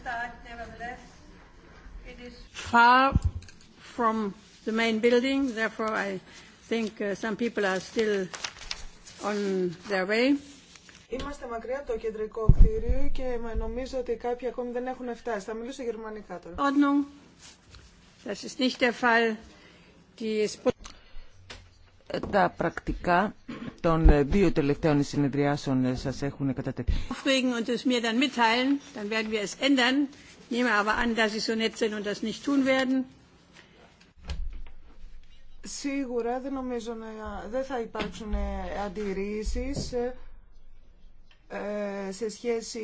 start, nevertheless. It is far from the main building, therefore I think uh, some people are still on their way. Είμαστε μακριά από το κεντρικό κτίριο και νομίζω ότι κάποιοι ακόμη δεν έχουν φτάσει. Θα μιλήσω γερμανικά τώρα. Ordnung. Das ist nicht der Fall. Die... Τα πρακτικά των ε, δύο τελευταίων συνεδριάσεων ε, σα έχουν κατατεθεί. Σίγουρα δεν νομίζω να δεν θα υπάρξουν ε, αντιρρήσεις σε σχέση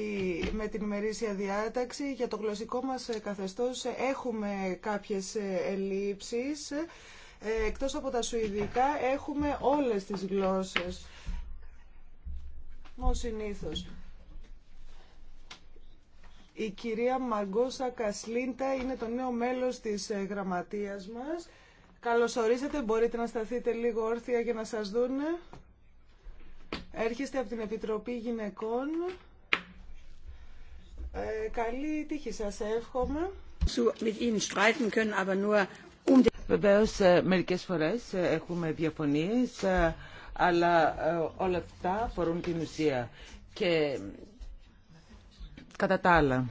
με την ημερήσια διάταξη. Για το γλωσσικό μας καθεστώς έχουμε κάποιες ελλείψεις. Εκτός από τα σουηδικά έχουμε όλες τις γλώσσες. Ω συνήθως. Η κυρία Μαγκόσα Κασλίντα είναι το νέο μέλος της ε, γραμματείας μας. Καλωσορίσατε, μπορείτε να σταθείτε λίγο όρθια για να σας δούνε. Έρχεστε από την Επιτροπή Γυναικών. Ε, καλή τύχη σας εύχομαι. Mit Ihnen streiten können, aber Βεβαίω, ε, μερικές φορές ε, έχουμε διαφωνίε, ε, αλλά όλα αυτά αφορούν την ουσία και κατά τα άλλα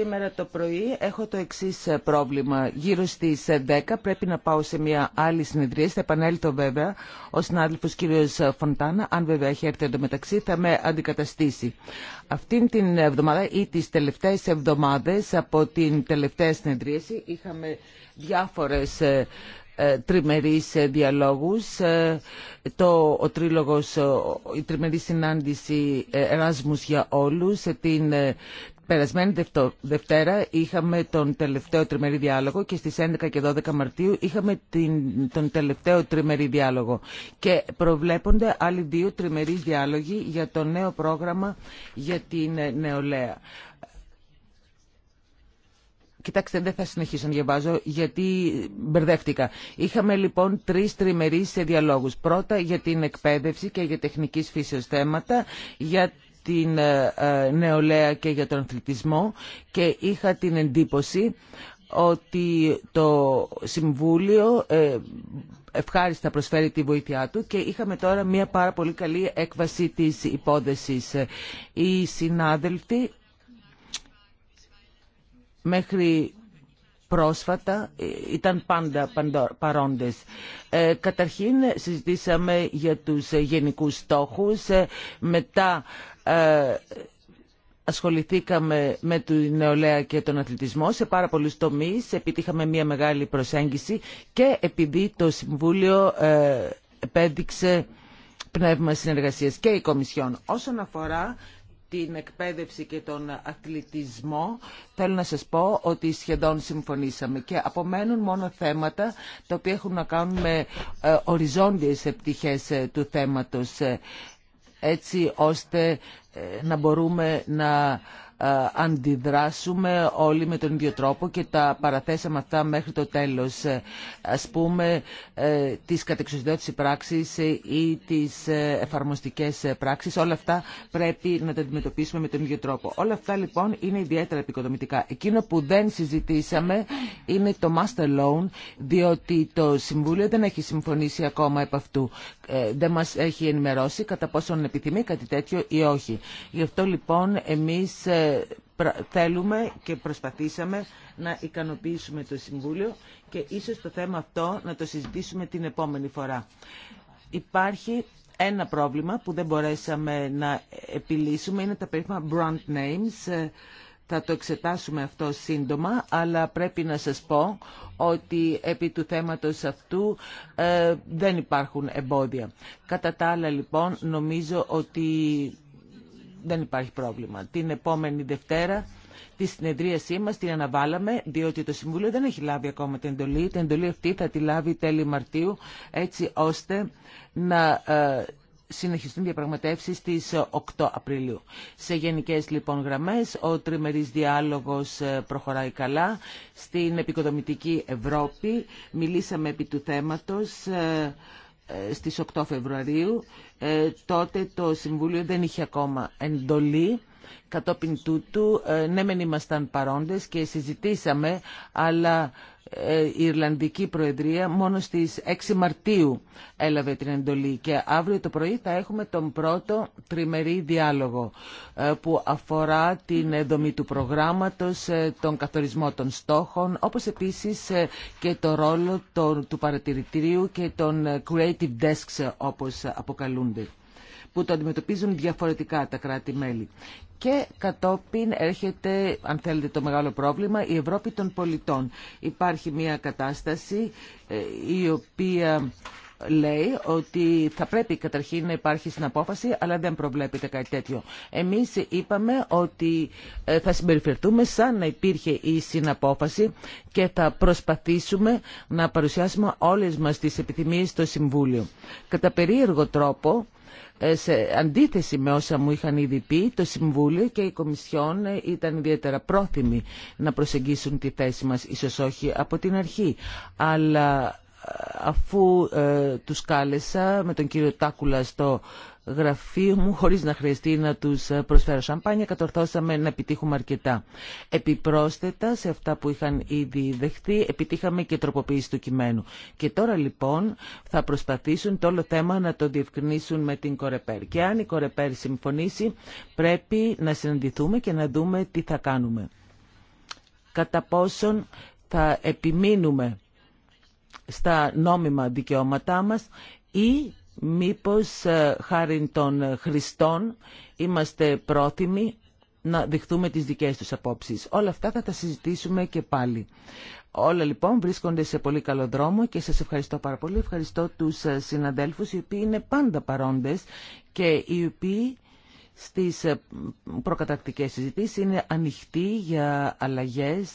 Σήμερα το πρωί έχω το εξή ε, πρόβλημα. Γύρω στι 10 ε, πρέπει να πάω σε μια άλλη συνεδρία. Θα επανέλθω βέβαια ο συνάδελφο κ. Ε, Φοντάνα. Αν βέβαια έχει έρθει εντωμεταξύ θα με αντικαταστήσει. Αυτήν την εβδομάδα ή τι τελευταίε εβδομάδε από την τελευταία συνεδρίαση είχαμε διάφορε τριμερείς διαλόγους το, ο τρίλογος η τριμερή συνάντηση Εράσμους για όλους την Περασμένη Δευτέρα είχαμε τον τελευταίο τριμερή διάλογο και στις 11 και 12 Μαρτίου είχαμε τον τελευταίο τριμερή διάλογο και προβλέπονται άλλοι δύο τριμερείς διάλογοι για το νέο πρόγραμμα για την ε, νεολαία. Κοιτάξτε, δεν θα συνεχίσω να διαβάζω γιατί μπερδεύτηκα. Είχαμε λοιπόν τρει τριμερεί διαλόγου. Πρώτα για την εκπαίδευση και για τεχνική φύσεω θέματα, για την ε, ε, νεολαία και για τον αθλητισμό και είχα την εντύπωση ότι το Συμβούλιο ε, ευχάριστα προσφέρει τη βοήθειά του και είχαμε τώρα μια πάρα πολύ καλή έκβαση της υπόθεσης. Οι συνάδελφοι μέχρι πρόσφατα ήταν πάντα παρόντες. καταρχήν συζητήσαμε για τους γενικούς στόχους, μετά ε, ασχοληθήκαμε με τη νεολαία και τον αθλητισμό σε πάρα πολλούς τομείς, επιτύχαμε μια μεγάλη προσέγγιση και επειδή το Συμβούλιο ε, επέδειξε πνεύμα συνεργασίας και η Κομισιόν. Όσον αφορά την εκπαίδευση και τον αθλητισμό, θέλω να σας πω ότι σχεδόν συμφωνήσαμε και απομένουν μόνο θέματα τα οποία έχουν να κάνουν με ε, οριζόντιες επιτυχές του θέματος έτσι ώστε ε, να μπορούμε να ε, αντιδράσουμε όλοι με τον ίδιο τρόπο και τα παραθέσαμε αυτά μέχρι το τέλος. Ε, ας πούμε, ε, τις κατεξουσιοδότηση πράξεις ή τις εφαρμοστικές πράξεις, όλα αυτά πρέπει να τα αντιμετωπίσουμε με τον ίδιο τρόπο. Όλα αυτά λοιπόν είναι ιδιαίτερα επικοδομητικά. Εκείνο που δεν συζητήσαμε είναι το master loan, διότι το Συμβούλιο δεν έχει συμφωνήσει ακόμα επ' αυτού. Δεν μας έχει ενημερώσει κατά πόσον επιθυμεί κάτι τέτοιο ή όχι. Γι' αυτό λοιπόν εμείς θέλουμε και προσπαθήσαμε να ικανοποιήσουμε το Συμβούλιο και ίσως το θέμα αυτό να το συζητήσουμε την επόμενη φορά. Υπάρχει ένα πρόβλημα που δεν μπορέσαμε να επιλύσουμε, είναι τα περίφημα brand names. Θα το εξετάσουμε αυτό σύντομα, αλλά πρέπει να σας πω ότι επί του θέματος αυτού ε, δεν υπάρχουν εμπόδια. Κατά τα άλλα, λοιπόν, νομίζω ότι δεν υπάρχει πρόβλημα. Την επόμενη Δευτέρα τη συνεδρίασή μα την αναβάλαμε διότι το Συμβούλιο δεν έχει λάβει ακόμα την εντολή. Την εντολή αυτή θα τη λάβει τέλη Μαρτίου έτσι ώστε να ε, συνεχιστούν διαπραγματεύσει στι 8 Απριλίου. Σε γενικέ λοιπόν γραμμέ, ο τριμερή διάλογο ε, προχωράει καλά. Στην επικοδομητική Ευρώπη μιλήσαμε επί του θέματο. Ε, στις 8 Φεβρουαρίου. Ε, τότε το Συμβούλιο δεν είχε ακόμα εντολή Κατόπιν τούτου, ε, ναι μεν ήμασταν παρόντες και συζητήσαμε, αλλά ε, η Ιρλανδική Προεδρία μόνο στις 6 Μαρτίου έλαβε την εντολή και αύριο το πρωί θα έχουμε τον πρώτο τριμερή διάλογο ε, που αφορά την δομή του προγράμματος, τον καθορισμό των στόχων, όπως επίσης και το ρόλο του παρατηρητηρίου και των Creative Desks όπως αποκαλούνται που το αντιμετωπίζουν διαφορετικά τα κράτη-μέλη. Και κατόπιν έρχεται, αν θέλετε, το μεγάλο πρόβλημα, η Ευρώπη των πολιτών. Υπάρχει μια κατάσταση ε, η οποία λέει ότι θα πρέπει καταρχήν να υπάρχει συναπόφαση, αλλά δεν προβλέπεται κάτι τέτοιο. Εμείς είπαμε ότι ε, θα συμπεριφερθούμε σαν να υπήρχε η συναπόφαση και θα προσπαθήσουμε να παρουσιάσουμε όλες μας τις επιθυμίες στο Συμβούλιο. Κατά περίεργο τρόπο, ε, σε αντίθεση με όσα μου είχαν ήδη πει, το Συμβούλιο και η Κομισιόν ε, ήταν ιδιαίτερα πρόθυμοι να προσεγγίσουν τη θέση μας, ίσως όχι από την αρχή. Αλλά ε, αφού ε, τους κάλεσα με τον κύριο Τάκουλα στο γραφείο μου χωρίς να χρειαστεί να τους ε, προσφέρω σαμπάνια κατορθώσαμε να επιτύχουμε αρκετά. Επιπρόσθετα σε αυτά που είχαν ήδη δεχτεί επιτύχαμε και τροποποίηση του κειμένου. Και τώρα λοιπόν θα προσπαθήσουν το όλο θέμα να το διευκρινίσουν με την Κορεπέρ. Και αν η Κορεπέρ συμφωνήσει πρέπει να συναντηθούμε και να δούμε τι θα κάνουμε. Κατά πόσον θα επιμείνουμε στα νόμιμα δικαιώματά μας ή μήπως ε, χάρη των ε, χριστών είμαστε πρόθυμοι να δεχτούμε τις δικές τους απόψεις. Όλα αυτά θα τα συζητήσουμε και πάλι. Όλα λοιπόν βρίσκονται σε πολύ καλό δρόμο και σας ευχαριστώ πάρα πολύ. Ευχαριστώ τους ε, συναδέλφους οι οποίοι είναι πάντα παρόντες και οι οποίοι στις προκατακτικές συζητήσεις είναι ανοιχτοί για αλλαγές,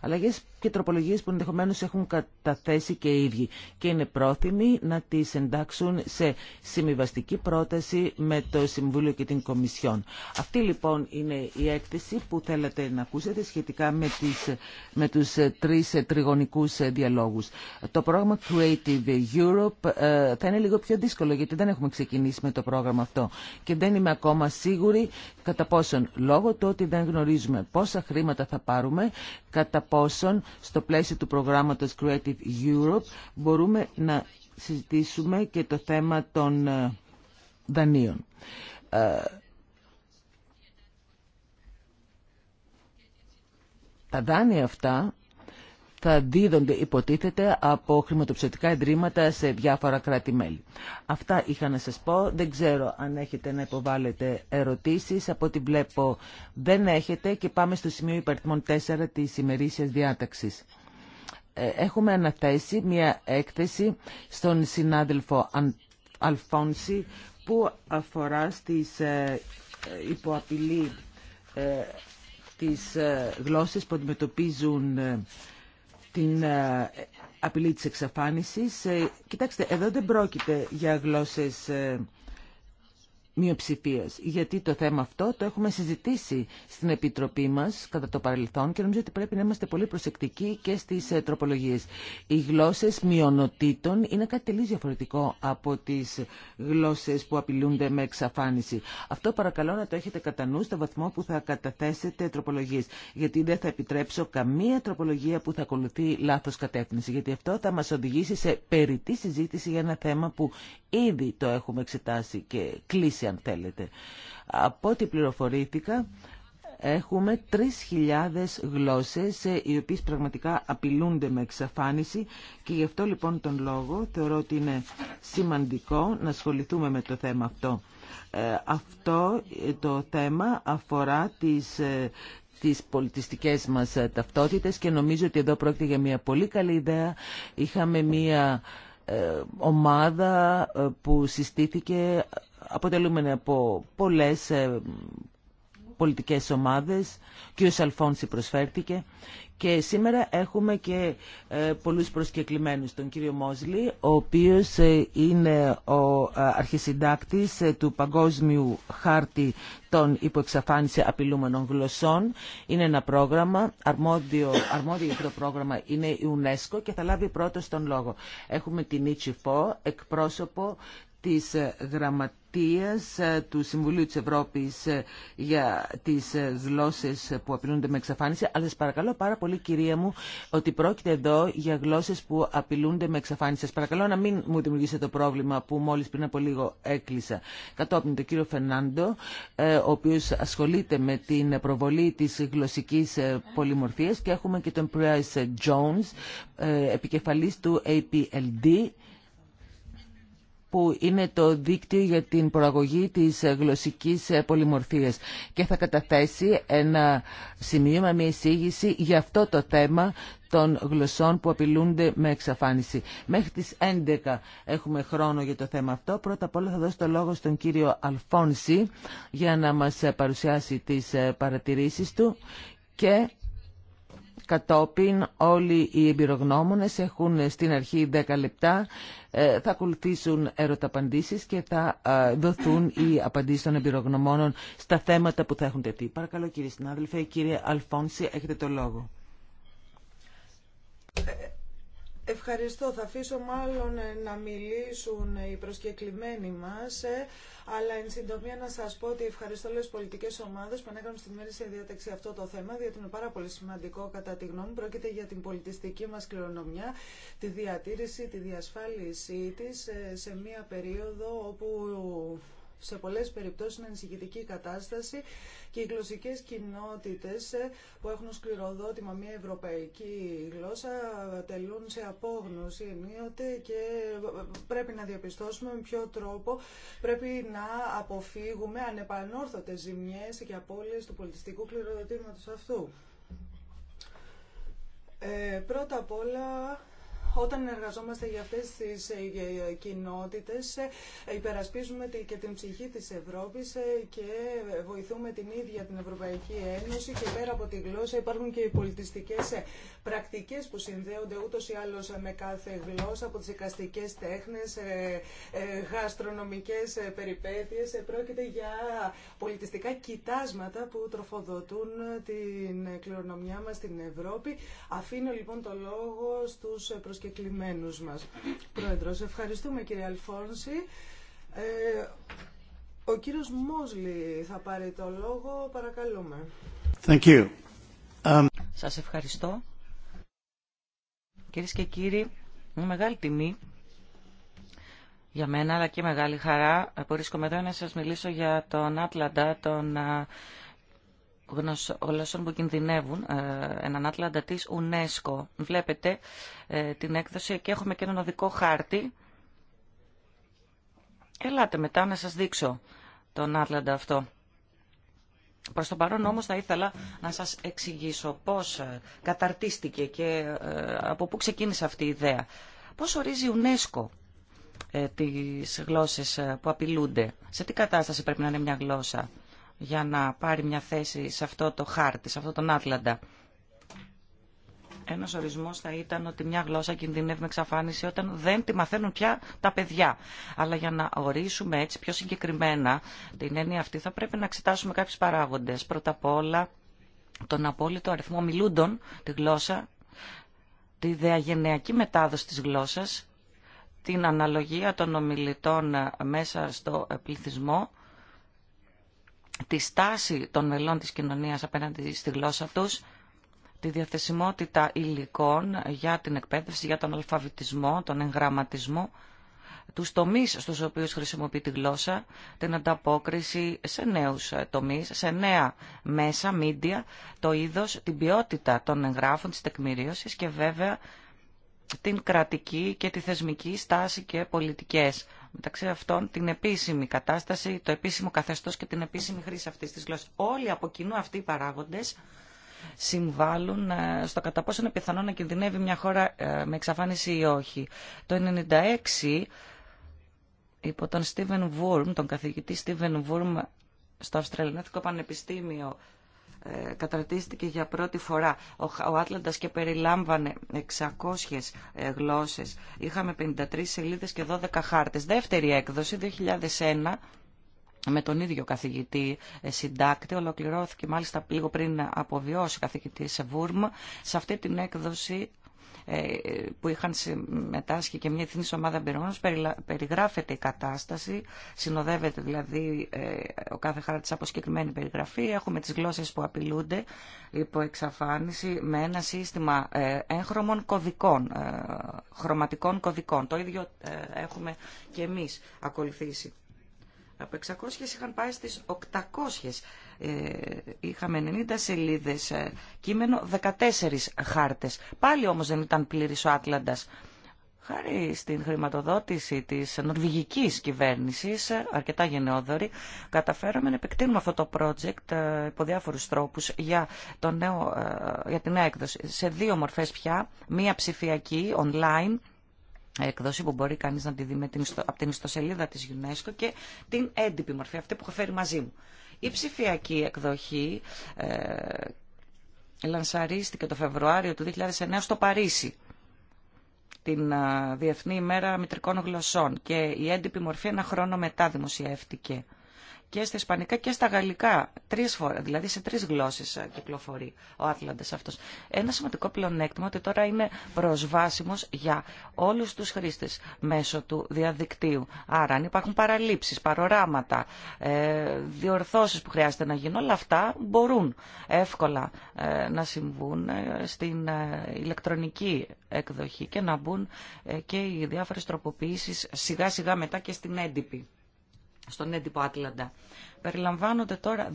αλλαγές και τροπολογίε που ενδεχομένω έχουν καταθέσει και οι ίδιοι και είναι πρόθυμοι να τι εντάξουν σε συμβιβαστική πρόταση με το Συμβούλιο και την Κομισιόν. Αυτή λοιπόν είναι η έκθεση που θέλατε να ακούσετε σχετικά με, τις, με τους τρεις τριγωνικούς διαλόγους. Το πρόγραμμα Creative Europe ε, θα είναι λίγο πιο δύσκολο γιατί δεν έχουμε ξεκινήσει με το πρόγραμμα αυτό και δεν είμαι ακόμα σίγουρη κατά πόσον λόγω του ότι δεν γνωρίζουμε πόσα χρήματα θα πάρουμε, κατά πόσον στο πλαίσιο του προγράμματος Creative Europe μπορούμε να συζητήσουμε και το θέμα των ε, δανείων. Ε, τα δάνεια αυτά θα δίδονται υποτίθεται από χρηματοψηφιακά ιδρύματα σε διάφορα κράτη-μέλη. Αυτά είχα να σας πω. Δεν ξέρω αν έχετε να υποβάλλετε ερωτήσεις. Από ό,τι βλέπω δεν έχετε και πάμε στο σημείο υπαριθμών 4 της ημερήσιας διάταξης. Ε, έχουμε αναθέσει μια έκθεση στον συνάδελφο Αλφόνση που αφορά στις ε, υποαπειλή ε, τις γλώσσες που αντιμετωπίζουν την ε, απειλή της εξαφάνισης. Ε, κοιτάξτε, εδώ δεν πρόκειται για γλώσσες ε, γιατί το θέμα αυτό το έχουμε συζητήσει στην Επιτροπή μας κατά το παρελθόν και νομίζω ότι πρέπει να είμαστε πολύ προσεκτικοί και στις ε, τροπολογίες. Οι γλώσσες μειονοτήτων είναι κάτι τελείως διαφορετικό από τις γλώσσες που απειλούνται με εξαφάνιση. Αυτό παρακαλώ να το έχετε κατά νου στο βαθμό που θα καταθέσετε τροπολογίες. Γιατί δεν θα επιτρέψω καμία τροπολογία που θα ακολουθεί λάθος κατεύθυνση. Γιατί αυτό θα μας οδηγήσει σε περιττή συζήτηση για ένα θέμα που Ήδη το έχουμε εξετάσει και κλείσει αν θέλετε. Από ό,τι πληροφορήθηκα έχουμε 3.000 γλώσσες ε, οι οποίες πραγματικά απειλούνται με εξαφάνιση και γι' αυτό λοιπόν τον λόγο θεωρώ ότι είναι σημαντικό να ασχοληθούμε με το θέμα αυτό. Ε, αυτό ε, το θέμα αφορά τις τις πολιτιστικές μας ταυτότητες και νομίζω ότι εδώ πρόκειται για μια πολύ καλή ιδέα. Είχαμε μια ε, ομάδα ε, που συστήθηκε αποτελούμενη από πολλές ε, πολιτικές ομάδες. Ο Σαλφόνση προσφέρθηκε και σήμερα έχουμε και ε, πολλούς προσκεκλημένους. Τον κύριο Μόσλι, ο οποίος ε, είναι ο ε, αρχισυντάκτης του Παγκόσμιου Χάρτη των Υποεξαφάνιση Απειλούμενων Γλωσσών. Είναι ένα πρόγραμμα, αρμόδιο, αρμόδιο για το πρόγραμμα είναι η UNESCO και θα λάβει πρώτος τον λόγο. Έχουμε την Ιτσιφό, εκπρόσωπο της Γραμματείας ε, του Συμβουλίου της Ευρώπης ε, για τις ε, γλώσσες που απειλούνται με εξαφάνιση. Αλλά σας παρακαλώ πάρα πολύ κυρία μου ότι πρόκειται εδώ για γλώσσες που απειλούνται με εξαφάνιση. Σας παρακαλώ να μην μου δημιουργήσετε το πρόβλημα που μόλις πριν από λίγο έκλεισα. Κατόπιν τον κύριο Φερνάντο, ο οποίος ασχολείται με την προβολή της γλωσσικής πολυμορφίας και έχουμε και τον Price Jones, επικεφαλής του APLD που είναι το δίκτυο για την προαγωγή της γλωσσικής πολυμορφίας και θα καταθέσει ένα σημείο, μια εισήγηση για αυτό το θέμα των γλωσσών που απειλούνται με εξαφάνιση. Μέχρι τις 11 έχουμε χρόνο για το θέμα αυτό. Πρώτα απ' όλα θα δώσω το λόγο στον κύριο Αλφόνση για να μας παρουσιάσει τις παρατηρήσεις του και Κατόπιν όλοι οι εμπειρογνώμονες έχουν στην αρχή 10 λεπτά, ε, θα ακολουθήσουν ερωταπαντήσεις και θα ε, δοθούν οι απαντήσεις των εμπειρογνωμόνων στα θέματα που θα έχουν τεθεί. Παρακαλώ κύριε συνάδελφε, κύριε Αλφόνση, έχετε το λόγο. Ευχαριστώ. Θα αφήσω μάλλον ε, να μιλήσουν οι προσκεκλημένοι μας, ε, αλλά εν συντομία να σας πω ότι ευχαριστώ όλες τις πολιτικές ομάδες που ανέκαναν στη μέρη σε διάταξη αυτό το θέμα, διότι είναι πάρα πολύ σημαντικό κατά τη γνώμη. μου. Πρόκειται για την πολιτιστική μας κληρονομιά, τη διατήρηση, τη διασφάλιση της ε, σε μια περίοδο όπου σε πολλές περιπτώσεις είναι ανησυχητική κατάσταση και οι γλωσσικές κοινότητες ε, που έχουν σκληροδότημα μια ευρωπαϊκή γλώσσα τελούν σε απόγνωση ενίοτε και ε, πρέπει να διαπιστώσουμε με ποιο τρόπο πρέπει να αποφύγουμε ανεπανόρθωτες ζημιές και απώλειες του πολιτιστικού κληροδοτήματος αυτού. Ε, πρώτα απ' όλα όταν εργαζόμαστε για αυτές τις ε, ε, κοινότητες ε, υπερασπίζουμε και την ψυχή της Ευρώπης και βοηθούμε την ίδια την Ευρωπαϊκή Ένωση και πέρα από τη γλώσσα υπάρχουν και οι πολιτιστικές πρακτικές που συνδέονται ούτως ή άλλως με κάθε γλώσσα από τις εικαστικές τέχνες, γαστρονομικές περιπέτειες. Πρόκειται για πολιτιστικά κοιτάσματα που τροφοδοτούν την κληρονομιά μας στην Ευρώπη. Αφήνω λοιπόν το λόγο στους κλειμένους μας. Πρόεδρος, ευχαριστούμε κύριε Αλφόνση. Ε, ο κύριος Μόσλι θα πάρει το λόγο. Παρακαλούμε. Thank you. Um, σας ευχαριστώ. Κυρίες και κύριοι, μεγάλη τιμή για μένα αλλά και μεγάλη χαρά. Ε, βρίσκομαι εδώ να σας μιλήσω για τον Άτλαντα, τον γλωσσών που κινδυνεύουν, ε, έναν άτλαντα τη UNESCO. Βλέπετε ε, την έκδοση και έχουμε και έναν οδικό χάρτη. Ελάτε μετά να σας δείξω τον άτλαντα αυτό. Προς το παρόν όμως θα ήθελα να σας εξηγήσω πώς ε, καταρτίστηκε και από πού ξεκίνησε αυτή η ιδέα. Πώς ορίζει η UNESCO τις γλώσσες που απειλούνται. Σε τι κατάσταση πρέπει να είναι μια γλώσσα για να πάρει μια θέση σε αυτό το χάρτη, σε αυτό τον Άτλαντα. Ένα ορισμό θα ήταν ότι μια γλώσσα κινδυνεύει με εξαφάνιση όταν δεν τη μαθαίνουν πια τα παιδιά. Αλλά για να ορίσουμε έτσι πιο συγκεκριμένα την έννοια αυτή, θα πρέπει να εξετάσουμε κάποιου παράγοντε. Πρώτα απ' όλα, τον απόλυτο αριθμό μιλούντων τη γλώσσα, τη διαγενειακή μετάδοση της γλώσσας, την αναλογία των ομιλητών μέσα στο πληθυσμό τη στάση των μελών της κοινωνίας απέναντι στη γλώσσα τους, τη διαθεσιμότητα υλικών για την εκπαίδευση, για τον αλφαβητισμό, τον εγγραμματισμό, τους τομείς στους οποίους χρησιμοποιεί τη γλώσσα, την ανταπόκριση σε νέους τομείς, σε νέα μέσα, μίντια, το είδος, την ποιότητα των εγγράφων, της τεκμηρίωσης και βέβαια την κρατική και τη θεσμική στάση και πολιτικές. Μεταξύ αυτών την επίσημη κατάσταση, το επίσημο καθεστώς και την επίσημη χρήση αυτής της γλώσσας. Όλοι από κοινού αυτοί οι παράγοντες συμβάλλουν ε, στο κατά πόσο είναι πιθανό να κινδυνεύει μια χώρα ε, με εξαφάνιση ή όχι. Το 1996 υπό τον Στίβεν Βούρμ, τον καθηγητή Στίβεν Βούρμ στο Αυστραλιανικό Πανεπιστήμιο ε, καταρτίστηκε για πρώτη φορά. Ο Άτλαντας και περιλάμβανε 600 ε, γλώσσες. Είχαμε 53 σελίδες και 12 χάρτες. Δεύτερη έκδοση, 2001, με τον ίδιο καθηγητή ε, συντάκτη, ολοκληρώθηκε μάλιστα λίγο πριν αποβιώσει καθηγητή σε Βούρμα. Σε αυτή την έκδοση ε, που είχαν συμμετάσχει και μια εθνική ομάδα εμπειρογνώμων, περιγράφεται η κατάσταση, συνοδεύεται δηλαδή ε, ο κάθε χάρτη από συγκεκριμένη περιγραφή. Έχουμε τι γλώσσε που απειλούνται υπό εξαφάνιση με ένα σύστημα ε, έγχρωμων κωδικών, χρωματικών κωδικών. Το ίδιο έχουμε και εμεί ακολουθήσει. Από 600 είχαν πάει στις 800 ε, είχαμε 90 σελίδες ε, κείμενο, 14 χάρτες. Πάλι όμως δεν ήταν πλήρης ο Άτλαντας. Χάρη στην χρηματοδότηση της νορβηγικής κυβέρνησης, ε, αρκετά γενναιόδορη, καταφέραμε να επεκτείνουμε αυτό το project υπό διάφορους τρόπους για, το νέο, για την νέα έκδοση. Σε δύο μορφές πια, μία ψηφιακή, online, εκδόση που μπορεί κανείς να τη δει με την, από την ιστοσελίδα της UNESCO και την έντυπη μορφή, αυτή που έχω φέρει μαζί μου. Η ψηφιακή εκδοχή ε, λανσαρίστηκε το Φεβρουάριο του 2009 στο Παρίσι την ε, Διεθνή ημέρα μητρικών γλωσσών και η έντυπη μορφή ένα χρόνο μετά δημοσιεύτηκε και στα ισπανικά και στα γαλλικά. Τρει δηλαδή σε τρει γλώσσε ε, κυκλοφορεί ο Άτλαντα αυτό. Ένα σημαντικό πλεονέκτημα ότι τώρα είναι προσβάσιμο για όλου του χρήστε μέσω του διαδικτύου. Άρα, αν υπάρχουν παραλήψει, παροράματα, ε, διορθώσει που χρειάζεται να γίνουν, όλα αυτά μπορούν εύκολα ε, να συμβούν στην ηλεκτρονική εκδοχή και να μπουν και οι διάφορε τροποποιήσει σιγά-σιγά μετά και στην έντυπη στον έντυπο Άτλαντα. Περιλαμβάνονται τώρα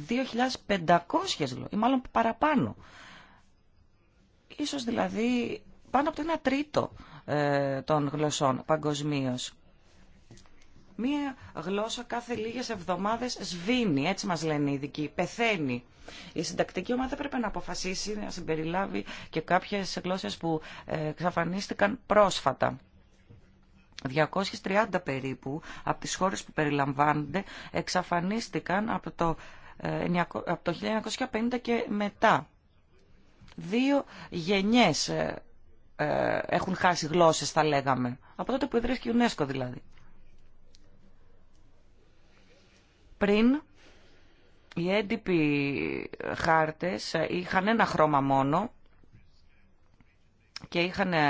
2.500 γλώσσες, ή μάλλον παραπάνω. Ίσως δηλαδή πάνω από το 1 τρίτο ε, των γλωσσών παγκοσμίω. Μία γλώσσα κάθε λίγες εβδομάδες σβήνει, έτσι μας λένε οι ειδικοί, πεθαίνει. Η συντακτική ομάδα πρέπει να αποφασίσει να συμπεριλάβει και κάποιες γλώσσες που ε, εξαφανίστηκαν πρόσφατα. 230 περίπου από τις χώρες που περιλαμβάνονται εξαφανίστηκαν από το, ε, από το 1950 και μετά. Δύο γενιές ε, ε, έχουν χάσει γλώσσες θα λέγαμε. Από τότε που ιδρύθηκε η UNESCO δηλαδή. Πριν οι έντυποι χάρτες είχαν ένα χρώμα μόνο και είχαν ε,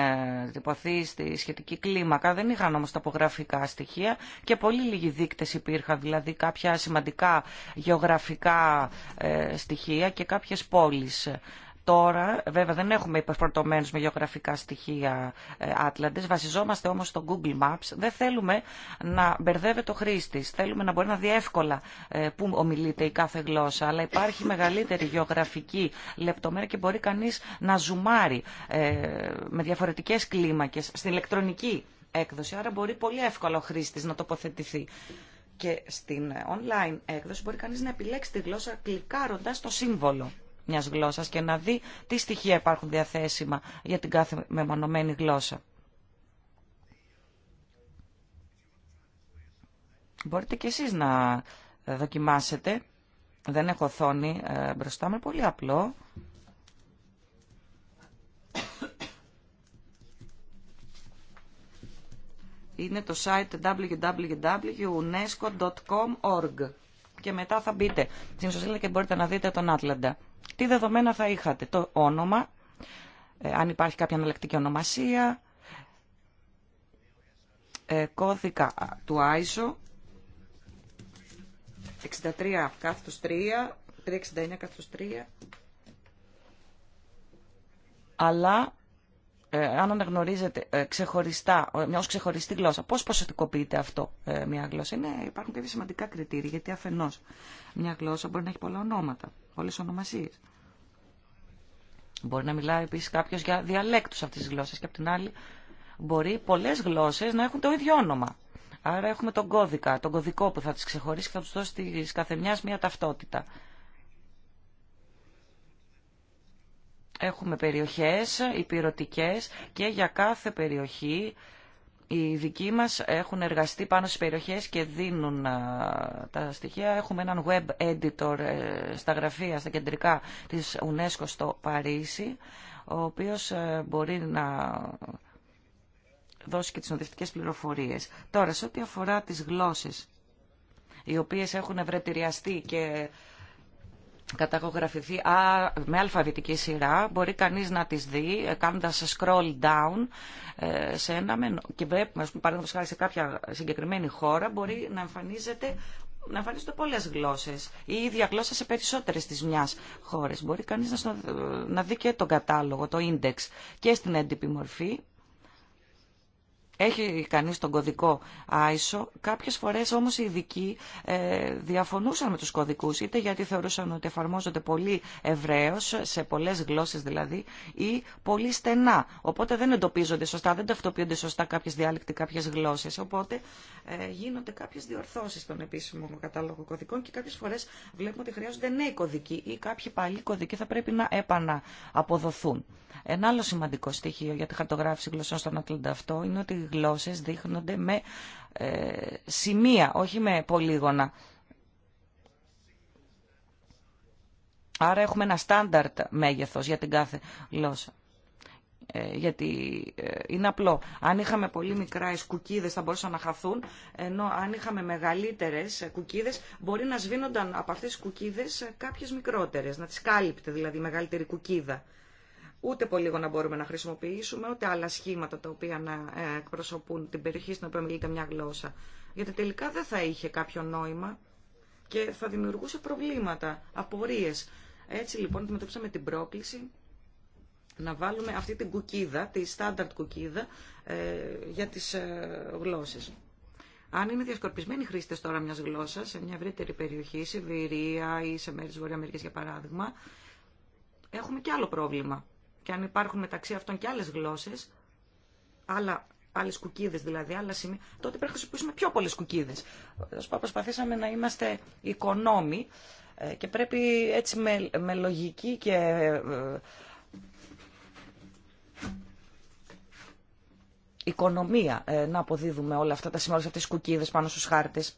τυπωθεί στη σχετική κλίμακα, δεν είχαν όμως απογραφικά στοιχεία και πολύ λίγοι δείκτες υπήρχαν, δηλαδή κάποια σημαντικά γεωγραφικά ε, στοιχεία και κάποιες πόλεις. Τώρα, βέβαια, δεν έχουμε υπερφορτωμένους με γεωγραφικά στοιχεία Άτλαντες, βασιζόμαστε όμως στο Google Maps. Δεν θέλουμε να μπερδεύεται ο χρήστη. θέλουμε να μπορεί να δει εύκολα ε, πού ομιλείται η κάθε γλώσσα, αλλά υπάρχει μεγαλύτερη γεωγραφική λεπτομέρεια και μπορεί κανείς να ζουμάρει ε, με διαφορετικές κλίμακες στην ηλεκτρονική έκδοση, άρα μπορεί πολύ εύκολα ο χρήστη να τοποθετηθεί και στην online έκδοση μπορεί κανείς να επιλέξει τη γλώσσα κλικάροντας το σύμβολο. Μια γλώσσας και να δει τι στοιχεία υπάρχουν διαθέσιμα για την κάθε μεμονωμένη γλώσσα. Μπορείτε και εσείς να ε, δοκιμάσετε. Δεν έχω οθόνη ε, μπροστά μου, πολύ απλό. είναι το site www.unesco.com.org και μετά θα μπείτε στην και μπορείτε να δείτε τον Άτλαντα τι δεδομένα θα είχατε. Το όνομα, ε, αν υπάρχει κάποια αναλεκτική ονομασία, ε, κώδικα του ISO 63 κάθετος 3, 369 κάθετος 3, αλλά ε, αν αναγνωρίζεται ε, ξεχωριστά, μια ως ξεχωριστή γλώσσα, πώς ποσοτικοποιείται αυτό ε, μια γλώσσα. Είναι, υπάρχουν κάποια σημαντικά κριτήρια, γιατί αφενός μια γλώσσα μπορεί να έχει πολλά ονόματα, πολλές ονομασίες. Μπορεί να μιλάει επίσης κάποιος για διαλέκτους αυτής της γλώσσας και απ' την άλλη μπορεί πολλές γλώσσες να έχουν το ίδιο όνομα. Άρα έχουμε τον κώδικα, τον κωδικό που θα τις ξεχωρίσει και θα τους δώσει της καθεμιάς μια ταυτότητα. Έχουμε περιοχές υπηρετικές και για κάθε περιοχή οι δικοί μας έχουν εργαστεί πάνω στις περιοχές και δίνουν τα στοιχεία. Έχουμε έναν web editor ε, στα γραφεία, στα κεντρικά της UNESCO στο Παρίσι, ο οποίος ε, μπορεί να δώσει και τις νοδευτικές πληροφορίες. Τώρα, σε ό,τι αφορά τις γλώσσες, οι οποίες έχουν ευρετηριαστεί και καταγραφηθεί με αλφαβητική σειρά. Μπορεί κανείς να τις δει ε, κάνοντας scroll down ε, σε ένα μενό. Και βλέπουμε, ας πούμε, παραδείγματος χάρη σε κάποια συγκεκριμένη χώρα, μπορεί να εμφανίζεται να εμφανίζονται πολλές γλώσσες ή η ίδια γλώσσα σε περισσότερες της μιας χώρες. Μπορεί κανείς να, να δει και τον κατάλογο, το index και στην έντυπη μορφή έχει κανείς τον κωδικό ISO. Κάποιες φορές όμως οι ειδικοί ε, διαφωνούσαν με τους κωδικούς, είτε γιατί θεωρούσαν ότι εφαρμόζονται πολύ ευρέως, σε πολλές γλώσσες δηλαδή, ή πολύ στενά. Οπότε δεν εντοπίζονται σωστά, δεν ταυτοποιούνται σωστά κάποιες διάλεκτοι, κάποιες γλώσσες. Οπότε ε, γίνονται κάποιες διορθώσεις στον επίσημο κατάλογο κωδικών και κάποιες φορές βλέπουμε ότι χρειάζονται νέοι κωδικοί ή κάποιοι παλιοί κωδικοί θα πρέπει να επαναποδοθούν. Ένα άλλο σημαντικό στοιχείο για τη χαρτογράφηση γλωσσών στον αυτό είναι ότι γλώσσες δείχνονται με ε, σημεία, όχι με πολύγωνα. Άρα έχουμε ένα στάνταρτ μέγεθος για την κάθε γλώσσα. Ε, γιατί ε, είναι απλό. Αν είχαμε πολύ μικρά κουκίδες θα μπορούσαν να χαθούν, ενώ αν είχαμε μεγαλύτερες κουκίδες μπορεί να σβήνονταν από αυτές τις κουκίδες κάποιες μικρότερες, να τις κάλυπτε δηλαδή μεγαλύτερη κουκίδα ούτε πολύ να μπορούμε να χρησιμοποιήσουμε, ούτε άλλα σχήματα τα οποία να ε, εκπροσωπούν την περιοχή στην οποία μιλείται μια γλώσσα. Γιατί τελικά δεν θα είχε κάποιο νόημα και θα δημιουργούσε προβλήματα, απορίες. Έτσι λοιπόν αντιμετωπίσαμε την πρόκληση να βάλουμε αυτή την κουκίδα, τη στάνταρτ κουκίδα ε, για τις ε, γλώσσες. Αν είναι διασκορπισμένοι χρήστε τώρα μια γλώσσα σε μια ευρύτερη περιοχή, σε Βηρία ή σε μέρη τη Βορειοαμερική για παράδειγμα, έχουμε και άλλο πρόβλημα και αν υπάρχουν μεταξύ αυτών και άλλες γλώσσες, άλλε άλλες δηλαδή, άλλα σημεία, τότε πρέπει να χρησιμοποιήσουμε πιο πολλές κουκίδες. Προσπαθήσαμε να είμαστε οικονόμοι ε, και πρέπει έτσι με, με λογική και ε, οικονομία ε, να αποδίδουμε όλα αυτά τα σημεία, αυτές τις κουκίδες πάνω στους χάρτες.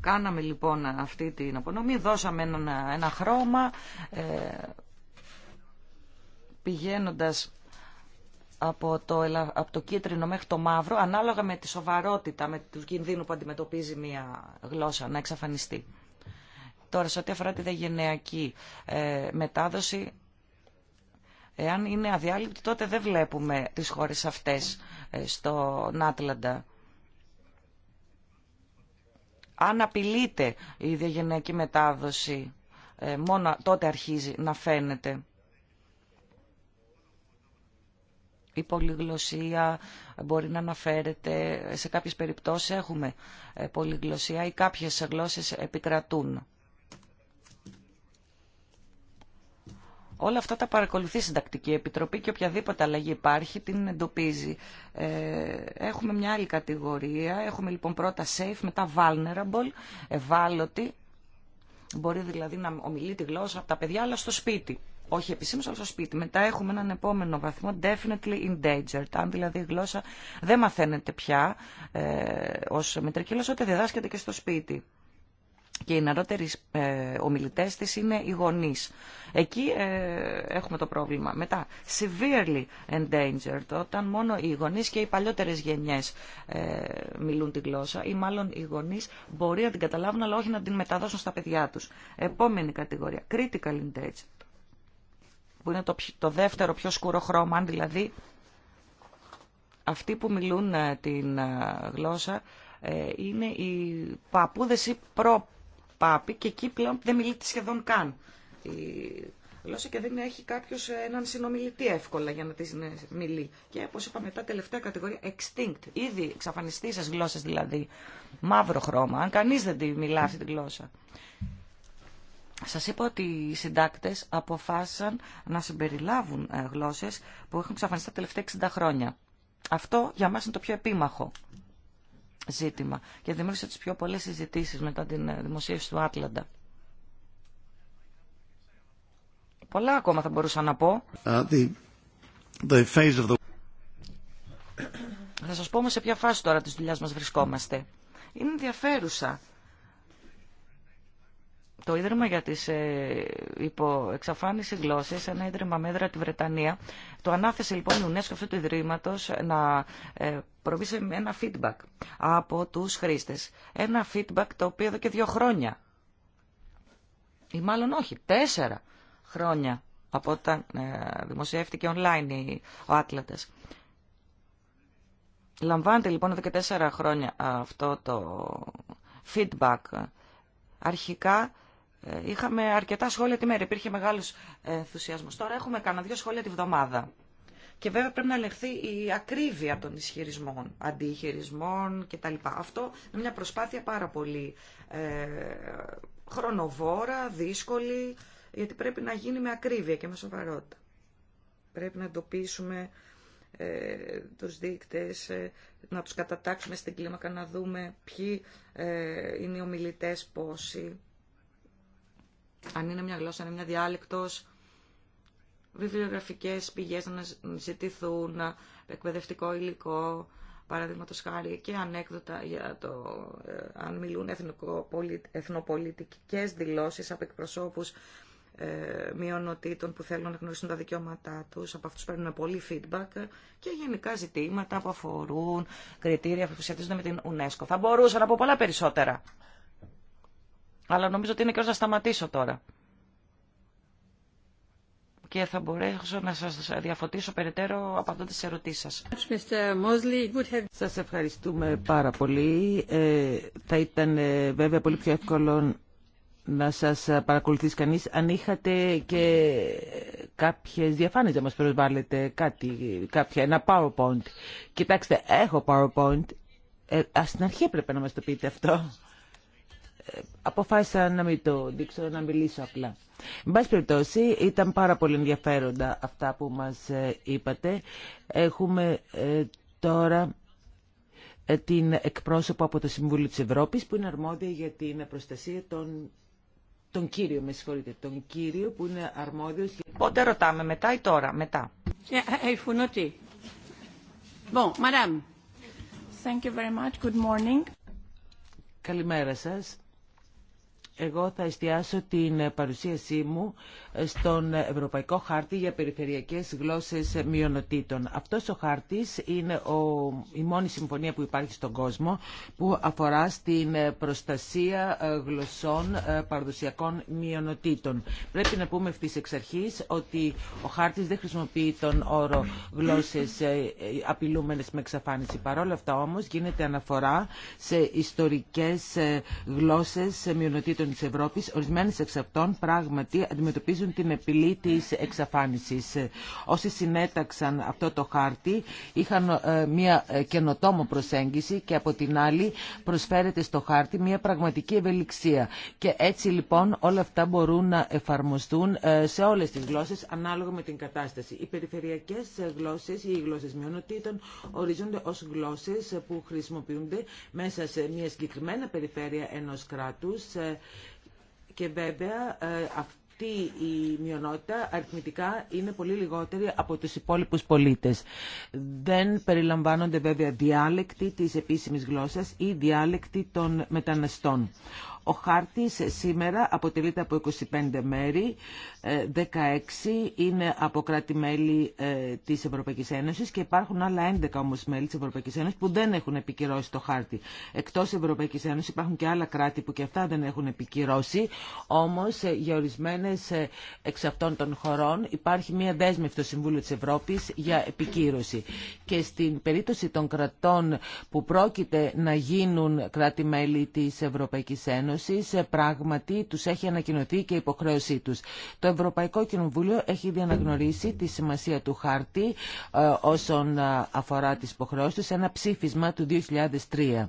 Κάναμε λοιπόν αυτή την απονομή, δώσαμε ένα, ένα χρώμα, πηγαίνοντας από το, από το κίτρινο μέχρι το μαύρο, ανάλογα με τη σοβαρότητα, με του κινδύνου που αντιμετωπίζει μια γλώσσα να εξαφανιστεί. Τώρα, σε ό,τι αφορά τη δεγενειακή ε, μετάδοση, εάν είναι αδιάλειπτη, τότε δεν βλέπουμε τις χώρες αυτές στο ε, στον Αν απειλείται η διαγενειακή μετάδοση, ε, μόνο τότε αρχίζει να φαίνεται. η πολυγλωσία μπορεί να αναφέρεται. Σε κάποιες περιπτώσεις έχουμε ε, πολυγλωσία ή κάποιες γλώσσες επικρατούν. Όλα αυτά τα παρακολουθεί η Συντακτική Επιτροπή και οποιαδήποτε αλλαγή υπάρχει την εντοπίζει. Ε, έχουμε μια άλλη κατηγορία. Έχουμε λοιπόν πρώτα safe, μετά vulnerable, ευάλωτη. Μπορεί δηλαδή να ομιλεί τη γλώσσα από τα παιδιά αλλά στο σπίτι όχι επισήμω, αλλά στο σπίτι. Μετά έχουμε έναν επόμενο βαθμό, definitely endangered. Αν δηλαδή η γλώσσα δεν μαθαίνεται πια ε, ως μετρική γλώσσα, ούτε διδάσκεται και στο σπίτι. Και οι νεαρότεροι ε, ομιλητέ τη είναι οι γονεί. Εκεί ε, έχουμε το πρόβλημα. Μετά, severely endangered, όταν μόνο οι γονεί και οι παλιότερε γενιέ ε, μιλούν τη γλώσσα, ή μάλλον οι γονεί μπορεί να την καταλάβουν, αλλά όχι να την μεταδώσουν στα παιδιά του. Επόμενη κατηγορία, critical endangered που είναι το, το δεύτερο πιο σκούρο χρώμα, δηλαδή αυτοί που μιλούν ε, την ε, γλώσσα ε, είναι οι παππούδες ή προπάποι και εκεί πλέον δεν μιλείται σχεδόν καν η γλώσσα και δεν έχει κάποιος έναν συνομιλητή εύκολα για να τη μιλεί. Και όπως είπα μετά τελευταία κατηγορία extinct, ήδη εξαφανιστεί σας γλώσσες δηλαδή, μαύρο χρώμα, αν κανείς δεν τη μιλά αυτή τη γλώσσα. Σα είπα ότι οι συντάκτες αποφάσισαν να συμπεριλάβουν ε, γλώσσες που έχουν εξαφανιστεί τα τελευταία 60 χρόνια. Αυτό για μας είναι το πιο επίμαχο ζήτημα και δημιούργησε τις πιο πολλές συζητήσει μετά την ε, δημοσίευση του Άτλαντα. Πολλά ακόμα θα μπορούσα να πω. Ε, the, of the... Θα σας πω όμω σε ποια φάση τώρα τη δουλειά μας βρισκόμαστε. Είναι ενδιαφέρουσα το Ίδρυμα για τις ε, υποεξαφάνιση γλώσσες, ένα ίδρυμα Μέδρα τη Βρετανία, το ανάθεσε λοιπόν η UNESCO αυτού του Ιδρύματος να ε, προβεί σε ένα feedback από τους χρήστες. Ένα feedback το οποίο εδώ και δύο χρόνια, ή μάλλον όχι, τέσσερα χρόνια από όταν ε, δημοσιεύτηκε online ο Άτλαντας. Λαμβάνεται λοιπόν εδώ και τέσσερα χρόνια αυτό το feedback. Αρχικά ε, είχαμε αρκετά σχόλια τη μέρα, υπήρχε μεγάλο ε, ενθουσιασμό. Τώρα έχουμε κανένα δύο σχόλια τη βδομάδα. Και βέβαια πρέπει να ελεγχθεί η ακρίβεια των ισχυρισμών, αντιχειρισμών κτλ. Αυτό είναι μια προσπάθεια πάρα πολύ ε, χρονοβόρα, δύσκολη, γιατί πρέπει να γίνει με ακρίβεια και με σοβαρότητα. Πρέπει να εντοπίσουμε ε, τους δείκτες, να τους κατατάξουμε στην κλίμακα, να δούμε ποιοι ε, είναι οι ομιλητές, πόσοι αν είναι μια γλώσσα, αν είναι μια διάλεκτος, βιβλιογραφικές πηγές να ζητηθούν, εκπαιδευτικό υλικό, παραδείγματο χάρη και ανέκδοτα για το ε, αν μιλούν εθνοπολιτικές δηλώσεις από εκπροσώπους ε, μειονοτήτων που θέλουν να γνωρίσουν τα δικαιώματά τους, από αυτούς παίρνουν πολύ feedback και γενικά ζητήματα που αφορούν κριτήρια που σχετίζονται με την UNESCO. Θα μπορούσα να πω πολλά περισσότερα. Αλλά νομίζω ότι είναι καιρός να σταματήσω τώρα. Και θα μπορέσω να σας διαφωτίσω περαιτέρω απαντώντας τις ερωτήσεις σας. Σας ευχαριστούμε πάρα πολύ. Ε, θα ήταν ε, βέβαια πολύ πιο εύκολο να σας παρακολουθήσει κανείς. Αν είχατε και κάποιες διαφάνειες να μας προσβάλλετε, κάτι, κάποια, ένα PowerPoint. Κοιτάξτε, έχω PowerPoint. Ε, α, στην αρχή έπρεπε να μας το πείτε αυτό αποφάσισα να μην το δείξω, να μιλήσω απλά. Εν πάση περιπτώσει, ήταν πάρα πολύ ενδιαφέροντα αυτά που μας ε, είπατε. Έχουμε ε, τώρα ε, την εκπρόσωπο από το Συμβούλιο της Ευρώπης που είναι αρμόδια για την προστασία των τον κύριο, με συγχωρείτε, τον κύριο που είναι αρμόδιος. Πότε ρωτάμε, μετά ή τώρα, μετά. Good morning. Καλημέρα σας. Εγώ θα εστιάσω την παρουσίασή μου στον Ευρωπαϊκό Χάρτη για Περιφερειακές Γλώσσες Μειονοτήτων. Αυτός ο χάρτης είναι ο, η μόνη συμφωνία που υπάρχει στον κόσμο που αφορά στην προστασία ε, γλωσσών ε, παραδοσιακών μειονοτήτων. Πρέπει να πούμε ευθύ εξ αρχής ότι ο χάρτης δεν χρησιμοποιεί τον όρο γλώσσες ε, απειλούμενες με εξαφάνιση. Παρόλα αυτά όμως γίνεται αναφορά σε ιστορικές γλώσσες μειονοτήτων της Ευρώπης. Ορισμένες εξ αυτών πράγματι αντιμετωπίζουν την επιλή της εξαφάνισης. Όσοι συνέταξαν αυτό το χάρτη είχαν ε, μια ε, καινοτόμο προσέγγιση και από την άλλη προσφέρεται στο χάρτη μια πραγματική ευελιξία. Και έτσι λοιπόν όλα αυτά μπορούν να εφαρμοστούν ε, σε όλες τις γλώσσες ανάλογα με την κατάσταση. Οι περιφερειακές γλώσσες ή οι γλώσσες μειονοτήτων ορίζονται ως γλώσσες που χρησιμοποιούνται μέσα σε μια συγκεκριμένα περιφέρεια ενός κράτους και βέβαια αυτό αυτή η μειονότητα αριθμητικά είναι πολύ λιγότερη από τους υπόλοιπους πολίτες. Δεν περιλαμβάνονται βέβαια διάλεκτοι της επίσημης γλώσσας ή διάλεκτοι των μεταναστών. Ο χάρτης σήμερα αποτελείται από 25 μέρη, 16 ε, είναι από κράτη-μέλη ε, της Ευρωπαϊκής Ένωσης και υπάρχουν άλλα 11 όμως μέλη της Ευρωπαϊκής Ένωσης που δεν έχουν επικυρώσει το χάρτη. Εκτός Ευρωπαϊκής Ένωσης υπάρχουν και άλλα κράτη που και αυτά δεν έχουν επικυρώσει, όμως ε, για ορισμένες εξ αυτών των χωρών υπάρχει μια δέσμευτο Συμβούλιο της Ευρώπης για επικύρωση. Και στην περίπτωση των κρατών που πρόκειται να γίνουν κράτη-μέλη της Ευρωπαϊκής σε πράγματι τους έχει ανακοινωθεί και η υποχρέωσή τους. Το Ευρωπαϊκό Κοινοβούλιο έχει διαναγνωρίσει τη σημασία του χάρτη ε, όσον ε, αφορά τις υποχρεώσεις σε ένα ψήφισμα του 2003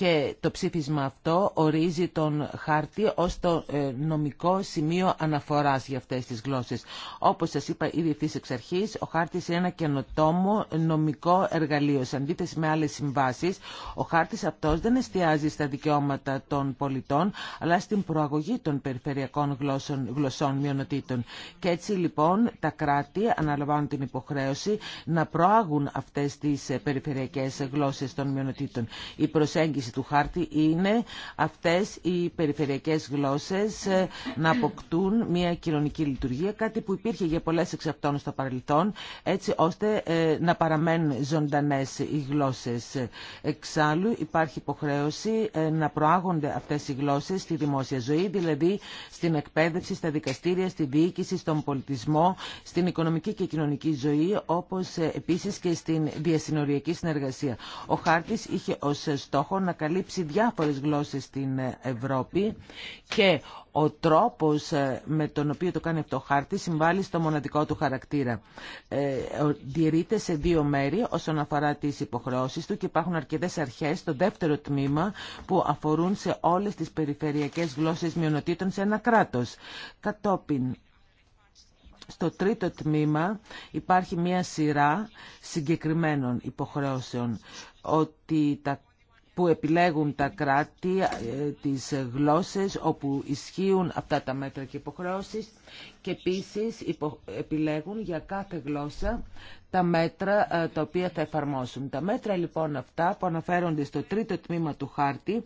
και το ψήφισμα αυτό ορίζει τον χάρτη ως το ε, νομικό σημείο αναφοράς για αυτές τις γλώσσες. Όπως σας είπα ήδη ευθύς εξ αρχής, ο χάρτης είναι ένα καινοτόμο νομικό εργαλείο. Σε αντίθεση με άλλες συμβάσεις, ο χάρτης αυτός δεν εστιάζει στα δικαιώματα των πολιτών, αλλά στην προαγωγή των περιφερειακών γλώσσων, γλωσσών μειονοτήτων. Και έτσι λοιπόν τα κράτη αναλαμβάνουν την υποχρέωση να προάγουν αυτές τις ε, περιφερειακές γλώσσες των μειονοτήτων. Η προσέγγιση του χάρτη είναι αυτές οι περιφερειακές γλώσσες ε, να αποκτούν μια κοινωνική λειτουργία, κάτι που υπήρχε για πολλές εξ αυτών στο παρελθόν, έτσι ώστε ε, να παραμένουν ζωντανές οι γλώσσες. Εξάλλου υπάρχει υποχρέωση ε, να προάγονται αυτές οι γλώσσες στη δημόσια ζωή, δηλαδή στην εκπαίδευση, στα δικαστήρια, στη διοίκηση, στον πολιτισμό, στην οικονομική και κοινωνική ζωή, όπως επίσης και στην διασυνοριακή συνεργασία. Ο χάρτης είχε ως στόχο να καλύψει διάφορες γλώσσες στην Ευρώπη και ο τρόπος ε, με τον οποίο το κάνει αυτό το χάρτη συμβάλλει στο μοναδικό του χαρακτήρα. Ε, διαιρείται σε δύο μέρη όσον αφορά τις υποχρεώσεις του και υπάρχουν αρκετές αρχές στο δεύτερο τμήμα που αφορούν σε όλες τις περιφερειακές γλώσσες μειονοτήτων σε ένα κράτος. Κατόπιν, στο τρίτο τμήμα υπάρχει μία σειρά συγκεκριμένων υποχρεώσεων ότι τα που επιλέγουν τα κράτη ε, τις γλώσσες όπου ισχύουν αυτά τα μέτρα και υποχρεώσεις και επίσης επιλέγουν για κάθε γλώσσα τα μέτρα ε, τα οποία θα εφαρμόσουν. Τα μέτρα λοιπόν αυτά που αναφέρονται στο τρίτο τμήμα του χάρτη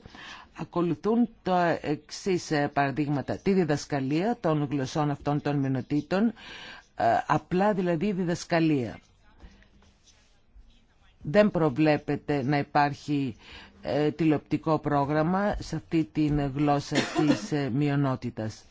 ακολουθούν τα εξή ε, παραδείγματα. Τη διδασκαλία των γλωσσών αυτών των μηνοτήτων, απλά δηλαδή διδασκαλία. Δεν προβλέπεται να υπάρχει ε, τηλεοπτικό πρόγραμμα σε αυτή τη γλώσσα της ε, μειονότητας.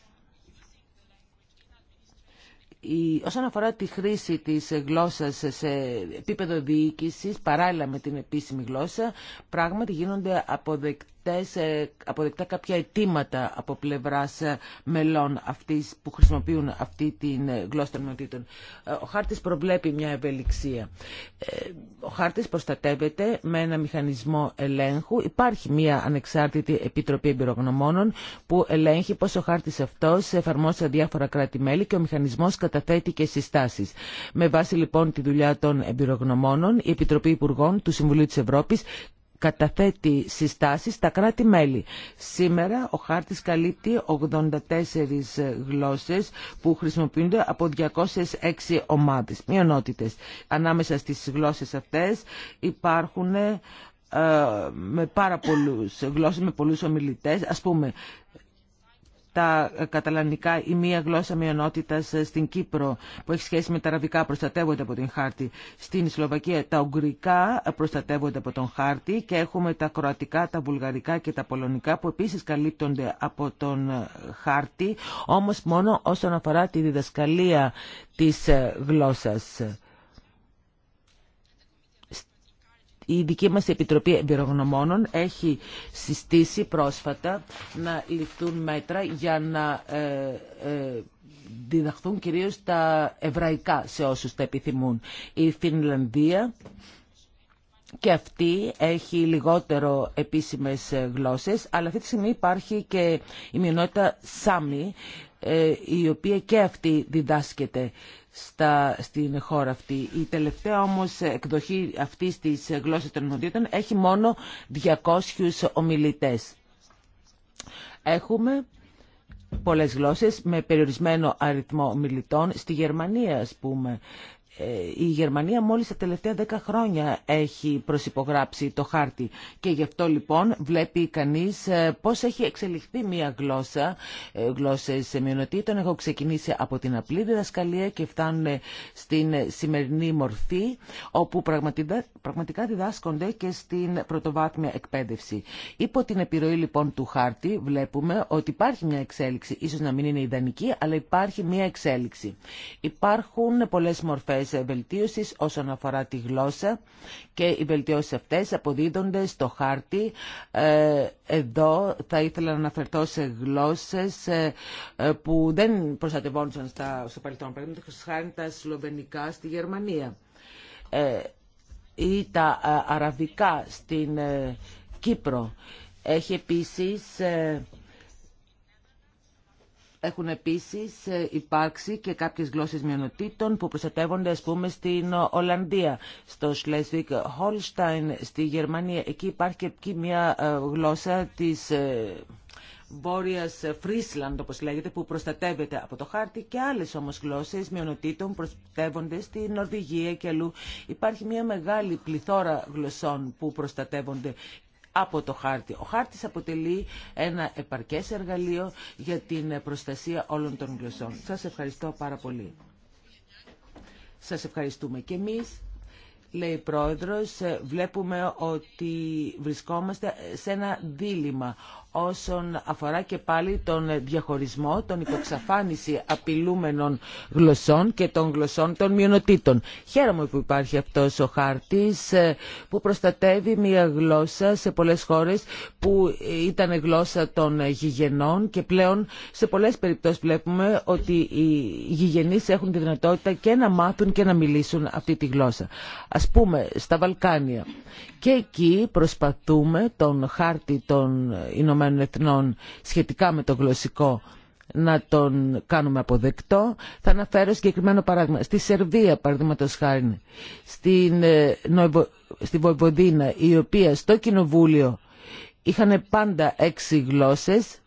Η, όσον αφορά τη χρήση της ε, γλώσσας σε επίπεδο διοίκησης παράλληλα με την επίσημη γλώσσα, πράγματι γίνονται αποδεκτές ε, αποδεκτά κάποια αιτήματα από πλευράς ε, μελών αυτής που χρησιμοποιούν αυτή την ε, γλώσσα των νοτήτων. Ο χάρτης προβλέπει μια ευελιξία. Ο χάρτης προστατεύεται με ένα μηχανισμό ελέγχου. Υπάρχει μια ανεξάρτητη επιτροπή εμπειρογνωμόνων που ελέγχει πως ο χάρτης αυτός εφαρμόζει σε διάφορα κράτη-μέλη και ο μηχανισμός καταθέτει και συστάσεις. Με βάση λοιπόν τη δουλειά των εμπειρογνωμόνων, η Επιτροπή Υπουργών του Συμβουλίου της Ευρώπης καταθέτει συστάσεις στα κράτη-μέλη. Σήμερα ο χάρτης καλύπτει 84 γλώσσες που χρησιμοποιούνται από 206 ομάδες, μειονότητες. Ανάμεσα στις γλώσσες αυτές υπάρχουν ε, με πάρα πολλούς γλώσσες, με πολλούς ομιλητές. Ας πούμε, τα καταλανικά ή μία γλώσσα μειονότητα ε, στην Κύπρο που έχει σχέση με τα αραβικά προστατεύονται από την χάρτη. Στην Σλοβακία τα ουγγρικά προστατεύονται από τον χάρτη και έχουμε τα κροατικά, τα βουλγαρικά και τα πολωνικά που επίσης καλύπτονται από τον ε, χάρτη όμως μόνο όσον αφορά τη διδασκαλία της ε, γλώσσας. η δική μας Επιτροπή Εμπειρογνωμόνων έχει συστήσει πρόσφατα να ληφθούν μέτρα για να ε, ε, διδαχθούν κυρίως τα εβραϊκά σε όσους τα επιθυμούν. Η Φινλανδία και αυτή έχει λιγότερο επίσημες γλώσσες, αλλά αυτή τη στιγμή υπάρχει και η μειονότητα Σάμι, ε, η οποία και αυτή διδάσκεται στα, στην χώρα αυτή. Η τελευταία όμως εκδοχή αυτής της γλώσσας των νομοδιότητων έχει μόνο 200 ομιλητές. Έχουμε πολλές γλώσσες με περιορισμένο αριθμό ομιλητών. Στη Γερμανία, ας πούμε, ε, η Γερμανία μόλις τα τελευταία δέκα χρόνια έχει προσυπογράψει το χάρτη και γι' αυτό λοιπόν βλέπει κανείς ε, πώς έχει εξελιχθεί μια γλώσσα, ε, γλώσσες μειονοτήτων. Έχω ξεκινήσει από την απλή διδασκαλία και φτάνουν στην σημερινή μορφή όπου πραγματικά διδάσκονται και στην πρωτοβάθμια εκπαίδευση. Υπό την επιρροή λοιπόν του χάρτη βλέπουμε ότι υπάρχει μια εξέλιξη, ίσως να μην είναι ιδανική, αλλά υπάρχει μια εξέλιξη. Υπάρχουν πολλές μορφές Βελτίωση βελτιώσεις όσον αφορά τη γλώσσα και οι βελτιώσεις αυτές αποδίδονται στο χάρτη. Ε, εδώ θα ήθελα να αναφερθώ σε γλώσσες ε, ε, που δεν προστατευόντουσαν στο παρελθόν. Παραδείγματο χάρη τα σλοβενικά στη Γερμανία ή τα αραβικά στην Κύπρο. Έχει επίσης έχουν επίσης ε, υπάρξει και κάποιες γλώσσες μειονοτήτων που προστατεύονται ας πούμε στην ε, Ολλανδία, στο Σλέσβικ holstein στη Γερμανία. Εκεί υπάρχει και μια ε, γλώσσα της Βόρεια Φρίσλαντ, όπω λέγεται, που προστατεύεται από το χάρτη και άλλε όμω γλώσσε μειονοτήτων προστατεύονται στη Νορβηγία και αλλού. Υπάρχει μια μεγάλη πληθώρα γλωσσών που προστατεύονται από το χάρτη. Ο χάρτης αποτελεί ένα επαρκές εργαλείο για την προστασία όλων των γλωσσών. Σας ευχαριστώ πάρα πολύ. Σας ευχαριστούμε και εμείς. Λέει η Πρόεδρος, βλέπουμε ότι βρισκόμαστε σε ένα δίλημα όσον αφορά και πάλι τον διαχωρισμό, τον υποξαφάνιση απειλούμενων γλωσσών και των γλωσσών των μειονοτήτων. Χαίρομαι που υπάρχει αυτός ο χάρτης ε, που προστατεύει μια γλώσσα σε πολλές χώρες που ήταν γλώσσα των γηγενών και πλέον σε πολλές περιπτώσεις βλέπουμε ότι οι γηγενείς έχουν τη δυνατότητα και να μάθουν και να μιλήσουν αυτή τη γλώσσα. Ας πούμε στα Βαλκάνια και εκεί προσπαθούμε τον χάρτη των Ηνωμένων Ηνωμένων Εθνών σχετικά με το γλωσσικό να τον κάνουμε αποδεκτό. Θα αναφέρω συγκεκριμένο παράδειγμα. Στη Σερβία, παραδείγματο χάρη, στην, ε, στη Βοηβοδίνα, η οποία στο κοινοβούλιο είχαν πάντα έξι γλώσσες.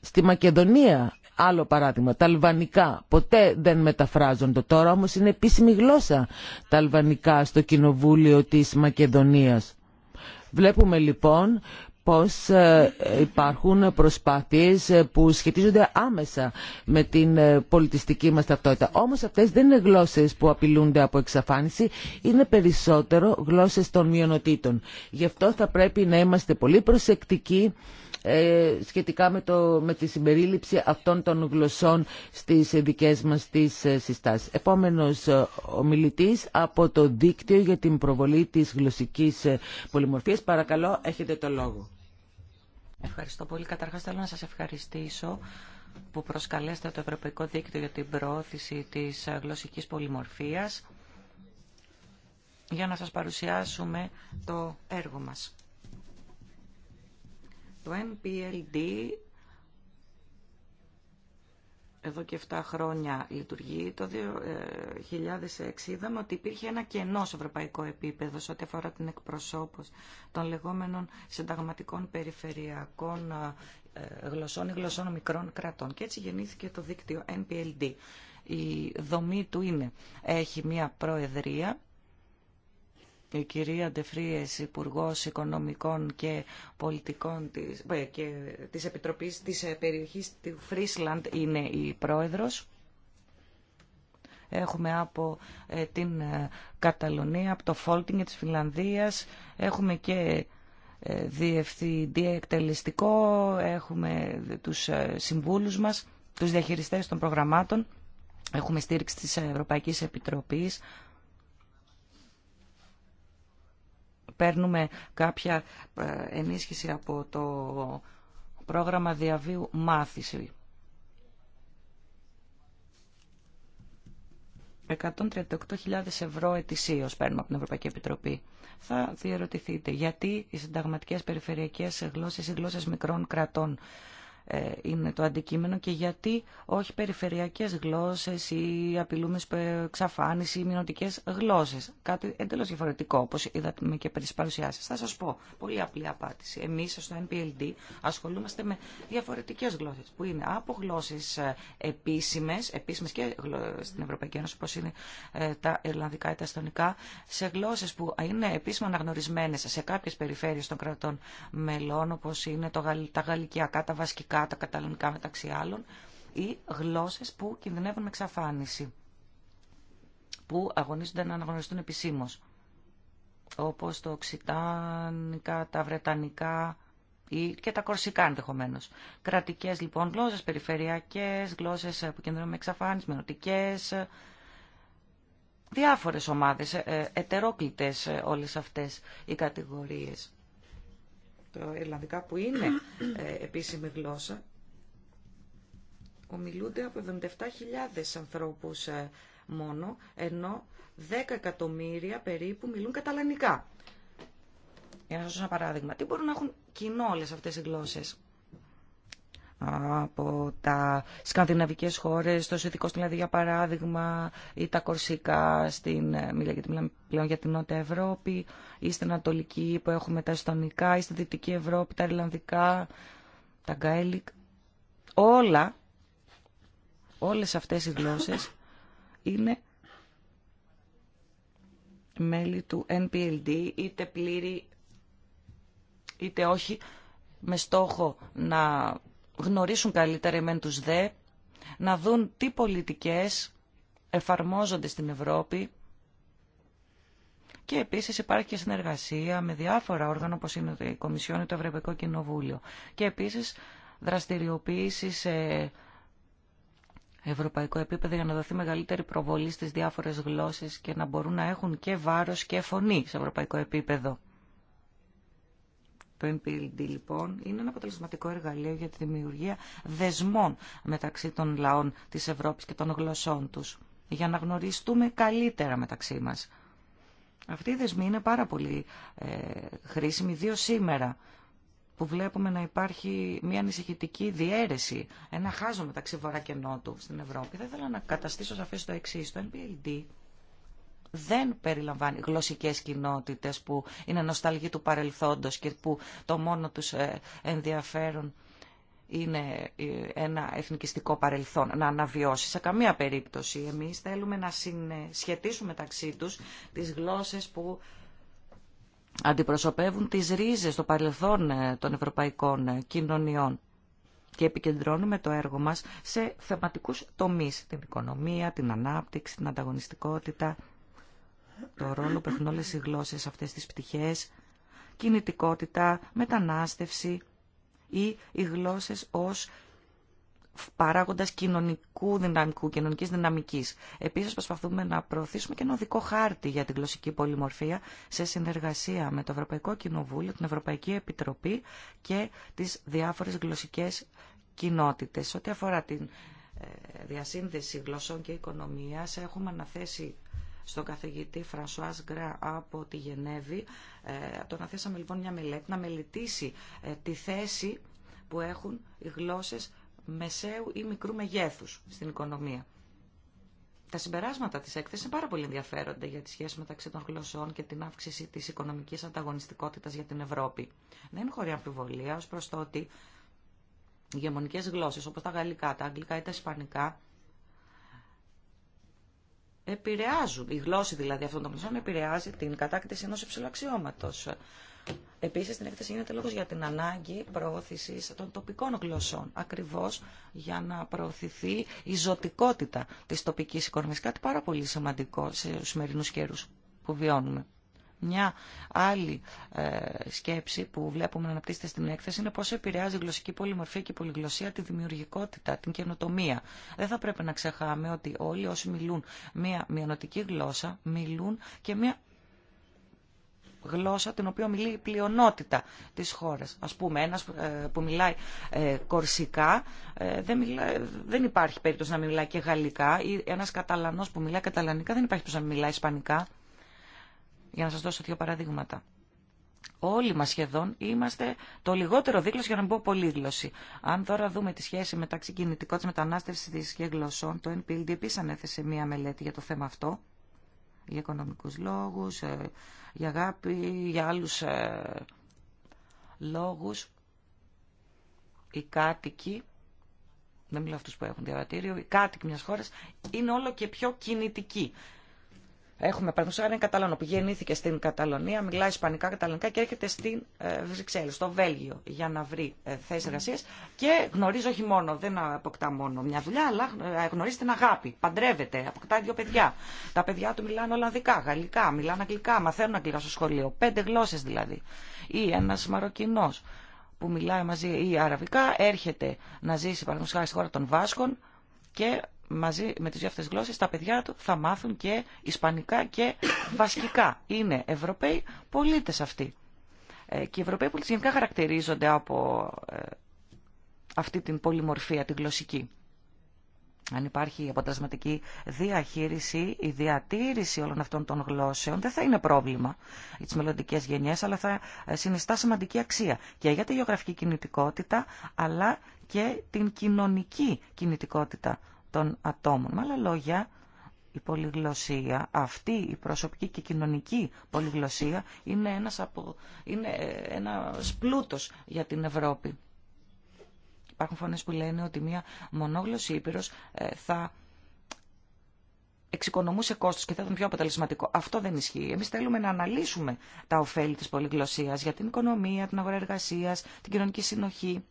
Στη Μακεδονία, άλλο παράδειγμα, τα αλβανικά ποτέ δεν μεταφράζονται. Τώρα όμως είναι επίσημη γλώσσα τα αλβανικά στο κοινοβούλιο της Μακεδονίας. Βλέπουμε λοιπόν πως ε, υπάρχουν προσπάθειες ε, που σχετίζονται άμεσα με την ε, πολιτιστική μας ταυτότητα. Όμως αυτές δεν είναι γλώσσες που απειλούνται από εξαφάνιση, είναι περισσότερο γλώσσες των μειονοτήτων. Γι' αυτό θα πρέπει να είμαστε πολύ προσεκτικοί ε, σχετικά με, το, με τη συμπερίληψη αυτών των γλωσσών στις δικές μας τις ε, συστάσεις. Επόμενος ε, ομιλητής από το Δίκτυο για την Προβολή της Γλωσσικής Πολυμορφίας. Παρακαλώ, έχετε το λόγο. Ευχαριστώ πολύ. Καταρχάς θέλω να σας ευχαριστήσω που προσκαλέστε το Ευρωπαϊκό Δίκτυο για την Προώθηση της Γλωσσικής Πολυμορφίας για να σας παρουσιάσουμε το έργο μας. Το NPLD εδώ και 7 χρόνια λειτουργεί. Το 2006 ε, είδαμε ότι υπήρχε ένα κενό σε ευρωπαϊκό επίπεδο σε ό,τι αφορά την εκπροσώπωση των λεγόμενων συνταγματικών περιφερειακών ε, γλωσσών ή γλωσσών μικρών κρατών. Και έτσι γεννήθηκε το δίκτυο NPLD. Η δομή του είναι, έχει μία προεδρία η κυρία Ντεφρίες, υπουργό Οικονομικών και Πολιτικών της, ε, και της Επιτροπής της ε, περιοχής του Φρίσλαντ είναι η πρόεδρος. Έχουμε από ε, την Καταλωνία, από το Φόλτινγκ της Φιλανδίας, έχουμε και διευθυντή εκτελεστικό, έχουμε τους συμβούλους μας, τους διαχειριστές των προγραμμάτων, έχουμε στήριξη της Ευρωπαϊκής Επιτροπής, παίρνουμε κάποια ε, ενίσχυση από το πρόγραμμα διαβίου μάθηση. 138.000 ευρώ ετησίω παίρνουμε από την Ευρωπαϊκή Επιτροπή. Θα διερωτηθείτε γιατί οι συνταγματικέ περιφερειακέ γλώσσε ή γλώσσε μικρών κρατών ε, είναι το αντικείμενο και γιατί όχι περιφερειακές γλώσσες ή απειλούμε εξαφάνιση ή μηνωτικές γλώσσες. Κάτι εντελώς διαφορετικό, όπως είδαμε και πριν παρουσιάσεις. Θα σας πω πολύ απλή απάντηση. Εμείς στο NPLD ασχολούμαστε με διαφορετικές γλώσσες, που είναι από γλώσσες ε, επίσημες, επίσημες και στην Ευρωπαϊκή Ένωση, όπως είναι ε, τα Ιρλανδικά ή τα αστωνικά, σε γλώσσες που είναι επίσημα αναγνωρισμένες σε κάποιες περιφέρειες των κρατών μελών, όπως είναι τα Γαλλικιακά, τα Βασκικά, ισπανικά, τα καταλανικά μεταξύ άλλων, ή γλώσσες που κινδυνεύουν με εξαφάνιση, που αγωνίζονται να αναγνωριστούν επισήμω. όπως το οξιτάνικα, τα βρετανικά ή και τα κορσικά ενδεχομένω. Κρατικές λοιπόν γλώσσες, περιφερειακές, γλώσσες που κινδυνεύουν με εξαφάνιση, μενοτικές, διάφορες ομάδες, ε, ε, ετερόκλητες ε, όλες αυτές οι κατηγορίες το Ιρλανδικά που είναι ε, επίσημη γλώσσα, ομιλούνται από 77.000 ανθρώπους ε, μόνο, ενώ 10 εκατομμύρια περίπου μιλούν καταλανικά. Για να σας δώσω ένα παράδειγμα, τι μπορούν να έχουν κοινό όλες αυτές οι γλώσσες από τα σκανδιναβικές χώρες, το Σουηδικό δηλαδή για παράδειγμα, ή τα Κορσικά, στην, ε, μιλάμε πλέον για την Νότια Ευρώπη, ή στην Ανατολική που έχουμε τα Εστονικά, ή στη Δυτική Ευρώπη, τα Ιρλανδικά, τα Γκάιλικ. Όλα, όλες αυτές οι γλώσσες είναι μέλη του NPLD, είτε πλήρη είτε όχι, με στόχο να γνωρίσουν καλύτερα εμέν τους δε, να δουν τι πολιτικές εφαρμόζονται στην Ευρώπη και επίσης υπάρχει και συνεργασία με διάφορα όργανα όπως είναι η Κομισιόν ή το Ευρωπαϊκό Κοινοβούλιο και επίσης δραστηριοποίηση σε ευρωπαϊκό επίπεδο για να δοθεί μεγαλύτερη προβολή στις διάφορες γλώσσες και να μπορούν να έχουν και βάρος και φωνή σε ευρωπαϊκό επίπεδο. Το NPLD λοιπόν είναι ένα αποτελεσματικό εργαλείο για τη δημιουργία δεσμών μεταξύ των λαών της Ευρώπης και των γλωσσών τους, για να γνωριστούμε καλύτερα μεταξύ μας. Αυτή οι δεσμοί είναι πάρα πολύ ε, χρήσιμη, δύο σήμερα, που βλέπουμε να υπάρχει μια ανησυχητική διαίρεση, ένα χάζο μεταξύ βορρά και νότου στην Ευρώπη. Θα ήθελα να καταστήσω σαφές το εξή. Το NPLD δεν περιλαμβάνει γλωσσικές κοινότητες που είναι νοσταλγοί του παρελθόντος και που το μόνο τους ε, ενδιαφέρον είναι ε, ένα εθνικιστικό παρελθόν να αναβιώσει. Σε καμία περίπτωση εμείς θέλουμε να σχετίσουμε μεταξύ τους τις γλώσσες που αντιπροσωπεύουν τις ρίζες των παρελθόν ε, των ευρωπαϊκών κοινωνιών και επικεντρώνουμε το έργο μας σε θεματικούς τομείς, την οικονομία, την ανάπτυξη, την ανταγωνιστικότητα, το ρόλο που έχουν όλες οι γλώσσες αυτές τις πτυχές, κινητικότητα, μετανάστευση ή οι γλώσσες ως παράγοντας κοινωνικού δυναμικού, κοινωνικής δυναμικής. Επίσης προσπαθούμε να προωθήσουμε και ένα οδικό χάρτη για την γλωσσική πολυμορφία σε συνεργασία με το Ευρωπαϊκό Κοινοβούλιο, την Ευρωπαϊκή Επιτροπή και τις διάφορες γλωσσικές κοινότητες. Ό,τι αφορά την ε, διασύνδεση γλωσσών και οικονομίας, έχουμε αναθέσει στον καθηγητή Φρανσουά Γκρά από τη Γενέβη. Ε, τον θέσαμε λοιπόν μια μελέτη να μελετήσει ε, τη θέση που έχουν οι γλώσσες μεσαίου ή μικρού μεγέθους στην οικονομία. Τα συμπεράσματα της έκθεσης είναι πάρα πολύ ενδιαφέροντα για τη σχέση μεταξύ των γλωσσών και την αύξηση της οικονομικής ανταγωνιστικότητας για την Ευρώπη. Δεν χωρί αμφιβολία ως προς το ότι οι γεμονικές γλώσσες όπως τα γαλλικά, τα αγγλικά ή τα ισπανικά επηρεάζουν, η γλώσσα δηλαδή αυτών των γλωσσών επηρεάζει την κατάκτηση ενός υψηλοαξιώματος. Επίσης, στην έκθεση γίνεται λόγος για την ανάγκη προώθησης των τοπικών γλωσσών, ακριβώς για να προωθηθεί η ζωτικότητα της τοπικής οικονομίας, κάτι πάρα πολύ σημαντικό σε σημερινούς καιρούς που βιώνουμε. Μια άλλη ε, σκέψη που βλέπουμε να αναπτύσσεται στην έκθεση είναι πώς επηρεάζει η γλωσσική πολυμορφία και η πολυγλωσσία τη δημιουργικότητα, την καινοτομία. Δεν θα πρέπει να ξεχάμε ότι όλοι όσοι μιλούν μια μειονοτική γλώσσα μιλούν και μια γλώσσα την οποία μιλεί η πλειονότητα της χώρας. Ας πούμε, ένας ε, που μιλάει ε, κορσικά δεν, δεν υπάρχει περίπτωση να μιλάει και γαλλικά ή ένας καταλανός που μιλάει καταλανικά δεν υπάρχει περίπτωση να μιλάει ισπανικά. Για να σας δώσω δύο παραδείγματα. Όλοι μας σχεδόν είμαστε το λιγότερο δίκλωση για να μην πω πολύγλωση. Αν τώρα δούμε τη σχέση μεταξύ κινητικότητας μετανάστευσης και γλωσσών, το NPLD επίσης ανέθεσε μία μελέτη για το θέμα αυτό, για οικονομικούς λόγους, ε, για αγάπη, για άλλους ε, λόγους. Οι κάτοικοι, δεν μιλάω αυτούς που έχουν διαβατήριο, οι κάτοικοι μιας χώρας είναι όλο και πιο κινητικοί. Έχουμε παραδείγματο έναν Καταλανό που γεννήθηκε στην Καταλωνία, μιλάει Ισπανικά, Καταλανικά και έρχεται στην ε, στο Βέλγιο, για να βρει ε, θέσει εργασία και γνωρίζει όχι μόνο, δεν αποκτά μόνο μια δουλειά, αλλά ε, γνωρίζει την αγάπη. Παντρεύεται, αποκτά δύο παιδιά. Τα παιδιά του μιλάνε Ολλανδικά, Γαλλικά, μιλάνε Αγγλικά, μαθαίνουν Αγγλικά στο σχολείο. Πέντε γλώσσε δηλαδή. Ή ένα Μαροκινό που μιλάει μαζί ή αραβικά έρχεται να ζήσει παραδείγματο χάρη στη χώρα των Βάσκων και μαζί με τις δύο αυτές γλώσσες τα παιδιά του θα μάθουν και ισπανικά και βασκικά. Είναι Ευρωπαίοι πολίτες αυτοί. Ε, και οι Ευρωπαίοι πολίτες γενικά χαρακτηρίζονται από ε, αυτή την πολυμορφία, την γλωσσική. Αν υπάρχει αποτελεσματική διαχείριση, η διατήρηση όλων αυτών των γλώσσεων δεν θα είναι πρόβλημα για τι μελλοντικέ γενιέ, αλλά θα ε, συνιστά σημαντική αξία και για τη γεωγραφική κινητικότητα, αλλά και την κοινωνική κινητικότητα των ατόμων. Με άλλα λόγια, η πολυγλωσία, αυτή η προσωπική και κοινωνική πολυγλωσία είναι ένας, από, είναι ε, ένας πλούτος για την Ευρώπη. Υπάρχουν φωνές που λένε ότι μια μονόγλωση Ήπειρος ε, θα εξοικονομούσε κόστος και θα ήταν πιο αποτελεσματικό. Αυτό δεν ισχύει. Εμείς θέλουμε να αναλύσουμε τα ωφέλη της πολυγλωσσίας για την οικονομία, την αγορά εργασίας, την κοινωνική συνοχή,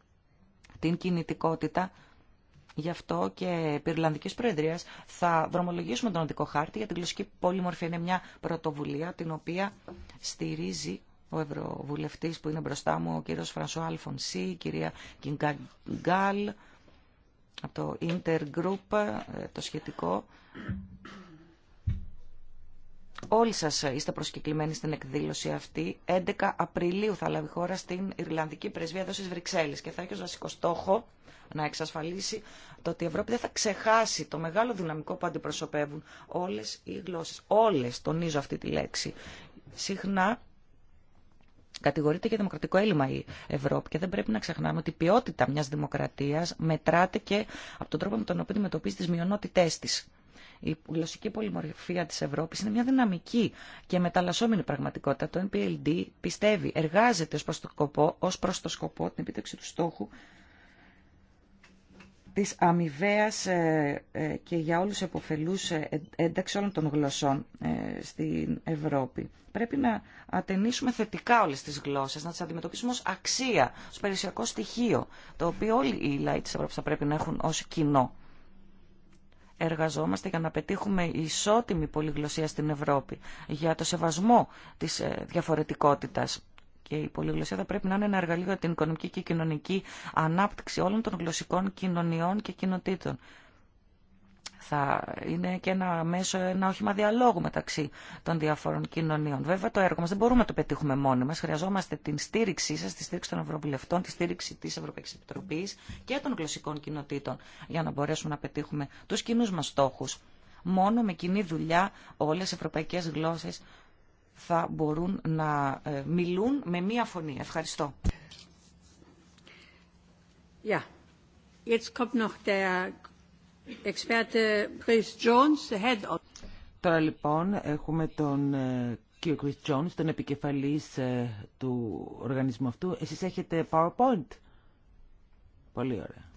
την κινητικότητα Γι' αυτό και επί Ιρλανδική Προεδρία θα δρομολογήσουμε τον οδικό χάρτη για την γλωσσική πολυμορφία. Είναι μια πρωτοβουλία την οποία στηρίζει ο Ευρωβουλευτή που είναι μπροστά μου, ο κύριο Φρανσουά Αλφονσί, η κυρία Κιγκαγκάλ από το Intergroup, ε, το σχετικό. Όλοι σας είστε προσκεκλημένοι στην εκδήλωση αυτή. 11 Απριλίου θα λάβει χώρα στην Ιρλανδική Πρεσβεία εδώ στις Βρυξέλλες και θα έχει ως βασικό στόχο να εξασφαλίσει το ότι η Ευρώπη δεν θα ξεχάσει το μεγάλο δυναμικό που αντιπροσωπεύουν όλες οι γλώσσες. Όλες, τονίζω αυτή τη λέξη. Συχνά Κατηγορείται για δημοκρατικό έλλειμμα η Ευρώπη και δεν πρέπει να ξεχνάμε ότι η ποιότητα μιας δημοκρατίας μετράται και από τον τρόπο με τον οποίο αντιμετωπίζει τις μειονότητές της. Η γλωσσική πολυμορφία της Ευρώπης είναι μια δυναμική και μεταλλασσόμενη πραγματικότητα. Το NPLD πιστεύει, εργάζεται ω προς, το σκοπό, ως το σκοπό την επίτευξη του στόχου της αμοιβαία ε, ε, και για όλους εποφελούς ε, ένταξη όλων των γλωσσών στην Ευρώπη. Πρέπει να ατενίσουμε θετικά όλες τις γλώσσες, να τις αντιμετωπίσουμε ως αξία, ως περιουσιακό στοιχείο, το οποίο όλοι οι λαοί της Ευρώπης θα πρέπει να έχουν ως κοινό. Εργαζόμαστε για να πετύχουμε ισότιμη πολυγλωσία στην Ευρώπη, για το σεβασμό της διαφορετικότητας και η πολυγλωσία θα πρέπει να είναι ένα εργαλείο για την οικονομική και κοινωνική ανάπτυξη όλων των γλωσσικών κοινωνιών και κοινοτήτων. Θα είναι και ένα μέσο, ένα όχημα διαλόγου μεταξύ των διαφόρων κοινωνιών. Βέβαια το έργο μα. δεν μπορούμε να το πετύχουμε μόνοι μας. Χρειαζόμαστε την στήριξή σα, τη στήριξη των Ευρωβουλευτών, τη στήριξη τη Ευρωπαϊκή Επιτροπή και των γλωσσικών κοινοτήτων για να μπορέσουμε να πετύχουμε του κοινού μα στόχου. Μόνο με κοινή δουλειά όλε οι ευρωπαϊκέ γλώσσε θα μπορούν να ε, μιλούν με μία φωνή. Ευχαριστώ. head Τώρα λοιπόν έχουμε τον ε, κύριο Chris Jones, τον επικεφαλής ε, του οργανισμού αυτού. Εσείς έχετε PowerPoint. Πολύ ωραία.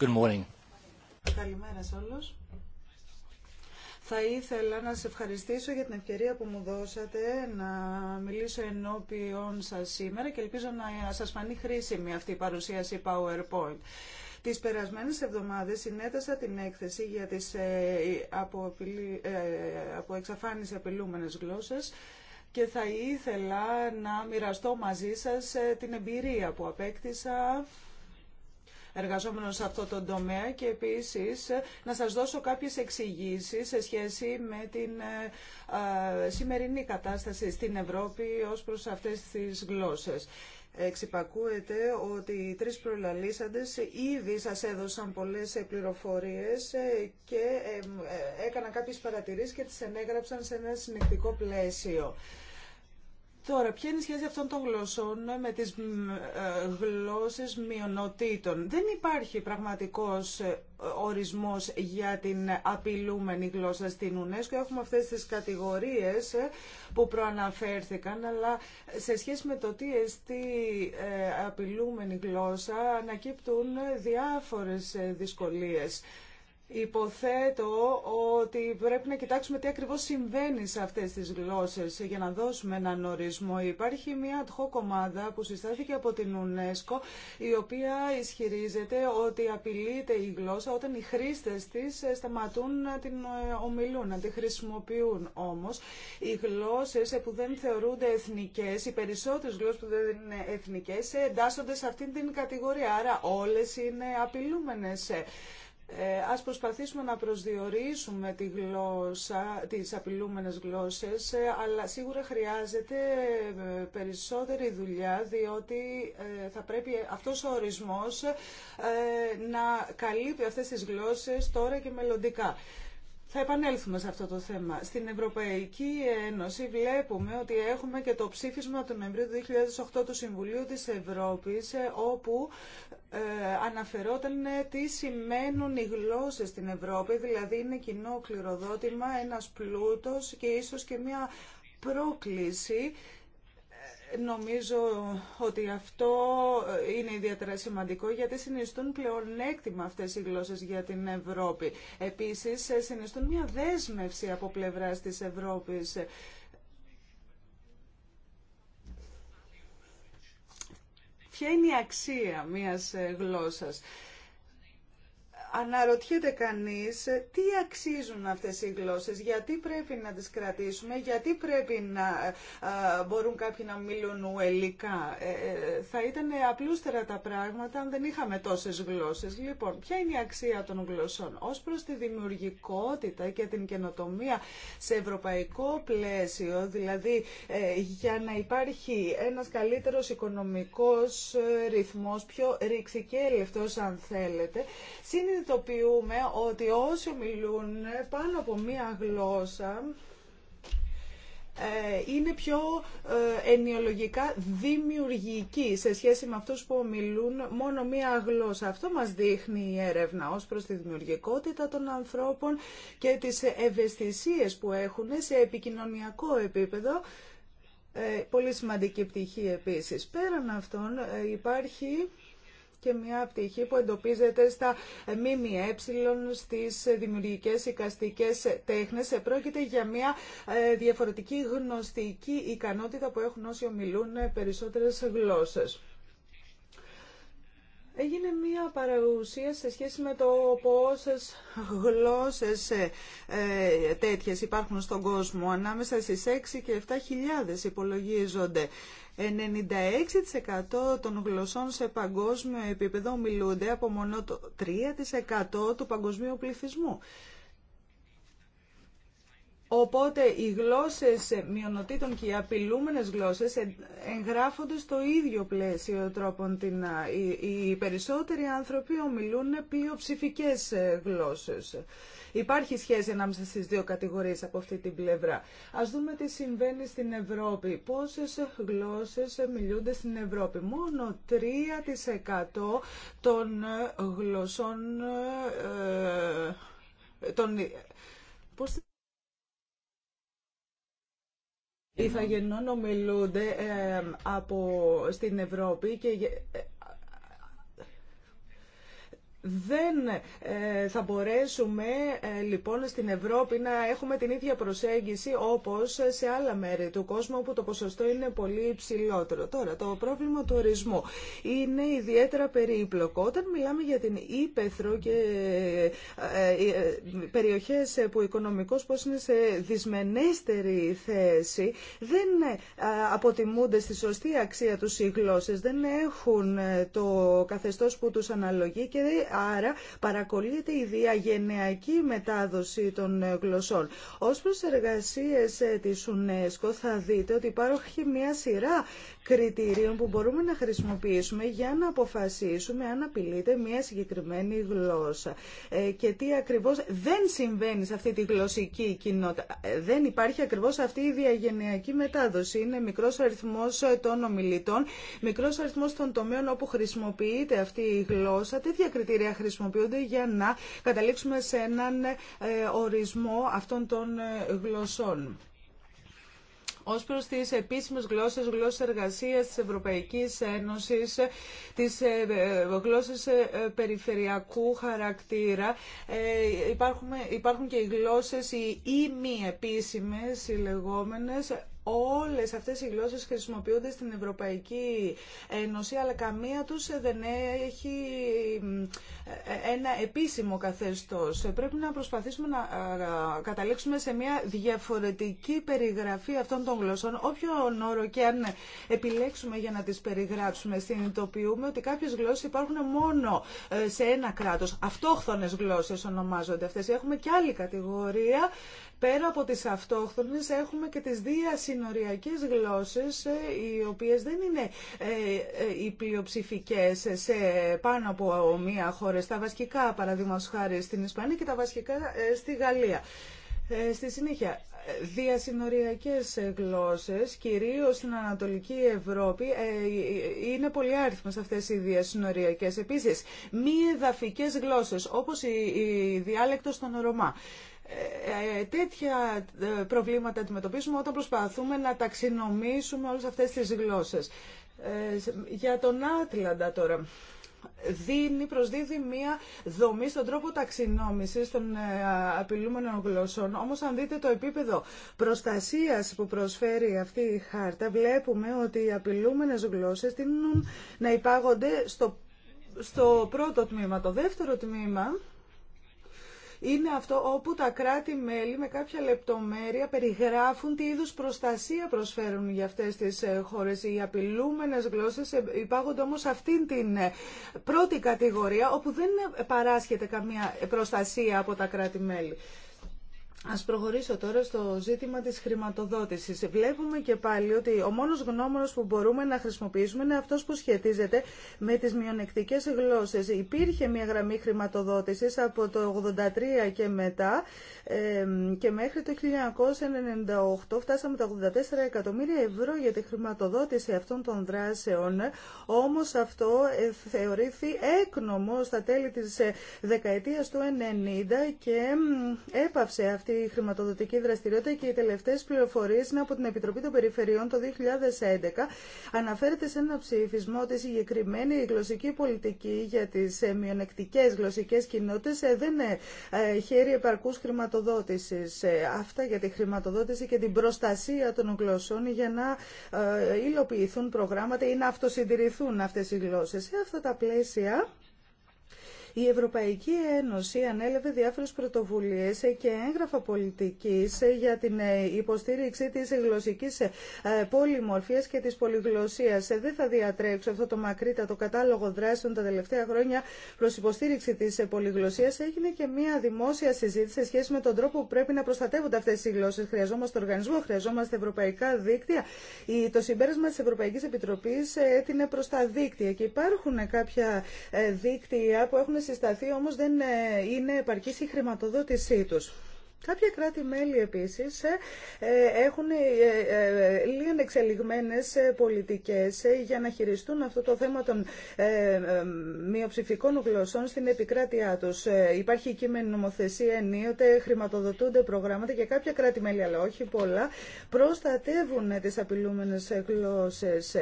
Good morning. Καλημέρα σε όλους. Θα ήθελα να σας ευχαριστήσω για την ευκαιρία που μου δώσατε να μιλήσω ενώπιον σας σήμερα και ελπίζω να σας φανεί χρήσιμη αυτή η παρουσίαση PowerPoint. Τις περασμένες εβδομάδες συνέτασα την έκθεση για τις ε, από, ε, από εξαφάνιση απειλούμενες γλώσσες και θα ήθελα να μοιραστώ μαζί σας ε, την εμπειρία που απέκτησα εργαζόμενο σε αυτό το τομέα και επίσης να σας δώσω κάποιες εξηγήσει σε σχέση με την ε, σημερινή κατάσταση στην Ευρώπη ως προς αυτές τις γλώσσες. Εξυπακούεται ότι οι τρεις προλαλήσαντες ήδη σας έδωσαν πολλές πληροφορίες και ε, ε, έκαναν κάποιες παρατηρήσεις και τις ενέγραψαν σε ένα συνεκτικό πλαίσιο. Τώρα, ποια είναι η σχέση αυτών των γλωσσών με τις ε, γλώσσες μειονοτήτων. Δεν υπάρχει πραγματικός ε, ορισμός για την απειλούμενη γλώσσα στην UNESCO. Έχουμε αυτές τις κατηγορίες ε, που προαναφέρθηκαν, αλλά σε σχέση με το τι εστί απειλούμενη γλώσσα ανακύπτουν διάφορες δυσκολίες. Υποθέτω ότι πρέπει να κοιτάξουμε τι ακριβώς συμβαίνει σε αυτές τις γλώσσες για να δώσουμε έναν ορισμό. Υπάρχει μια ad ομάδα που συστάθηκε από την UNESCO η οποία ισχυρίζεται ότι απειλείται η γλώσσα όταν οι χρήστες της σταματούν να την ε, ομιλούν, να τη χρησιμοποιούν. Όμως οι γλώσσες που δεν θεωρούνται εθνικές, οι περισσότερες γλώσσες που δεν είναι εθνικές εντάσσονται σε αυτήν την κατηγορία. Άρα όλες είναι απειλούμενες. Ε, ας προσπαθήσουμε να προσδιορίσουμε τη γλώσσα, τις απειλούμενες γλώσσες, ε, αλλά σίγουρα χρειάζεται ε, περισσότερη δουλειά, διότι ε, θα πρέπει αυτός ο ορισμός να καλύπτει αυτές τις γλώσσες τώρα και μελλοντικά. Θα επανέλθουμε σε αυτό το θέμα. Στην Ευρωπαϊκή Ένωση βλέπουμε ότι έχουμε και το ψήφισμα του Νοεμβρίου 2008 του Συμβουλίου της Ευρώπης ε, όπου ε, αναφερόταν ε, τι σημαίνουν οι γλώσσες στην Ευρώπη, δηλαδή είναι κοινό κληροδότημα, ένας πλούτος και ίσως και μια πρόκληση Νομίζω ότι αυτό είναι ιδιαίτερα σημαντικό γιατί συνιστούν πλεονέκτημα αυτές οι γλώσσες για την Ευρώπη. Επίσης συνιστούν μια δέσμευση από πλευράς της Ευρώπης. Ποια είναι η αξία μιας γλώσσας αναρωτιέται κανείς ε, τι αξίζουν αυτές οι γλώσσες, γιατί πρέπει να τις κρατήσουμε, γιατί πρέπει να ε, ε, μπορούν κάποιοι να μιλούν ουελικά. Θα ήταν απλούστερα τα πράγματα αν δεν είχαμε τόσες γλώσσες. Λοιπόν, ποια είναι η αξία των γλωσσών ως προς τη δημιουργικότητα και την καινοτομία σε ευρωπαϊκό πλαίσιο, δηλαδή για να υπάρχει ένας καλύτερος οικονομικός ρυθμός, πιο ρηξικέλευτος αν θέλετε, συνειδητοποιούμε ότι όσοι μιλούν πάνω από μία γλώσσα ε, είναι πιο ε, ενιολογικά δημιουργικοί σε σχέση με αυτούς που μιλούν μόνο μία γλώσσα. Αυτό μας δείχνει η έρευνα ως προς τη δημιουργικότητα των ανθρώπων και τις ευαισθησίες που έχουν σε επικοινωνιακό επίπεδο. Ε, πολύ σημαντική πτυχή επίσης. Πέραν αυτών υπάρχει και μια πτυχή που εντοπίζεται στα ΜΜΕ, στις δημιουργικές οικαστικές τέχνες. Πρόκειται για μια ε, διαφορετική γνωστική ικανότητα που έχουν όσοι ομιλούν περισσότερες γλώσσες. Έγινε μία παραγουσία σε σχέση με το πόσες γλώσσες ε, ε τέτοιες υπάρχουν στον κόσμο. Ανάμεσα στις 6 και 7 χιλιάδες υπολογίζονται. 96% των γλωσσών σε παγκόσμιο επίπεδο μιλούνται από μόνο το 3% του παγκοσμίου πληθυσμού. Οπότε οι γλώσσες μειονοτήτων και οι απειλούμενες γλώσσες εγγράφονται στο ίδιο πλαίσιο τρόπον την... Οι περισσότεροι άνθρωποι ομιλούν πλειοψηφικές ε, γλώσσες. Υπάρχει σχέση ανάμεσα στι δύο κατηγορίες από αυτή την πλευρά. Ας δούμε τι συμβαίνει στην Ευρώπη. Πόσες γλώσσες μιλούνται στην Ευρώπη. Μόνο 3% των γλωσσών... Ε, των, Ηθαγενών ομιλούνται ε, από, στην Ευρώπη και ε, δεν ε, θα μπορέσουμε ε, λοιπόν στην Ευρώπη να έχουμε την ίδια προσέγγιση όπως σε άλλα μέρη του κόσμου όπου το ποσοστό είναι πολύ υψηλότερο. Τώρα, το πρόβλημα του ορισμού είναι ιδιαίτερα περίπλοκο. Όταν μιλάμε για την ύπεθρο και ε, περιοχές που οικονομικός πώς είναι σε δυσμενέστερη θέση, δεν αποτιμούνται στη σωστή αξία τους οι γλώσσες, δεν έχουν το καθεστώς που τους αναλογεί και Άρα παρακολύεται η διαγενειακή μετάδοση των γλωσσών. Ως προς εργασίες ε, της UNESCO θα δείτε ότι υπάρχει μια σειρά κριτηρίων που μπορούμε να χρησιμοποιήσουμε για να αποφασίσουμε αν απειλείται μια συγκεκριμένη γλώσσα ε, και τι ακριβώς δεν συμβαίνει σε αυτή τη γλωσσική κοινότητα. Ε, δεν υπάρχει ακριβώς αυτή η διαγενειακή μετάδοση. Είναι μικρός αριθμός ε, των ομιλητών, μικρός αριθμός των τομέων όπου χρησιμοποιείται αυτή η γλώσσα. Τέτοια κριτήρια χρησιμοποιούνται για να καταλήξουμε σε έναν ορισμό αυτών των γλωσσών. Ω προ τι επίσημε γλώσσες, γλώσσες εργασία της Ευρωπαϊκής Ένωσης, τι ε, ε, γλώσσε ε, περιφερειακού χαρακτήρα. Υπάρχουν, και οι γλώσσες οι ή μη επίσημες, οι λεγόμενες, Όλες αυτές οι γλώσσες χρησιμοποιούνται στην Ευρωπαϊκή Ένωση, αλλά καμία τους δεν έχει ένα επίσημο καθεστώς. Πρέπει να προσπαθήσουμε να καταλήξουμε σε μια διαφορετική περιγραφή αυτών των γλωσσών. Όποιον όρο και αν επιλέξουμε για να τις περιγράψουμε, συνειδητοποιούμε ότι κάποιες γλώσσες υπάρχουν μόνο ε, σε ένα κράτος. Αυτόχθονες γλώσσες ονομάζονται αυτές. Έχουμε και άλλη κατηγορία Πέρα από τις αυτόχθονες έχουμε και τις διασυνοριακές γλώσσες ε, οι οποίες δεν είναι ε, ε, οι πλειοψηφικές σε πάνω από μία χώρα. Στα βασικά παραδείγματο χάρη στην Ισπανία και τα βασικά στη Γαλλία. Στη συνέχεια, διασυνοριακές γλώσσες, κυρίως στην Ανατολική Ευρώπη, είναι πολύ άριθμες αυτές οι διασυνοριακές. Επίσης, μη εδαφικές γλώσσες, όπως η διάλεκτος των Ρωμά. Ε, ε, τέτοια ε, προβλήματα αντιμετωπίζουμε όταν προσπαθούμε να ταξινομήσουμε όλες αυτές τις γλώσσες. για τον Άτλαντα τώρα δίνει, προσδίδει μία δομή στον τρόπο ταξινόμησης των απειλούμενων γλωσσών. Όμως αν δείτε το επίπεδο προστασίας που προσφέρει αυτή η χάρτα, βλέπουμε ότι οι απειλούμενες γλώσσες τείνουν να υπάγονται στο, στο πρώτο τμήμα. Το δεύτερο τμήμα είναι αυτό όπου τα κράτη-μέλη με κάποια λεπτομέρεια περιγράφουν τι είδους προστασία προσφέρουν για αυτές τις ε, χώρες. Οι απειλούμενες γλώσσες ε, υπάγονται όμως αυτήν την ε, πρώτη κατηγορία όπου δεν παράσχεται καμία προστασία από τα κράτη-μέλη. Ας προχωρήσω τώρα στο ζήτημα της χρηματοδότησης. Βλέπουμε και πάλι ότι ο μόνος γνώμονος που μπορούμε να χρησιμοποιήσουμε είναι αυτός που σχετίζεται με τις μειονεκτικές γλώσσες. Υπήρχε μια γραμμή χρηματοδότησης από το 83 και μετά και μέχρι το 1998 φτάσαμε τα 84 εκατομμύρια ευρώ για τη χρηματοδότηση αυτών των δράσεων. Όμως αυτό ε, θεωρήθη έκνομο στα τέλη της ε, δεκαετίας του 90 και έπαυσε αυτή η χρηματοδοτική δραστηριότητα και οι τελευταίες πληροφορίες είναι από την Επιτροπή των Περιφερειών το 2011. Αναφέρεται σε ένα ψήφισμα ότι η συγκεκριμένη γλωσσική πολιτική για τις ε, μειονεκτικέ γλωσσικές κοινότητες ε, δεν ε, χαίρει επαρκού χρηματοδότηση Αυτά για τη χρηματοδότηση και την προστασία των γλωσσών για να υλοποιηθούν προγράμματα ή να αυτοσυντηρηθούν αυτέ οι γλώσσε. Σε αυτά τα πλαίσια η Ευρωπαϊκή Ένωση ανέλαβε διάφορες πρωτοβουλίες και έγγραφα πολιτικής για την ε, υποστήριξη της γλωσσικής ε, πολυμορφίας και της πολυγλωσσίας. Ε, δεν θα διατρέξω αυτό το μακρύτατο κατάλογο δράσεων τα τελευταία χρόνια προς υποστήριξη της πολυγλωσσίας. Έγινε και μια δημόσια συζήτηση σε σχέση με τον τρόπο που πρέπει να προστατεύονται αυτές οι γλώσσες. Χρειαζόμαστε οργανισμό, χρειαζόμαστε ευρωπαϊκά δίκτυα. Το συμπέρασμα της Ευρωπαϊκής Επιτροπής έτεινε προς τα δίκτυα και υπάρχουν κάποια δίκτυα που έχουν συσταθεί όμως δεν ε, είναι επαρκής η χρηματοδότησή τους. Κάποια κράτη-μέλη επίσης ε, ε, έχουν ε, λίγο εξελιγμένες πολιτικές για να χειριστούν αυτό το θέμα των μειοψηφικών γλωσσών στην επικράτειά τους. Υπάρχει κείμενη νομοθεσία ενίοτε, χρηματοδοτούνται προγράμματα και κάποια κράτη-μέλη, αλλά όχι πολλά, προστατεύουν τις απειλούμενες γλώσσες.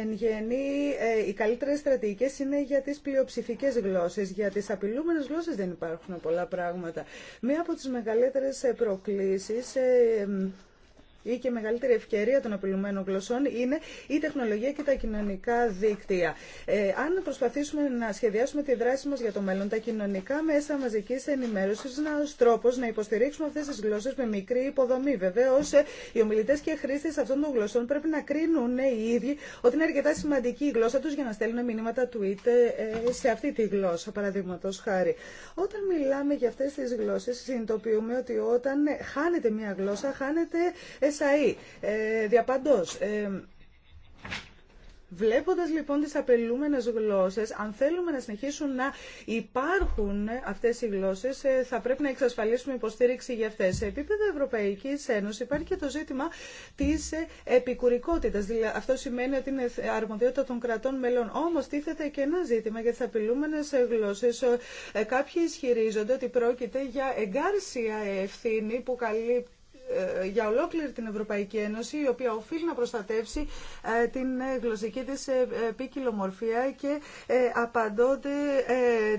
Εν γενή, οι καλύτερες στρατηγικέ είναι για τις πλειοψηφικές γλώσσες. Για τις απειλούμενες γλώσσες δεν υπάρχουν πολλά πράγματα. Μία από τις μεγαλύτερες προκλήσεις ε, η και μεγαλύτερη ευκαιρία των απειλουμένων γλωσσών είναι η τεχνολογία και τα κοινωνικά δίκτυα. Ε, αν προσπαθήσουμε να σχεδιάσουμε τη δράση μα για το μέλλον, τα κοινωνικά μέσα μαζική ενημέρωση είναι ένα τρόπο να υποστηρίξουμε αυτέ τι γλώσσε με μικρή υποδομή. Βεβαίω, ε, οι ομιλητέ και χρήστε αυτών των γλωσσών πρέπει να κρίνουν ε, οι ίδιοι ότι είναι αρκετά σημαντική η γλώσσα του για να στέλνουν μηνύματα tweet ε, σε αυτή τη γλώσσα, παραδείγματο χάρη. Όταν μιλάμε για αυτέ τι γλώσσε, συνειδητοποιούμε ότι όταν χάνεται μία γλώσσα, χάνεται ΣΑΗ, ε, διαπαντός. Ε, βλέποντας λοιπόν τις απελούμενες γλώσσες, αν θέλουμε να συνεχίσουν να υπάρχουν αυτές οι γλώσσες, ε, θα πρέπει να εξασφαλίσουμε υποστήριξη για αυτές. Σε επίπεδο Ευρωπαϊκής Ένωσης υπάρχει και το ζήτημα της επικουρικότητας. Δηλαδή, αυτό σημαίνει ότι είναι αρμοδιότητα των κρατών μελών. Όμως τίθεται και ένα ζήτημα για τις απελούμενες γλώσσες. Κάποιοι ισχυρίζονται ότι πρόκειται για εγκάρσια ευθύνη που καλύπτει ε, για ολόκληρη την Ευρωπαϊκή Ένωση, η οποία οφείλει να προστατεύσει ε, την ε, γλωσσική της μορφία και απαντώνται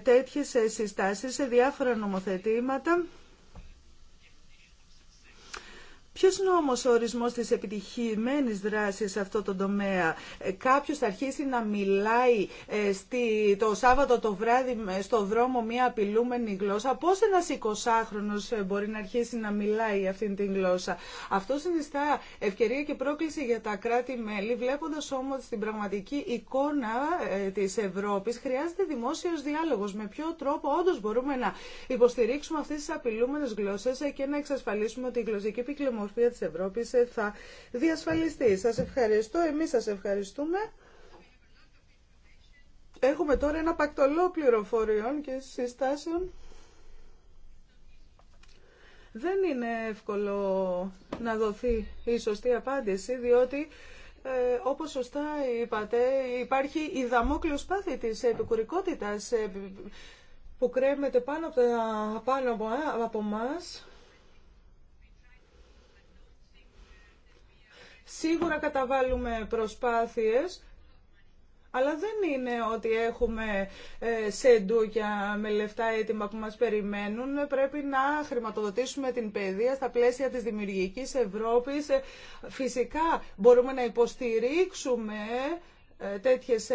τέτοιες συστάσεις σε διάφορα νομοθετήματα. Ποιος είναι όμως ο ορισμός της επιτυχημένης δράσης σε αυτό το τομέα. Ε, κάποιος θα αρχίσει να μιλάει ε, στη, το Σάββατο το βράδυ ε, στο δρόμο μια απειλούμενη γλώσσα. Πώς ένας 20χρονος μπορεί να αρχίσει να μιλάει αυτήν την γλώσσα. Αυτό συνιστά ευκαιρία και πρόκληση για τα κράτη-μέλη. Βλέποντας όμως την πραγματική εικόνα της Ευρώπης, χρειάζεται δημόσιος διάλογος. Με ποιο τρόπο όντως μπορούμε να υποστηρίξουμε αυτές τις απειλούμενες γλώσσες και να εξασφαλίσουμε ότι η γλωσσική ομοσπονδία της Ευρώπης ε, θα διασφαλιστεί. Σας ευχαριστώ, εμείς σας ευχαριστούμε. Έχουμε τώρα ένα πακτολό πληροφοριών και συστάσεων. Δεν είναι εύκολο να δοθεί η σωστή απάντηση, διότι ε, όπως σωστά είπατε υπάρχει η δαμόκλειος πάθη της επικουρικότητας ε, που κρέμεται πάνω από, πάνω από μας Σίγουρα καταβάλουμε προσπάθειες, αλλά δεν είναι ότι έχουμε ε, σεντούκια με λεφτά έτοιμα που μας περιμένουν. Πρέπει να χρηματοδοτήσουμε την παιδεία στα πλαίσια της δημιουργικής Ευρώπης. Ε, φυσικά μπορούμε να υποστηρίξουμε ε, τέτοιες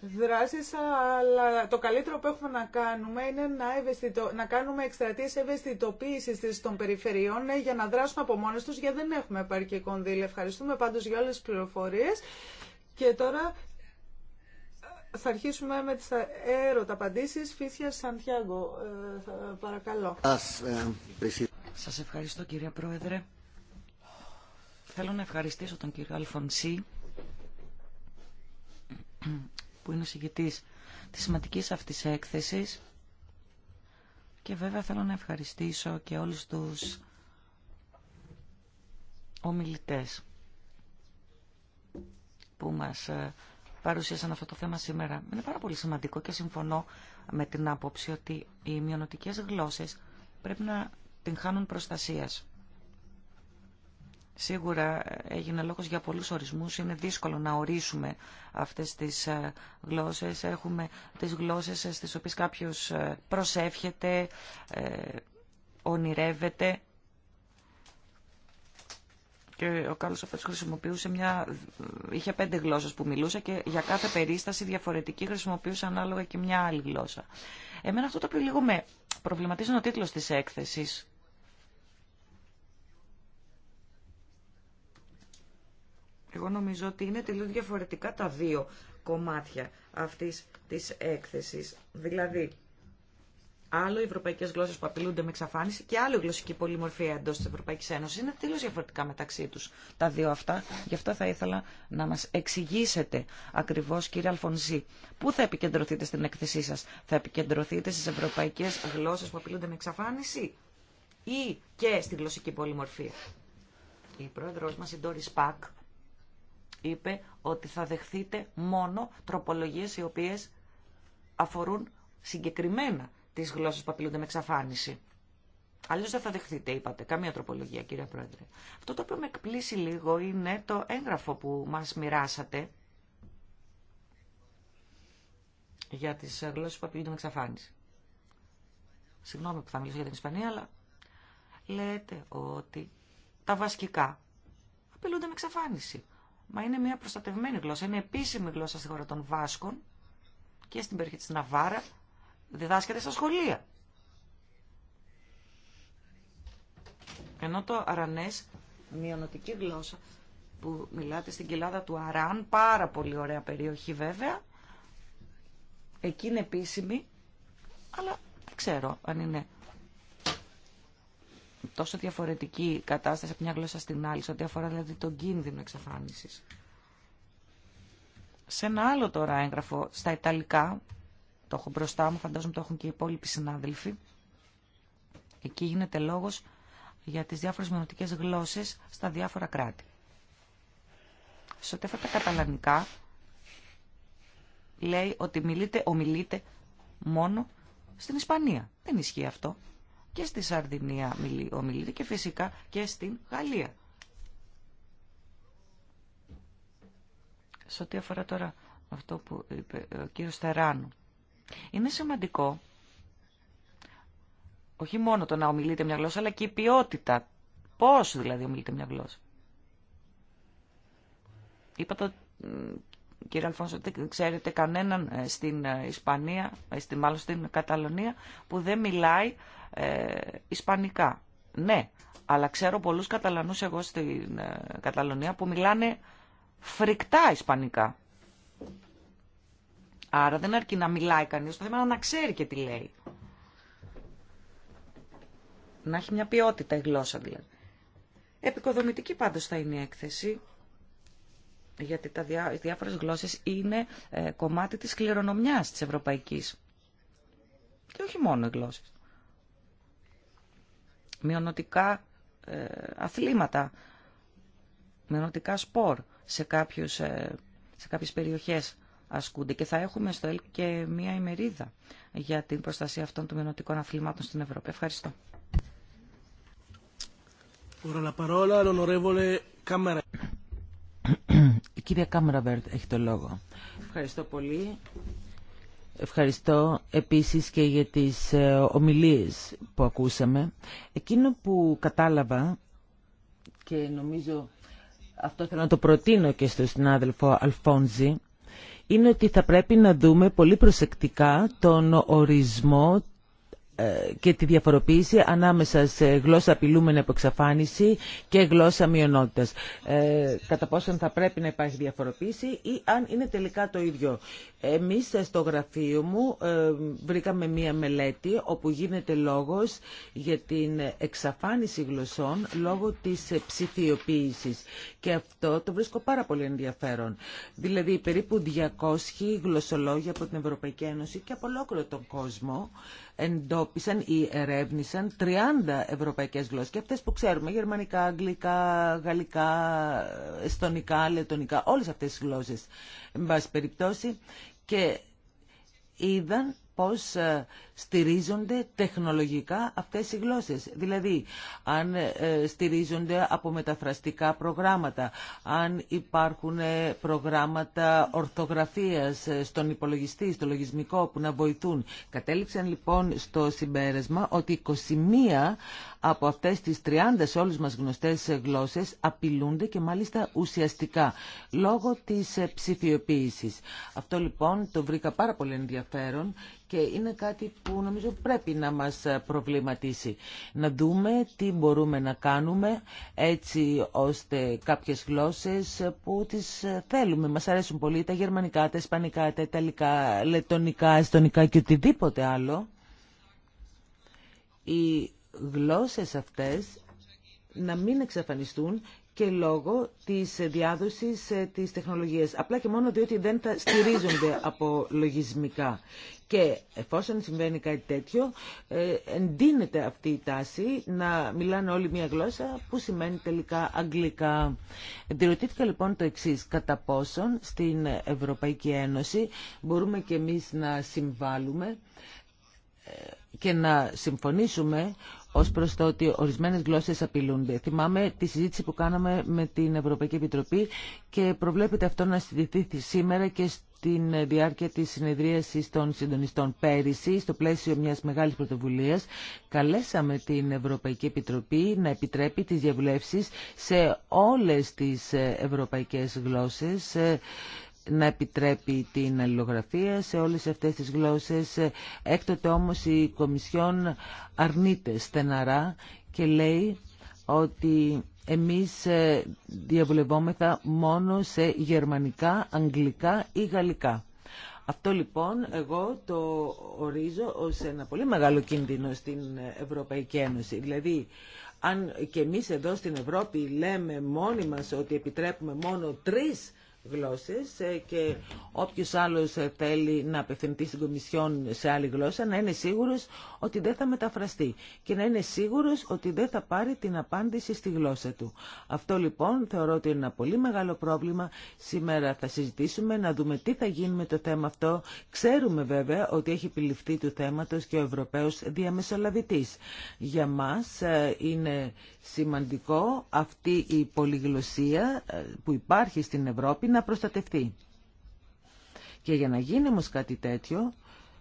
δράσεις, αλλά το καλύτερο που έχουμε να κάνουμε είναι να, ευαισθητο... να κάνουμε εξτρατείες ευαισθητοποίησης των περιφερειών ε, για να δράσουν από μόνες του γιατί δεν έχουμε επαρκή κονδύλια. Ευχαριστούμε πάντω για όλες τις πληροφορίες. Και τώρα ε, θα αρχίσουμε με τις έρωτα απαντήσεις. Φίθια Σαντιάγκο, ε, παρακαλώ. Σας ευχαριστώ κυρία Πρόεδρε. Θέλω να ευχαριστήσω τον κύριο Αλφονσί που είναι ο συγγητής της σημαντικής αυτής έκθεσης και βέβαια θέλω να ευχαριστήσω και όλους τους ομιλητές που μας ε, παρουσίασαν αυτό το θέμα σήμερα. Είναι πάρα πολύ σημαντικό και συμφωνώ με την άποψη ότι οι μειονοτικές γλώσσες πρέπει να την χάνουν προστασίας. Σίγουρα έγινε λόγος για πολλούς ορισμούς. Είναι δύσκολο να ορίσουμε αυτές τις ε, γλώσσες. Έχουμε τις γλώσσες στις οποίες κάποιος ε, προσεύχεται, ε, ονειρεύεται. Και ο Κάλλος Σαπέτς χρησιμοποιούσε μια... είχε πέντε γλώσσες που μιλούσε και για κάθε περίσταση διαφορετική χρησιμοποιούσε ανάλογα και μια άλλη γλώσσα. Εμένα αυτό το οποίο λίγο με προβληματίζει ο τίτλος της έκθεσης Εγώ νομίζω ότι είναι τελείως διαφορετικά τα δύο κομμάτια αυτής της έκθεσης. Δηλαδή, άλλο οι ευρωπαϊκές γλώσσες που απειλούνται με εξαφάνιση και άλλο η γλωσσική πολυμορφία εντός της Ευρωπαϊκής Ένωσης. Είναι τελείως διαφορετικά μεταξύ τους τα δύο αυτά. Γι' αυτό θα ήθελα να μας εξηγήσετε ακριβώς, κύριε Αλφονζή, πού θα επικεντρωθείτε στην έκθεσή σας. Θα επικεντρωθείτε στις ευρωπαϊκές γλώσσες που απειλούνται με εξαφάνιση ή και στη γλωσσική πολυμορφία. Η πρόεδρος μας, η Ντόρι Πακ, είπε ότι θα δεχθείτε μόνο τροπολογίες οι οποίες αφορούν συγκεκριμένα τις γλώσσες που απειλούνται με εξαφάνιση. Αλλιώς δεν θα δεχθείτε, είπατε, καμία τροπολογία, κύριε Πρόεδρε. Αυτό το οποίο με εκπλήσει λίγο είναι το έγγραφο που μας μοιράσατε για τις γλώσσες που απειλούνται με εξαφάνιση. Συγγνώμη που θα μιλήσω για την Ισπανία, αλλά λέτε ότι τα βασικά απειλούνται με εξαφάνιση. Μα είναι μια προστατευμένη γλώσσα, είναι επίσημη γλώσσα στη χώρα των Βάσκων και στην περιοχή της Ναβάρα, διδάσκεται στα σχολεία. Ενώ το αρανές, μειονοτική γλώσσα που μιλάτε στην κοιλάδα του Αράν, πάρα πολύ ωραία περιοχή βέβαια, εκεί είναι επίσημη, αλλά δεν ξέρω αν είναι τόσο διαφορετική κατάσταση από μια γλώσσα στην άλλη, σε ό,τι αφορά δηλαδή τον κίνδυνο εξαφάνισης. Σε ένα άλλο τώρα έγγραφο στα Ιταλικά, το έχω μπροστά μου, φαντάζομαι το έχουν και οι υπόλοιποι συνάδελφοι, εκεί γίνεται λόγος για τις διάφορε μονοτικέ γλώσσες στα διάφορα κράτη. Σε ό,τι αφορά τα καταλανικά, λέει ότι μιλείτε, ομιλείτε μόνο στην Ισπανία. Δεν ισχύει αυτό και στη Σαρδινία ομιλείται και φυσικά και στην Γαλλία. Σε ό,τι αφορά τώρα αυτό που είπε ο κύριο Θεράνου, είναι σημαντικό όχι μόνο το να ομιλείτε μια γλώσσα, αλλά και η ποιότητα. Πώς δηλαδή ομιλείτε μια γλώσσα. Είπατε Κύριε Αλφόνσο, δεν ξέρετε κανέναν ε, στην ε, Ισπανία, ε, στη, μάλλον στην Καταλωνία, που δεν μιλάει Ισπανικά. Ναι, αλλά ξέρω πολλούς Καταλανούς εγώ στην ε, Καταλωνία που μιλάνε φρικτά Ισπανικά. Άρα δεν αρκεί να μιλάει κανείς, το θέμα να ξέρει και τι λέει. Να έχει μια ποιότητα η γλώσσα δηλαδή. Επικοδομητική πάντως θα είναι η έκθεση γιατί τα διά, οι διάφορες γλώσσες είναι ε, κομμάτι της κληρονομιάς της ευρωπαϊκής. Και όχι μόνο οι γλώσσες. Μειονοτικά ε, αθλήματα, μειονοτικά σπορ σε, κάποιους, ε, σε κάποιες περιοχές ασκούνται. Και θα έχουμε στο ΕΛΚ και μία ημερίδα για την προστασία αυτών των μειονοτικών αθλημάτων στην Ευρώπη. Ευχαριστώ κυρία κάμεραβέρτ, έχει το λόγο. Ευχαριστώ πολύ. Ευχαριστώ επίσης και για τις ε, ομιλίες που ακούσαμε. Εκείνο που κατάλαβα και νομίζω αυτό θέλω να το προτείνω και στον συνάδελφο Αλφόνζη, είναι ότι θα πρέπει να δούμε πολύ προσεκτικά τον ορισμό ε, και τη διαφοροποίηση ανάμεσα σε γλώσσα απειλούμενη από εξαφάνιση και γλώσσα μειονότητα. Ε, κατά πόσον θα πρέπει να υπάρχει διαφοροποίηση ή αν είναι τελικά το ίδιο. Εμείς στο γραφείο μου ε, βρήκαμε μία μελέτη όπου γίνεται λόγος για την εξαφάνιση γλωσσών λόγω της ψηφιοποίηση. Και αυτό το βρίσκω πάρα πολύ ενδιαφέρον. Δηλαδή περίπου 200 γλωσσολόγοι από την Ευρωπαϊκή Ένωση και από ολόκληρο τον κόσμο εντόπισαν ή ερεύνησαν 30 ευρωπαϊκές γλώσσες και αυτές που ξέρουμε, γερμανικά, αγγλικά, γαλλικά, εστονικά, λετονικά, όλες αυτές τις γλώσσες, εν πάση περιπτώσει, και είδαν πως ε, στηρίζονται τεχνολογικά αυτές οι γλώσσες. Δηλαδή, αν ε, στηρίζονται από μεταφραστικά προγράμματα, αν υπάρχουν ε, προγράμματα ορθογραφίας ε, στον υπολογιστή, στο λογισμικό που να βοηθούν. Κατέληξαν λοιπόν στο συμπέρασμα ότι 21 από αυτές τις 30 σε όλους μας γνωστές γλώσσες απειλούνται και μάλιστα ουσιαστικά λόγω της ψηφιοποίησης. Αυτό λοιπόν το βρήκα πάρα πολύ ενδιαφέρον και είναι κάτι που νομίζω πρέπει να μας προβληματίσει. Να δούμε τι μπορούμε να κάνουμε έτσι ώστε κάποιες γλώσσες που τις θέλουμε. Μας αρέσουν πολύ τα γερμανικά, τα ισπανικά, τα ιταλικά, λετονικά, εστονικά και οτιδήποτε άλλο. Οι γλώσσες αυτές να μην εξαφανιστούν και λόγω της διάδοσης ε, της τεχνολογίας. Απλά και μόνο διότι δεν τα στηρίζονται από λογισμικά. Και εφόσον συμβαίνει κάτι τέτοιο, ε, εντείνεται αυτή η τάση να μιλάνε όλοι μία γλώσσα που σημαίνει τελικά αγγλικά. Εντυρωτήθηκα λοιπόν το εξή κατά πόσον στην Ευρωπαϊκή Ένωση μπορούμε και εμείς να συμβάλλουμε ε, και να συμφωνήσουμε ως προς το ότι ορισμένες γλώσσες απειλούνται. Θυμάμαι τη συζήτηση που κάναμε με την Ευρωπαϊκή Επιτροπή και προβλέπεται αυτό να συζητηθεί σήμερα και στην διάρκεια της συνεδρίασης των συντονιστών πέρυσι, στο πλαίσιο μιας μεγάλης πρωτοβουλίας, καλέσαμε την Ευρωπαϊκή Επιτροπή να επιτρέπει τις διαβουλεύσεις σε όλες τις ε, ευρωπαϊκές γλώσσες, ε, να επιτρέπει την αλληλογραφία σε όλες αυτές τις γλώσσες. Έκτοτε όμως η Κομισιόν αρνείται στεναρά και λέει ότι εμείς ε, διαβουλευόμεθα μόνο σε γερμανικά, αγγλικά ή γαλλικά. Αυτό λοιπόν εγώ το ορίζω ως ένα πολύ μεγάλο κίνδυνο στην Ευρωπαϊκή Ένωση. Δηλαδή, αν και εμείς εδώ στην Ευρώπη λέμε μόνοι μας ότι επιτρέπουμε μόνο τρεις γλώσσες ε, και όποιος άλλος ε, θέλει να απευθυνθεί στην Κομισιόν σε άλλη γλώσσα να είναι σίγουρος ότι δεν θα μεταφραστεί και να είναι σίγουρος ότι δεν θα πάρει την απάντηση στη γλώσσα του. Αυτό λοιπόν θεωρώ ότι είναι ένα πολύ μεγάλο πρόβλημα. Σήμερα θα συζητήσουμε να δούμε τι θα γίνει με το θέμα αυτό. Ξέρουμε βέβαια ότι έχει επιληφθεί του θέματος και ο Ευρωπαίος διαμεσολαβητής. Για μας ε, είναι σημαντικό αυτή η πολυγλωσία ε, που υπάρχει στην Ευρώπη να προστατευτεί. Και για να γίνει όμως κάτι τέτοιο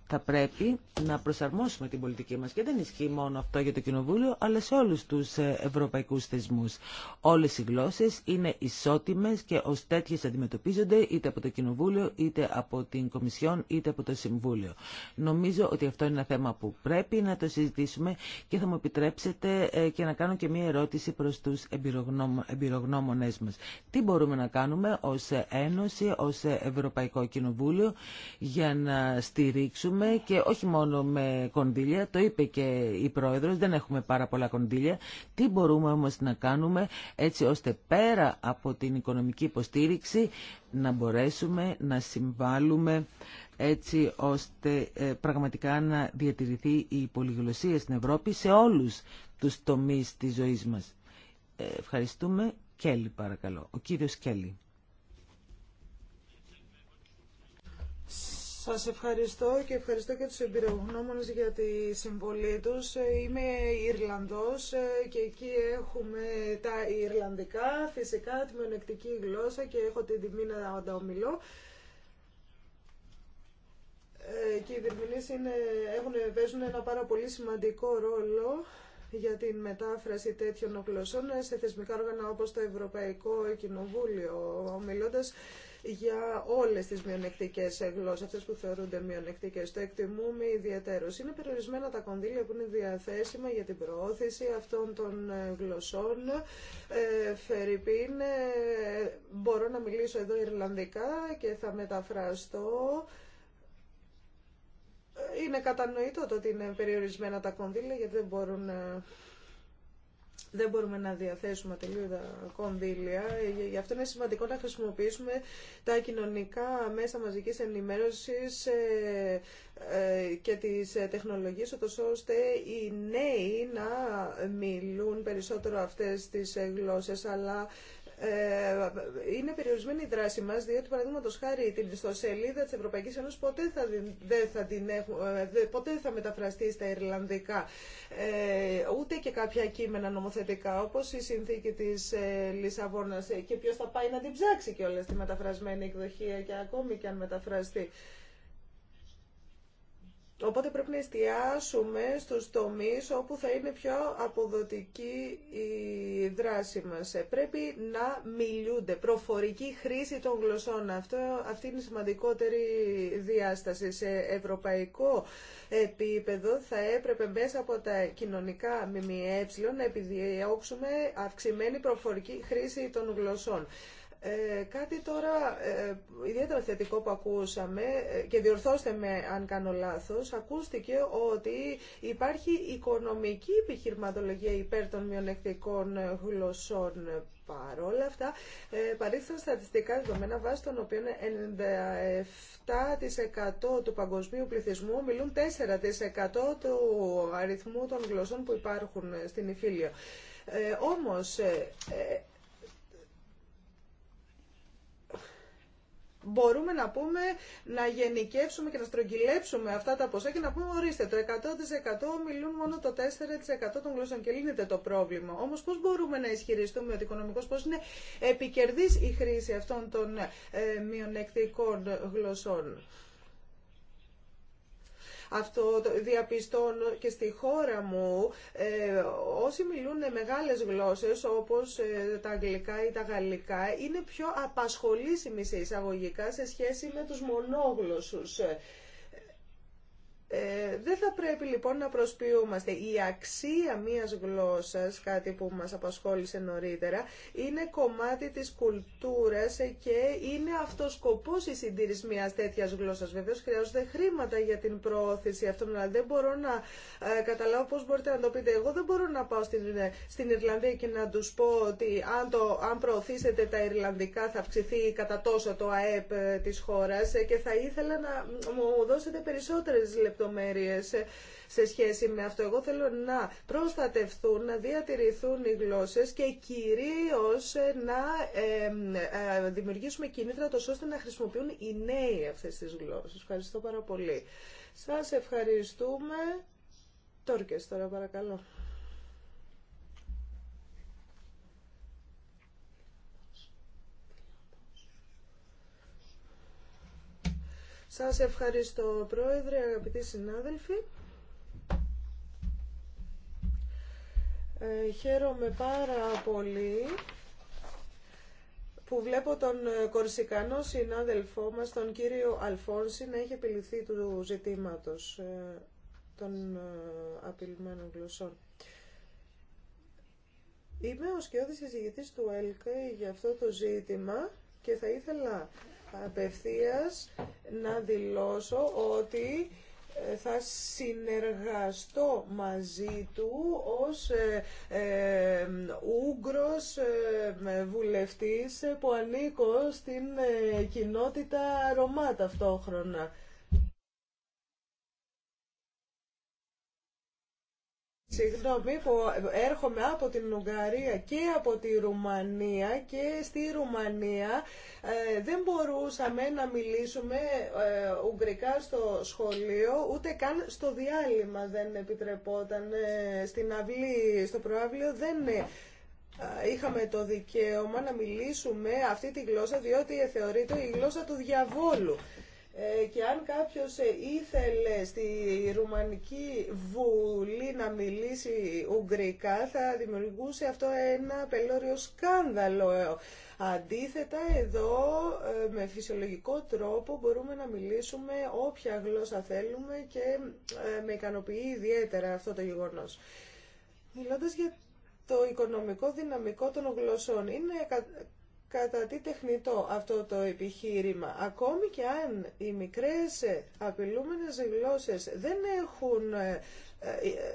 θα πρέπει να προσαρμόσουμε την πολιτική μας και δεν ισχύει μόνο αυτό για το Κοινοβούλιο αλλά σε όλους τους ε, ευρωπαϊκούς θεσμούς. Όλες οι γλώσσες είναι ισότιμες και ως τέτοιες αντιμετωπίζονται είτε από το Κοινοβούλιο είτε από την Κομισιόν είτε από το Συμβούλιο. Νομίζω ότι αυτό είναι ένα θέμα που πρέπει να το συζητήσουμε και θα μου επιτρέψετε ε, και να κάνω και μία ερώτηση προς τους εμπειρογνώμονές μας. Τι μπορούμε να κάνουμε ως Ένωση, ως Ευρωπαϊκό Κοινοβούλιο για να στηρίξουμε και όχι μόνο με κονδύλια, το είπε και η Πρόεδρος, δεν έχουμε πάρα πολλά κονδύλια. Τι μπορούμε όμως να κάνουμε έτσι ώστε πέρα από την οικονομική υποστήριξη να μπορέσουμε να συμβάλλουμε έτσι ώστε ε, πραγματικά να διατηρηθεί η πολυγλωσία στην Ευρώπη σε όλους τους τομείς της ζωής μας. Ε, ευχαριστούμε. Κέλλη παρακαλώ. Ο κύριος Κέλλη. Σας ευχαριστώ και ευχαριστώ και τους εμπειρογνώμονες για τη συμβολή τους. Είμαι Ιρλανδός και εκεί έχουμε τα Ιρλανδικά, φυσικά, τη μειονεκτική γλώσσα και έχω την τιμή να τα ομιλώ. Ε, και οι έχουν, παίζουν ένα πάρα πολύ σημαντικό ρόλο για την μετάφραση τέτοιων γλωσσών σε θεσμικά όργανα όπως το Ευρωπαϊκό Κοινοβούλιο, για όλες τις μειονεκτικές γλώσσες, αυτές που θεωρούνται μειονεκτικές. Το εκτιμούμε ιδιαίτερως. Είναι περιορισμένα τα κονδύλια που είναι διαθέσιμα για την προώθηση αυτών των ε, γλωσσών. Ε, Φερρυπίν, ε, μπορώ να μιλήσω εδώ Ιρλανδικά και θα μεταφραστώ. Ε, είναι κατανοητό το ότι είναι περιορισμένα τα κονδύλια γιατί δεν μπορούν να δεν μπορούμε να διαθέσουμε τελείωτα κονδύλια. Ε, γι' αυτό είναι σημαντικό να χρησιμοποιήσουμε τα κοινωνικά μέσα μαζικής ενημέρωσης ε, ε, και τις τεχνολογίες, ώστε οι νέοι να μιλούν περισσότερο αυτές τις γλώσσες, αλλά ε, είναι περιορισμένη η δράση μα, διότι παραδείγματο χάρη την ιστοσελίδα τη Ευρωπαϊκή Ένωση ποτέ θα, δεν θα την ε, ποτέ θα μεταφραστεί στα Ιρλανδικά. Ε, ούτε και κάποια κείμενα νομοθετικά, όπω η συνθήκη τη ε, Λισαβόνα και ποιο θα πάει να την ψάξει και όλα στη μεταφρασμένη εκδοχή και ακόμη και αν μεταφραστεί. Οπότε πρέπει να εστιάσουμε στους τομείς όπου θα είναι πιο αποδοτική η δράση μας. Ε, πρέπει να μιλούνται. Προφορική χρήση των γλωσσών. Αυτό, αυτή είναι η σημαντικότερη διάσταση. Σε ευρωπαϊκό επίπεδο θα έπρεπε μέσα από τα κοινωνικά ΜΜΕ να επιδιώξουμε αυξημένη προφορική χρήση των γλωσσών. Ε, κάτι τώρα ε, ιδιαίτερα θετικό που ακούσαμε ε, και διορθώστε με αν κάνω λάθος ακούστηκε ότι υπάρχει οικονομική επιχειρηματολογία υπέρ των μειονεκτικών γλωσσών παρόλα αυτά ε, στατιστικά δεδομένα βάσει των οποίων 97% του παγκοσμίου πληθυσμού μιλούν 4% του αριθμού των γλωσσών που υπάρχουν στην Ιφίλιο. Ε, όμως ε, μπορούμε να πούμε, να γενικεύσουμε και να στρογγυλέψουμε αυτά τα ποσά και να πούμε, ορίστε, το 100% μιλούν μόνο το 4% των γλωσσών και λύνεται το πρόβλημα. Όμως πώς μπορούμε να ισχυριστούμε ότι οικονομικός πώς είναι επικερδής η χρήση αυτών των ε, μειονεκτικών γλωσσών. Αυτό διαπιστώνω και στη χώρα μου. Ε, όσοι μιλούν μεγάλες γλώσσες όπως ε, τα αγγλικά ή τα γαλλικά είναι πιο απασχολήσιμοι σε εισαγωγικά σε σχέση με τους μονόγλωσσους. Ε, δεν θα πρέπει λοιπόν να προσποιούμαστε. Η αξία μιας γλώσσας, κάτι που μας απασχόλησε νωρίτερα, είναι κομμάτι της κουλτούρας και είναι αυτός σκοπός η συντήρηση μιας τέτοιας γλώσσας. Βεβαίως χρειάζονται χρήματα για την προώθηση αυτών, αλλά δεν μπορώ να ε, καταλάβω πώς μπορείτε να το πείτε. Εγώ δεν μπορώ να πάω στην, ε, στην Ιρλανδία και να τους πω ότι αν, το, αν προωθήσετε τα Ιρλανδικά θα αυξηθεί κατά τόσο το ΑΕΠ της χώρας και θα ήθελα να μου δώσετε περισσότερες λεπτό σε σχέση με αυτό. Εγώ θέλω να προστατευθούν, να διατηρηθούν οι γλώσσες και κυρίως να ε, δημιουργήσουμε κινήτρα τόσο ώστε να χρησιμοποιούν οι νέοι αυτές τις γλώσσες. Ευχαριστώ πάρα πολύ. Σας ευχαριστούμε. Τόρκες τώρα παρακαλώ. Σας ευχαριστώ Πρόεδρε, αγαπητοί συνάδελφοι. Ε, χαίρομαι πάρα πολύ που βλέπω τον κορσικανό συνάδελφό μας, τον κύριο Αλφόνση, να έχει επιληθεί του ζητήματος ε, των ε, απειλημένων γλωσσών. Είμαι ο σκιώδης συζητητής του ΕΛΚΕ για αυτό το ζήτημα και θα ήθελα απευθείας να δηλώσω ότι ε, θα συνεργαστώ μαζί του ως ε, ε, ε βουλευτής που ανήκω στην ε, κοινότητα Ρωμά ταυτόχρονα. Συγγνώμη που έρχομαι από την Ουγγαρία και από τη Ρουμανία και στη Ρουμανία ε, δεν μπορούσαμε να μιλήσουμε ε, ουγγρικά στο σχολείο ούτε καν στο διάλειμμα δεν επιτρεπόταν ε, στην αυλή, στο προάβλιο δεν ε, είχαμε το δικαίωμα να μιλήσουμε αυτή τη γλώσσα διότι θεωρείται η γλώσσα του διαβόλου. Ε, και αν κάποιος ε, ήθελε στη Ρουμανική Βουλή να μιλήσει ουγγρικά θα δημιουργούσε αυτό ένα πελώριο σκάνδαλο. Ε, αντίθετα εδώ με φυσιολογικό τρόπο μπορούμε να μιλήσουμε όποια γλώσσα θέλουμε και με ικανοποιεί ιδιαίτερα αυτό το γεγονός. Μιλώντας για το οικονομικό δυναμικό των γλωσσών είναι κατά τι τεχνητό αυτό το επιχείρημα. Ακόμη και αν οι μικρές απειλούμενες γλώσσες δεν έχουν ε, ε,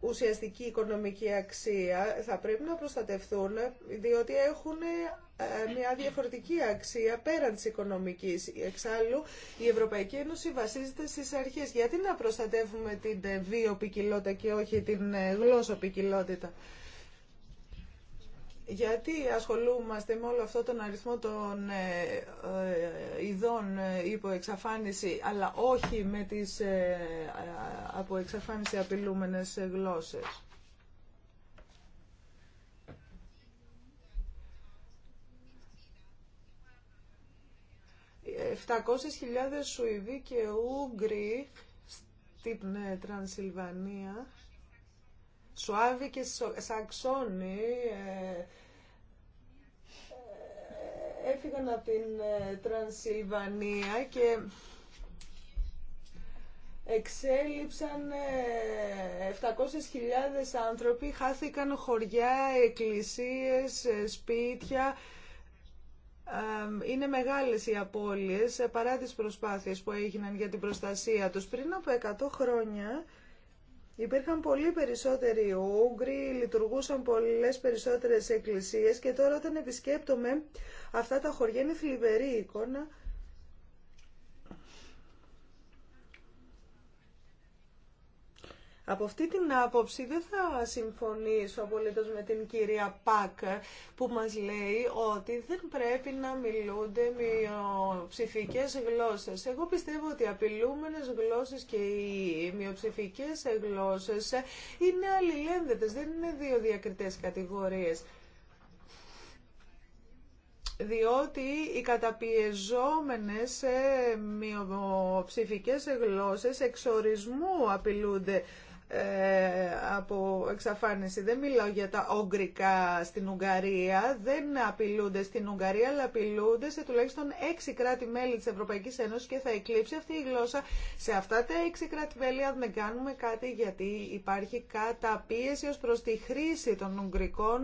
ουσιαστική οικονομική αξία, θα πρέπει να προστατευτούν διότι έχουν ε, μια διαφορετική αξία πέραν της οικονομικής. Εξάλλου, η Ευρωπαϊκή Ένωση βασίζεται στις αρχές. Γιατί να προστατεύουμε την βιοπικιλότητα και όχι την γλώσσοπικιλότητα. Γιατί ασχολούμαστε με όλο αυτό τον αριθμό των ε, ε, ειδών ε, υπό εξαφάνιση, αλλά όχι με τις από εξαφάνιση απειλούμενες γλώσσες. «700.000 Σουηδοί και Ούγγροι στην Τρανσιλβανία Σουάβοι και Σαξόνοι ε, ε, έφυγαν από την ε, Τρανσιλβανία και εξέλιψαν 700.000 άνθρωποι, χάθηκαν χωριά, εκκλησίες, σπίτια. Είναι μεγάλες οι απώλειες παρά τις προσπάθειες που έγιναν για την προστασία τους. Πριν από 100 χρόνια Υπήρχαν πολύ περισσότεροι Ούγγροι, λειτουργούσαν πολλές περισσότερες εκκλησίες και τώρα όταν επισκέπτομαι αυτά τα χωριά είναι θλιβερή εικόνα Από αυτή την άποψη δεν θα συμφωνήσω απολύτως με την κυρία Πακ που μας λέει ότι δεν πρέπει να μιλούνται μειοψηφικές γλώσσες. Εγώ πιστεύω ότι οι απειλούμενες γλώσσες και οι μειοψηφικές γλώσσες είναι αλληλένδετες, δεν είναι δύο διακριτές κατηγορίες διότι οι καταπιεζόμενες ε, μειοψηφικές γλώσσες εξορισμού απειλούνται ε, από εξαφάνιση. Δεν μιλάω για τα όγκρικα στην Ουγγαρία, δεν απειλούνται στην Ουγγαρία, αλλά απειλούνται σε τουλάχιστον έξι κράτη-μέλη της Ευρωπαϊκής Ένωσης και θα εκλείψει αυτή η γλώσσα σε αυτά τα έξι κράτη-μέλη αν δεν κάνουμε κάτι γιατί υπάρχει καταπίεση ως προς τη χρήση των ουγγρικών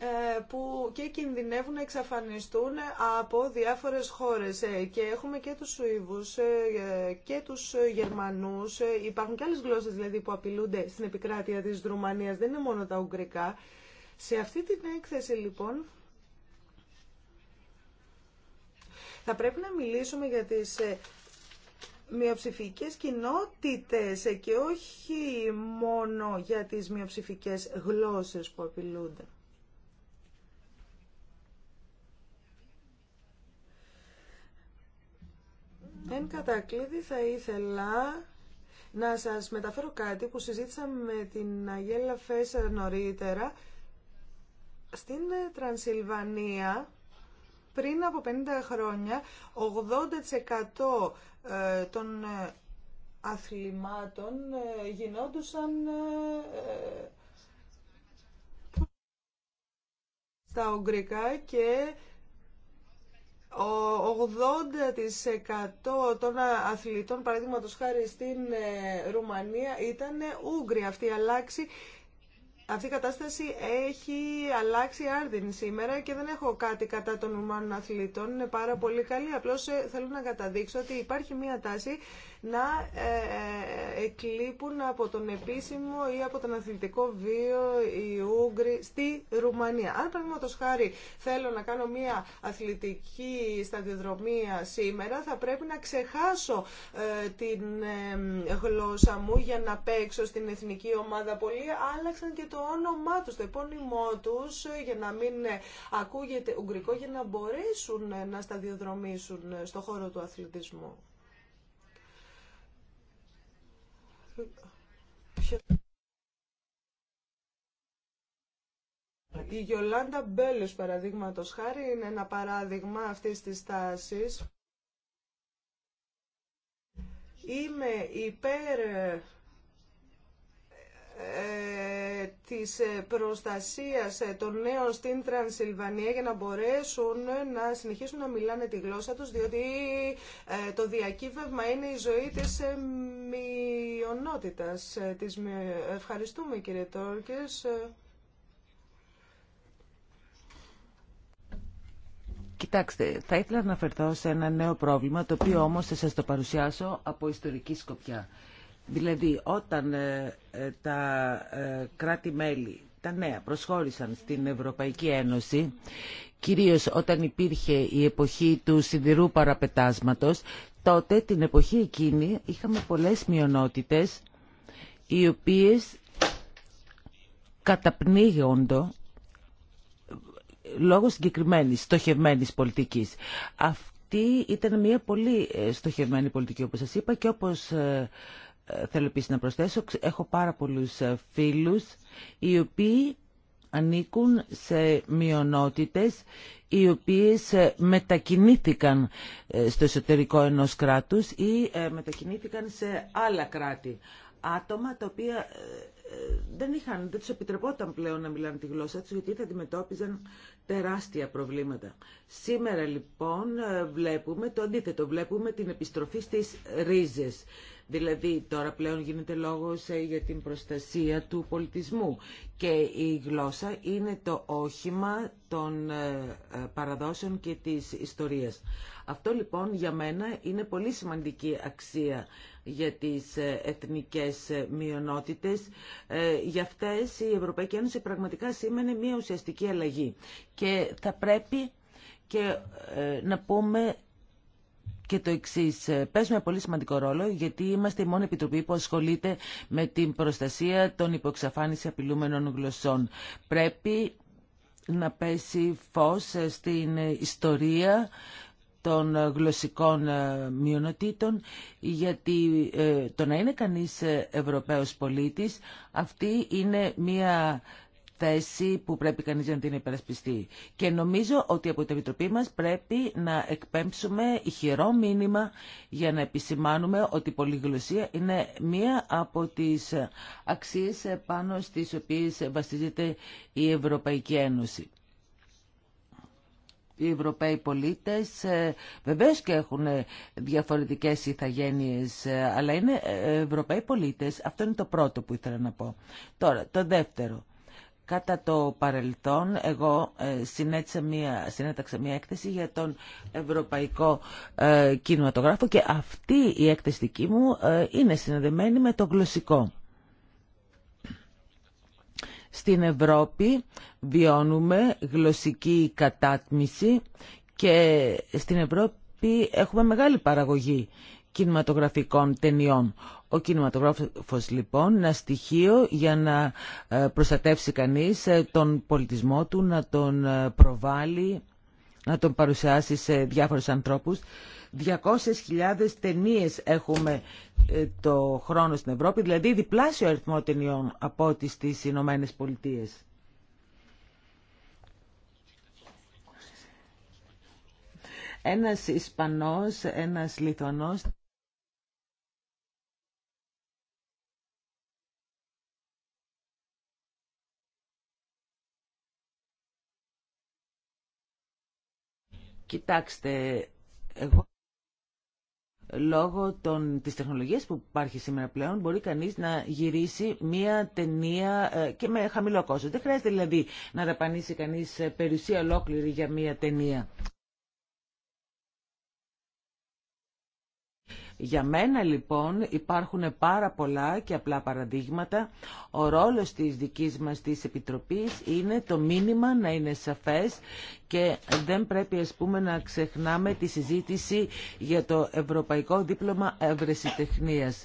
ε, που και κινδυνεύουν να εξαφανιστούν από διάφορες χώρες. Ε, και έχουμε και τους Σουηβούς ε, και τους Γερμανούς. Υπάρχουν και άλλες γλώσσες δηλαδή που απειλούνται στην επικράτεια της Ρουμανίας. Δεν είναι μόνο τα Ουγγρικά. Σε αυτή την έκθεση λοιπόν θα πρέπει να μιλήσουμε για τις μειοψηφικές κοινότητες και όχι μόνο για τις μειοψηφικές γλώσσες που απειλούνται. Εν κατακλείδη θα ήθελα να σας μεταφέρω κάτι που συζήτησα με την Αγέλα Φέσσερ νωρίτερα. Στην ε, Τρανσιλβανία πριν από 50 χρόνια 80% ε, των ε, αθλημάτων γινόντουσαν στα Ουγγρικά και ο 80% των αθλητών, παραδείγματος χάρη στην ε, Ρουμανία, ήταν Ούγγροι. Αυτή η, αλλάξη, αυτή η κατάσταση έχει αλλάξει άρδιν σήμερα και δεν έχω κάτι κατά των Ρουμάνων αθλητών. Είναι πάρα πολύ καλή. Απλώς ε, θέλω να καταδείξω ότι υπάρχει μια τάση να ε, ε, εκλείπουν από τον επίσημο ή από τον αθλητικό βίο οι Ούγγροι στη Ρουμανία. Αν παραδείγματο χάρη θέλω να κάνω μια αθλητική σταδιοδρομία σήμερα, θα πρέπει να ξεχάσω ε, την γλώσσα μου για να παίξω στην εθνική ομάδα. Πολλοί άλλαξαν και το όνομά τους, το επώνυμό τους, για να μην ακούγεται ουγγρικό, για να μπορέσουν να σταδιοδρομήσουν στον χώρο του αθλητισμού. Η Γιολάντα Μπέλους, παραδείγματος χάρη είναι ένα παράδειγμα αυτής της τάσης. Είμαι υπέρ ε, ε, της ε, προστασίας ε, των νέων στην Τρανσιλβανία για να μπορέσουν να συνεχίσουν να μιλάνε τη γλώσσα τους διότι το διακύβευμα είναι η ζωή της μειονότητας. Ευχαριστούμε κύριε Τόρκες. Κοιτάξτε, θα ήθελα να αναφερθώ σε ένα νέο πρόβλημα το οποίο όμως θα σας το παρουσιάσω από ιστορική σκοπιά. Δηλαδή όταν ε, ε, τα ε, κράτη-μέλη, τα νέα, προσχώρησαν στην Ευρωπαϊκή Ένωση κυρίως όταν υπήρχε η εποχή του σιδηρού παραπετάσματος, τότε την εποχή εκείνη είχαμε πολλές μειονότητες οι οποίες καταπνίγονται λόγω συγκεκριμένης, στοχευμένης πολιτικής. Αυτή ήταν μια πολύ στοχευμένη πολιτική, όπως σας είπα, και όπως θέλω επίσης να προσθέσω, έχω πάρα πολλούς ε, φίλους οι οποίοι ανήκουν σε μειονότητες οι οποίες ε, μετακινήθηκαν ε, στο εσωτερικό ενός κράτους ή μετακινήθηκαν σε άλλα κράτη. Άτομα τα οποία δεν, είχαν, δεν τους επιτρεπόταν πλέον να μιλάνε τη γλώσσα τους γιατί θα αντιμετώπιζαν τεράστια προβλήματα. Σήμερα λοιπόν βλέπουμε το αντίθετο, βλέπουμε την επιστροφή στις ρίζες. Δηλαδή τώρα πλέον γίνεται λόγος ε, για την προστασία του πολιτισμού και η γλώσσα είναι το όχημα των ε, ε, παραδόσεων και της ιστορίας. Αυτό λοιπόν για μένα είναι πολύ σημαντική αξία για τις εθνικές μειονότητες. Για αυτές η Ευρωπαϊκή Ένωση πραγματικά σήμαινε μια ουσιαστική αλλαγή. Και θα πρέπει και να πούμε και το εξή. Ε, παίζουμε πολύ σημαντικό ρόλο γιατί είμαστε η μόνη επιτροπή που ασχολείται με την προστασία των υποξαφάνιση απειλούμενων γλωσσών. Πρέπει να πέσει φως ε, στην ε, ιστορία των γλωσσικών μειονοτήτων γιατί το να είναι κανείς Ευρωπαίος πολίτης αυτή είναι μια θέση που πρέπει κανείς να την υπερασπιστεί. Και νομίζω ότι από την Επιτροπή μας πρέπει να εκπέμψουμε ηχηρό μήνυμα για να επισημάνουμε ότι η πολυγλωσία είναι μία από τις αξίες πάνω στις οποίες βασίζεται η Ευρωπαϊκή Ένωση οι Ευρωπαίοι πολίτες ε, βεβαίως και έχουν διαφορετικές ηθαγένειες ε, αλλά είναι ε, Ευρωπαίοι πολίτες αυτό είναι το πρώτο που ήθελα να πω τώρα το δεύτερο Κατά το παρελθόν, εγώ ε, μία, συνέταξα μία έκθεση για τον Ευρωπαϊκό ε, Κινηματογράφο και αυτή η έκθεση δική μου ε, είναι συνδεδεμένη με το γλωσσικό. Στην Ευρώπη βιώνουμε γλωσσική κατάτμιση και στην Ευρώπη έχουμε μεγάλη παραγωγή κινηματογραφικών ταινιών. Ο κινηματογράφος λοιπόν είναι ένα στοιχείο για να ε, προστατεύσει κανείς ε, τον πολιτισμό του, να τον ε, προβάλλει, να τον παρουσιάσει σε διάφορους ανθρώπους. 200.000 ταινίες έχουμε το χρόνο στην Ευρώπη, δηλαδή διπλάσιο αριθμό ταινιών από ό,τι στις Ηνωμένε Πολιτείε. Ένας Ισπανός, ένας Λιθωνός Κοιτάξτε, εγώ λόγω των, της τεχνολογίας που υπάρχει σήμερα πλέον μπορεί κανείς να γυρίσει μία ταινία ε, και με χαμηλό κόστος. Δεν χρειάζεται δηλαδή να δαπανίσει κανείς ε, περιουσία ολόκληρη για μία ταινία. Για μένα λοιπόν υπάρχουν πάρα πολλά και απλά παραδείγματα. Ο ρόλος της δικής μας της Επιτροπής είναι το μήνυμα να είναι σαφές και δεν πρέπει πούμε να ξεχνάμε τη συζήτηση για το Ευρωπαϊκό Δίπλωμα Ευρεσιτεχνίας.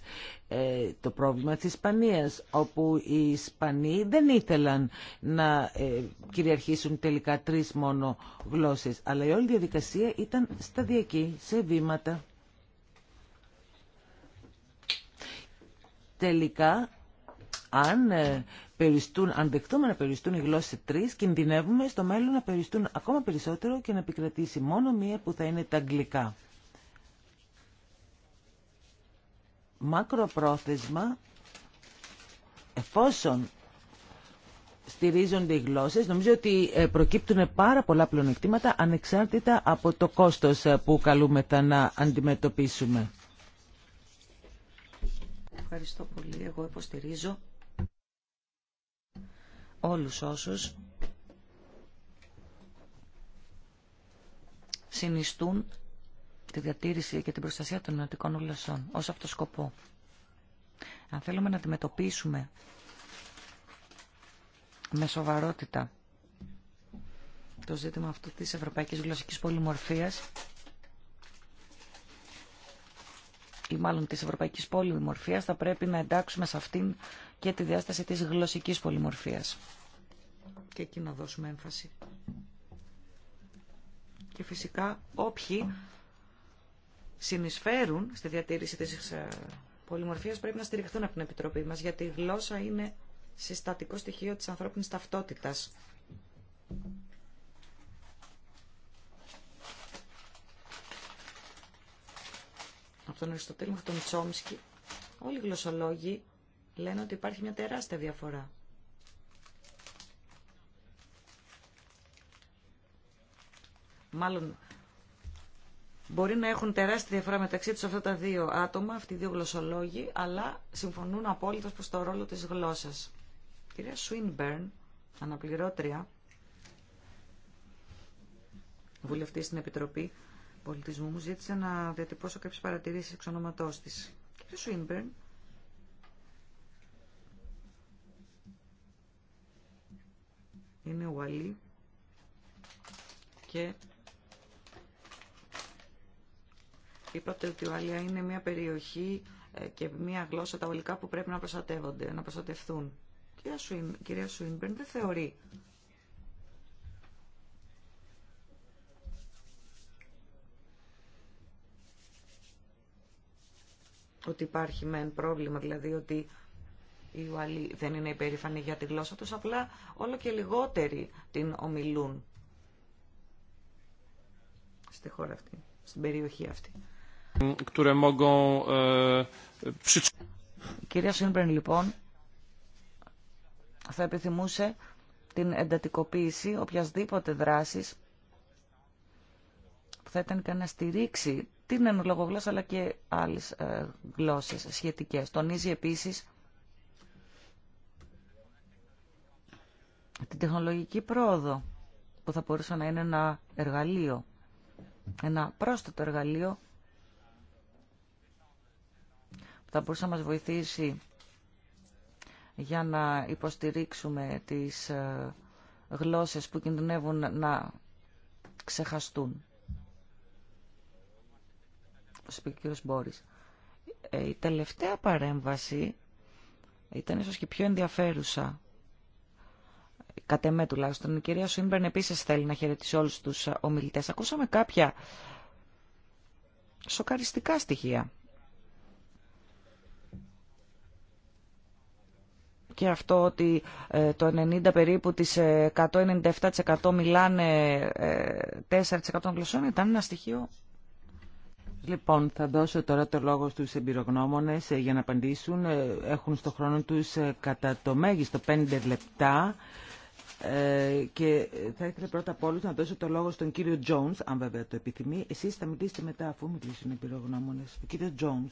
Ε, το πρόβλημα της Ισπανίας, όπου οι Ισπανοί δεν ήθελαν να ε, κυριαρχήσουν τελικά τρεις μόνο γλώσσες, αλλά η όλη διαδικασία ήταν σταδιακή, σε βήματα. τελικά αν ε, περιστούν, αν δεχτούμε να περιστούν οι γλώσσε τρεις, κινδυνεύουμε στο μέλλον να περιστούν ακόμα περισσότερο και να επικρατήσει μόνο μία που θα είναι τα αγγλικά. Μακροπρόθεσμα, εφόσον στηρίζονται οι γλώσσες, νομίζω ότι ε, προκύπτουν πάρα πολλά πλεονεκτήματα ανεξάρτητα από το κόστος ε, που καλούμεθα να αντιμετωπίσουμε. Ευχαριστώ πολύ. Εγώ υποστηρίζω όλους όσους συνιστούν τη διατήρηση και την προστασία των ενωτικών γλωσσών ως αυτό σκοπό. Αν θέλουμε να αντιμετωπίσουμε με σοβαρότητα το ζήτημα αυτού της ευρωπαϊκής γλωσσικής πολυμορφίας, ή μάλλον τη ευρωπαϊκής πολυμορφίας θα πρέπει να εντάξουμε σε αυτήν και τη διάσταση της γλωσσικής πολυμορφίας. Και εκεί να δώσουμε έμφαση. Και φυσικά όποιοι συνεισφέρουν στη διατήρηση της ε, πολυμορφίας πρέπει να στηριχθούν από την Επιτροπή μας, γιατί η γλώσσα είναι συστατικό στοιχείο της ανθρώπινης ταυτότητας. τον Αριστοτέλη τον Τσόμσκι, όλοι οι γλωσσολόγοι λένε ότι υπάρχει μια τεράστια διαφορά. Μάλλον μπορεί να έχουν τεράστια διαφορά μεταξύ τους αυτά τα δύο άτομα, αυτοί οι δύο γλωσσολόγοι, αλλά συμφωνούν απόλυτα προς το ρόλο της γλώσσας. κυρία Σουίνμπερν, αναπληρώτρια, βουλευτή στην Επιτροπή, πολιτισμού μου ζήτησε να διατυπώσω κάποιε παρατηρήσει εξ τη. τη. Κύριε Σουίνμπερν, είναι Αλή. και είπατε ότι η Ουαλία είναι μια περιοχή ε, και μια γλώσσα τα ολικά που πρέπει να προστατεύονται, να προστατευθούν. Και κυρία Σουίνμπερν δεν θεωρεί ότι υπάρχει μεν πρόβλημα, δηλαδή ότι οι Ουαλοί δεν είναι υπερήφανοι για τη γλώσσα τους, απλά όλο και λιγότεροι την ομιλούν στη χώρα αυτή, στην περιοχή αυτή. Η ε, κυρία Σύνμπρεν, λοιπόν, θα επιθυμούσε την εντατικοποίηση οποιασδήποτε δράσης που θα ήταν και να στηρίξει την ενολογογλώσσα αλλά και άλλες ε, γλώσσες σχετικές. Τονίζει επίσης την τεχνολογική πρόοδο που θα μπορούσε να είναι ένα εργαλείο, ένα πρόσθετο εργαλείο που θα μπορούσε να μας βοηθήσει για να υποστηρίξουμε τις ε, γλώσσες που κινδυνεύουν να ξεχαστούν όπως είπε ο κ. Ε, η τελευταία παρέμβαση ήταν ίσως και πιο ενδιαφέρουσα. Κατ' εμέ τουλάχιστον. Η κυρία Σουίνμπερν επίσης θέλει να χαιρετήσει όλους τους ε, ομιλητές. Ακούσαμε κάποια σοκαριστικά στοιχεία. και αυτό ότι ε, το 90 περίπου τις 197% μιλάνε 4% των γλωσσών ήταν ένα στοιχείο Λοιπόν, θα δώσω τώρα το λόγο στους εμπειρογνώμονες ε, για να απαντήσουν. Ε, έχουν στο χρόνο τους ε, κατά το μέγιστο 5 λεπτά και θα ήθελα πρώτα απ' όλους να δώσω το λόγο στον κύριο Jones, αν βέβαια το επιθυμεί. Εσείς θα μιλήσετε μετά αφού μιλήσουν οι εμπειρογνώμονες. Ο κύριο Jones.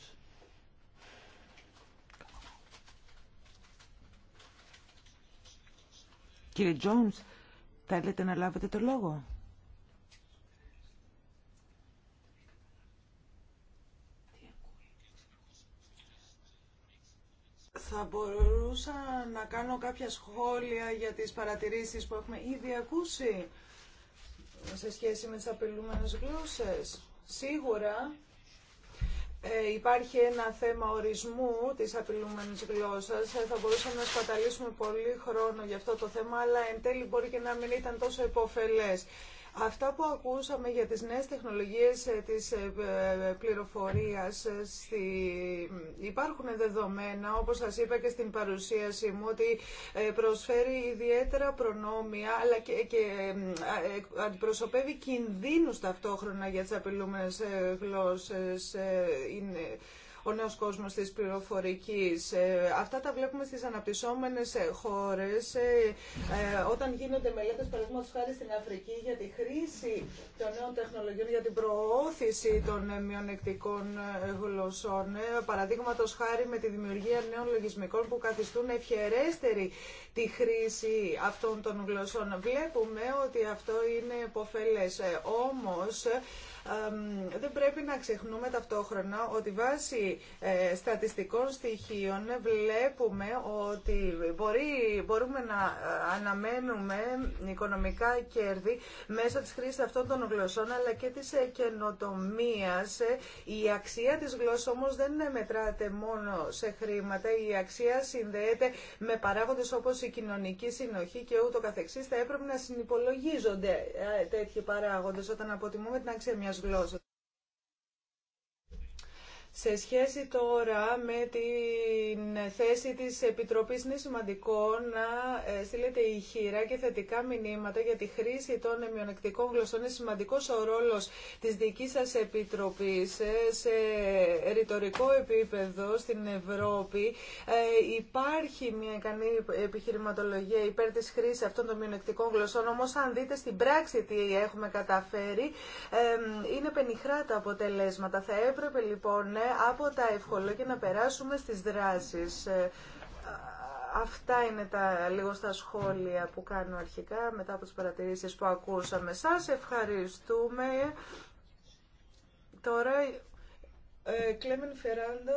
Κύριε Jones, θέλετε να λάβετε το λόγο. Θα μπορούσα να κάνω κάποια σχόλια για τις παρατηρήσεις που έχουμε ήδη ακούσει σε σχέση με τις απειλούμενες γλώσσες. Σίγουρα ε, υπάρχει ένα θέμα ορισμού της απειλούμενης γλώσσας. Ε, θα μπορούσαμε να σπαταλήσουμε πολύ χρόνο για αυτό το θέμα, αλλά εν τέλει μπορεί και να μην ήταν τόσο υποφελές. Αυτά που ακούσαμε για τις νέες τεχνολογίες ε, της ε, ε, πληροφορίας, υπάρχουν δεδομένα, όπως σας είπα και στην παρουσίαση μου, ότι προσφέρει ιδιαίτερα προνόμια, αλλά και αντιπροσωπεύει κινδύνους ταυτόχρονα για τις απειλούμενες γλώσσες ο νέος κόσμος της πληροφορικής. Ε, αυτά τα βλέπουμε στις αναπτυσσόμενες χώρες ε, ε, όταν γίνονται μελέτες παραδείγματο χάρη στην Αφρική για τη χρήση των νέων τεχνολογιών, για την προώθηση των μειονεκτικών γλωσσών. Παραδείγματο χάρη με τη δημιουργία νέων λογισμικών που καθιστούν ευχερέστερη τη χρήση αυτών των γλωσσών. Βλέπουμε ότι αυτό είναι υποφελές. Όμως δεν πρέπει να ξεχνούμε ταυτόχρονα ότι βάσει ε, στατιστικών στοιχείων βλέπουμε ότι μπορεί, μπορούμε να ε, αναμένουμε οικονομικά κέρδη μέσα της χρήσης αυτών των γλωσσών αλλά και της ε, καινοτομία. Η αξία της γλώσσας όμως δεν μετράται μόνο σε χρήματα. Η αξία συνδέεται με παράγοντες όπως η κοινωνική συνοχή και ούτω καθεξής. Θα έπρεπε να συνυπολογίζονται τέτοιοι παράγοντες όταν αποτιμούμε την αξία μια μιας γλώσσας. Σε σχέση τώρα με την θέση της Επιτροπής είναι σημαντικό να ε, στείλετε ηχηρά και θετικά μηνύματα για τη χρήση των μειονεκτικών γλωσσών. Είναι σημαντικός ο ρόλος της δικής σας Επιτροπής ε, σε ρητορικό επίπεδο στην Ευρώπη. Ε, υπάρχει μια ικανή επιχειρηματολογία υπέρ της χρήσης αυτών των μειονεκτικών γλωσσών, όμως αν δείτε στην πράξη τι έχουμε καταφέρει, είναι πενιχρά τα αποτελέσματα. Θα έπρεπε λοιπόν ναι, από τα εύκολα και να περάσουμε στις δράσεις. Ε, αυτά είναι τα λίγο στα σχόλια που κάνω αρχικά μετά από τις παρατηρήσεις που ακούσαμε. Σας ευχαριστούμε. Τώρα, ε, Κλέμεν Φεράντο,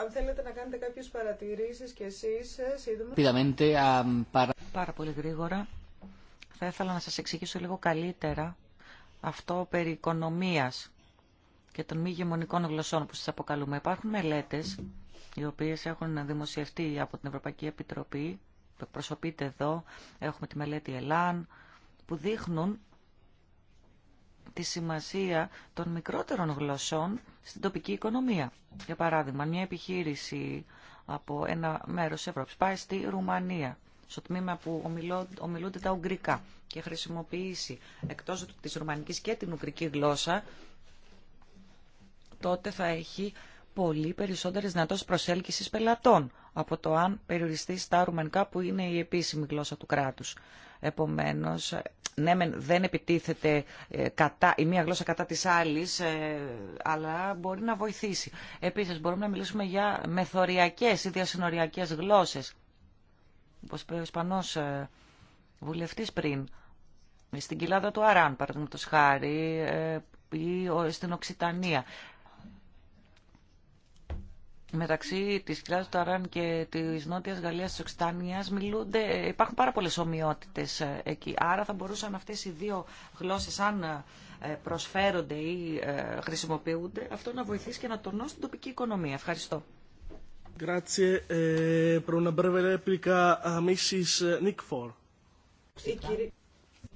αν θέλετε να κάνετε κάποιες παρατηρήσεις και εσείς, ε, σύντομα. Πάρα πολύ γρήγορα. Θα ήθελα να σας εξηγήσω λίγο καλύτερα αυτό περί οικονομίας και των μη γεμονικών γλωσσών που σας αποκαλούμε. Υπάρχουν μελέτες οι οποίες έχουν δημοσιευτεί από την Ευρωπαϊκή Επιτροπή που εκπροσωπείται εδώ. Έχουμε τη μελέτη ΕΛΑΝ που δείχνουν τη σημασία των μικρότερων γλωσσών στην τοπική οικονομία. Για παράδειγμα, μια επιχείρηση από ένα μέρος Ευρώπης πάει στη Ρουμανία, στο τμήμα που ομιλούνται τα Ουγγρικά και χρησιμοποιήσει εκτός της Ρουμανικής και την Ουγγρική γλώσσα, τότε θα έχει πολύ περισσότερε δυνατότητε προσέλκυση πελατών από το αν περιοριστεί στα ρουμανικά που είναι η επίσημη γλώσσα του κράτου. Επομένω, ε, ναι, δεν επιτίθεται ε, κατά, η μία γλώσσα κατά της άλλης, ε, αλλά μπορεί να βοηθήσει. Επίσης, μπορούμε να μιλήσουμε για μεθοριακές ή διασυνοριακές γλώσσες. Όπως είπε ο Ισπανός βουλευτής πριν, στην κοιλάδα του Αράν, παραδείγματος χάρη, ή στην Οξυτανία μεταξύ της Κυρίας του Αράν και της Νότιας Γαλλίας της Οξυτάνιας μιλούνται, υπάρχουν πάρα πολλές ομοιότητες ε, εκεί. Άρα θα μπορούσαν αυτές οι δύο γλώσσες, αν ε, προσφέρονται ή ε, χρησιμοποιούνται, αυτό να βοηθήσει και να τονώσει την τοπική οικονομία. Ευχαριστώ.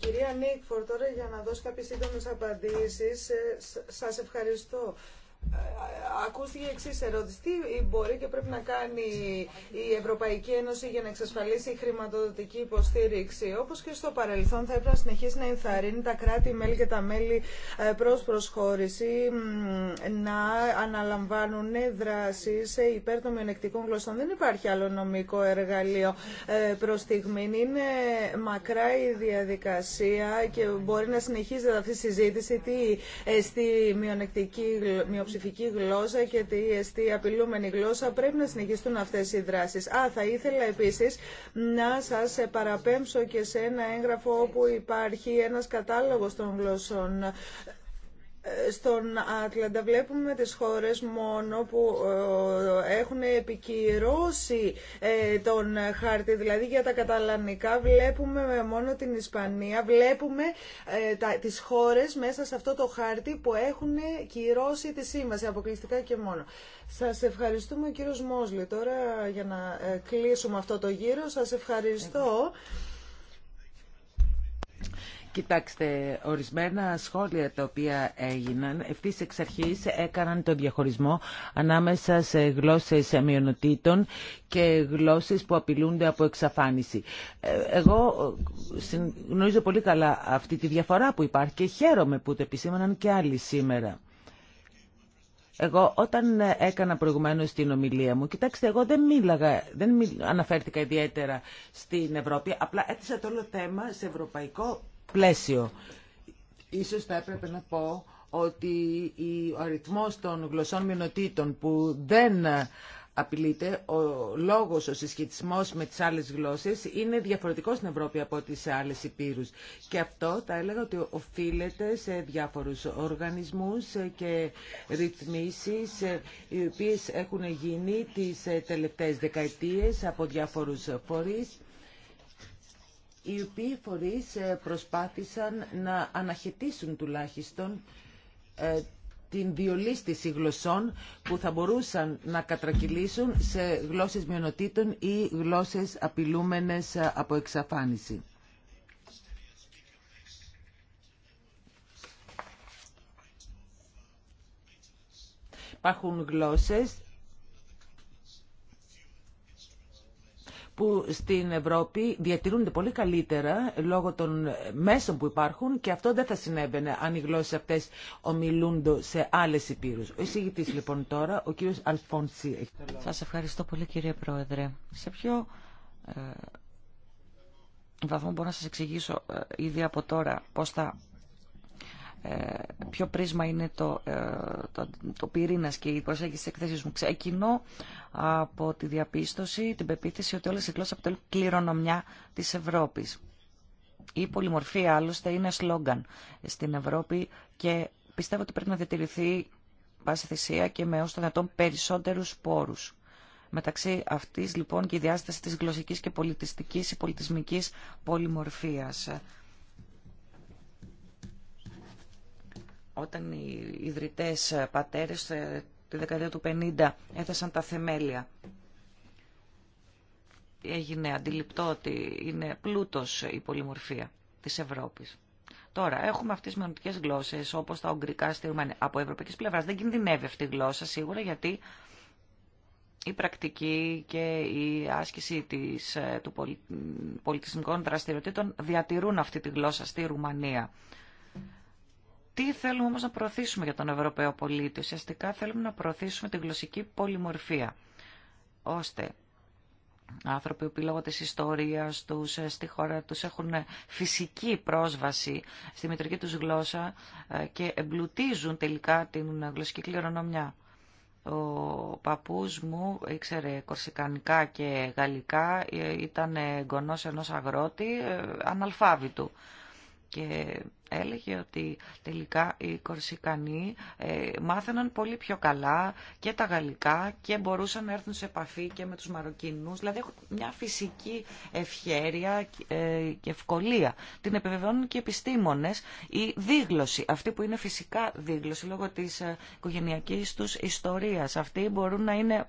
κυρία Νίκφορ, τώρα για να δώσω κάποιες σύντομες απαντήσεις, σας ευχαριστώ ακούστηκε η εξή ερώτηση. Τι μπορεί και πρέπει να κάνει η Ευρωπαϊκή Ένωση για να εξασφαλίσει η χρηματοδοτική υποστήριξη. Όπω και στο παρελθόν, θα έπρεπε να συνεχίσει να ενθαρρύνει τα κράτη-μέλη και τα μέλη ε, προ προσχώρηση να αναλαμβάνουν δράσει υπέρ των μειονεκτικών γλωσσών. Δεν υπάρχει άλλο νομικό εργαλείο ε, προ στιγμή. Είναι μακρά η διαδικασία και μπορεί να συνεχίζεται αυτή η συζήτηση τι ε, στη μειονεκτική ψηφική γλώσσα και τη εστί απειλούμενη γλώσσα πρέπει να συνεχιστούν αυτές οι δράσεις. Α, θα ήθελα επίσης να σας παραπέμψω και σε ένα έγγραφο όπου υπάρχει ένας κατάλογος των γλώσσων στον Άτλαντα βλέπουμε τις χώρες μόνο που ε, έχουν επικυρώσει ε, τον χάρτη, δηλαδή για τα καταλανικά βλέπουμε μόνο την Ισπανία, βλέπουμε ε, τις χώρες μέσα σε αυτό το χάρτη που έχουν κυρώσει τη σύμβαση αποκλειστικά και μόνο. Σας ευχαριστούμε κύριος Μόσλη. Τώρα για να κλείσουμε αυτό το γύρο, σας ευχαριστώ. Κοιτάξτε, ορισμένα σχόλια τα οποία έγιναν ευθύ εξ αρχή έκαναν τον διαχωρισμό ανάμεσα σε γλώσσε μειονοτήτων και γλώσσες που απειλούνται από εξαφάνιση. Ε, εγώ ε, γνωρίζω πολύ καλά αυτή τη διαφορά που υπάρχει και χαίρομαι που το επισήμαναν και άλλοι σήμερα. Εγώ όταν έκανα προηγουμένω την ομιλία μου, κοιτάξτε, εγώ δεν μίλαγα, δεν αναφέρθηκα ιδιαίτερα στην Ευρώπη, απλά έθεσα το όλο θέμα σε ευρωπαϊκό πλαίσιο. Ίσως θα έπρεπε να πω ότι ο αριθμός των γλωσσών μειονοτήτων που δεν απειλείται, ο λόγος, ο συσχετισμός με τις άλλες γλώσσες είναι διαφορετικός στην Ευρώπη από τις άλλες υπήρους. Και αυτό θα έλεγα ότι οφείλεται σε διάφορους οργανισμούς και ρυθμίσεις οι οποίες έχουν γίνει τις τελευταίες δεκαετίες από διάφορους φορείς οι οποίοι φορείς ε, προσπάθησαν να αναχαιτήσουν τουλάχιστον ε, την διολίστηση γλωσσών που θα μπορούσαν να κατρακυλήσουν σε γλώσσες μειονοτήτων ή γλώσσες απειλούμενες ε, από εξαφάνιση. Υπάρχουν γλώσσες που στην Ευρώπη διατηρούνται πολύ καλύτερα λόγω των μέσων που υπάρχουν και αυτό δεν θα συνέβαινε αν οι γλώσσε αυτέ ομιλούνται σε άλλε υπήρου. Ο εισηγητή λοιπόν τώρα, ο κύριο Αλφόνση. Σα ευχαριστώ πολύ κύριε Πρόεδρε. Σε ποιο ε, βαθμό μπορώ να σας εξηγήσω ε, ήδη από τώρα πώς θα ε, ποιο πρίσμα είναι το, ε, το, πυρήνα και η προσέγγιση τη εκθέσης μου. Ξεκινώ από τη διαπίστωση, την πεποίθηση ότι όλες οι γλώσσε αποτελούν κληρονομιά της Ευρώπης. Η πολυμορφία άλλωστε είναι σλόγγαν στην Ευρώπη και πιστεύω ότι πρέπει να διατηρηθεί πάση θυσία και με όσο το δυνατόν περισσότερους πόρους. Μεταξύ αυτή λοιπόν και η διάσταση της γλωσσική και πολιτιστική ή πολιτισμική πολυμορφία. όταν οι ιδρυτές ε, πατέρες ε, τη δεκαετία του 50 έθεσαν τα θεμέλια. Έγινε αντιληπτό ότι είναι πλούτος η πολυμορφία της Ευρώπης. Τώρα, έχουμε αυτέ τι μειονοτικέ γλώσσε, όπω τα ογκρικά στη Ρουμανία. Από ευρωπαϊκή πλευρά δεν κινδυνεύει αυτή η γλώσσα σίγουρα, γιατί η πρακτική και η άσκηση της, ε, του πολιτισμικών δραστηριοτήτων διατηρούν αυτή τη γλώσσα στη Ρουμανία. Τι θέλουμε όμως να προωθήσουμε για τον Ευρωπαίο πολίτη. Ουσιαστικά θέλουμε να προωθήσουμε τη γλωσσική πολυμορφία, ώστε άνθρωποι που λόγω της ιστορίας τους ε, στη χώρα τους έχουν φυσική πρόσβαση στη μητρική τους γλώσσα ε, και εμπλουτίζουν τελικά την γλωσσική κληρονομιά. Ο παππούς μου ήξερε κορσικανικά και γαλλικά, ε, ήταν γονός ενός αγρότη, αναλφάβητου. Και έλεγε ότι τελικά οι Κορσικανοί ε, μάθαιναν πολύ πιο καλά και τα γαλλικά και μπορούσαν να έρθουν σε επαφή και με τους Μαροκινούς. Δηλαδή έχουν μια φυσική ευχέρεια ε, και ευκολία. Την επιβεβαιώνουν και οι επιστήμονες. Η δίγλωση, αυτή που είναι φυσικά δίγλωση λόγω της ε, οικογενειακής τους ιστορίας. Αυτή μπορούν να είναι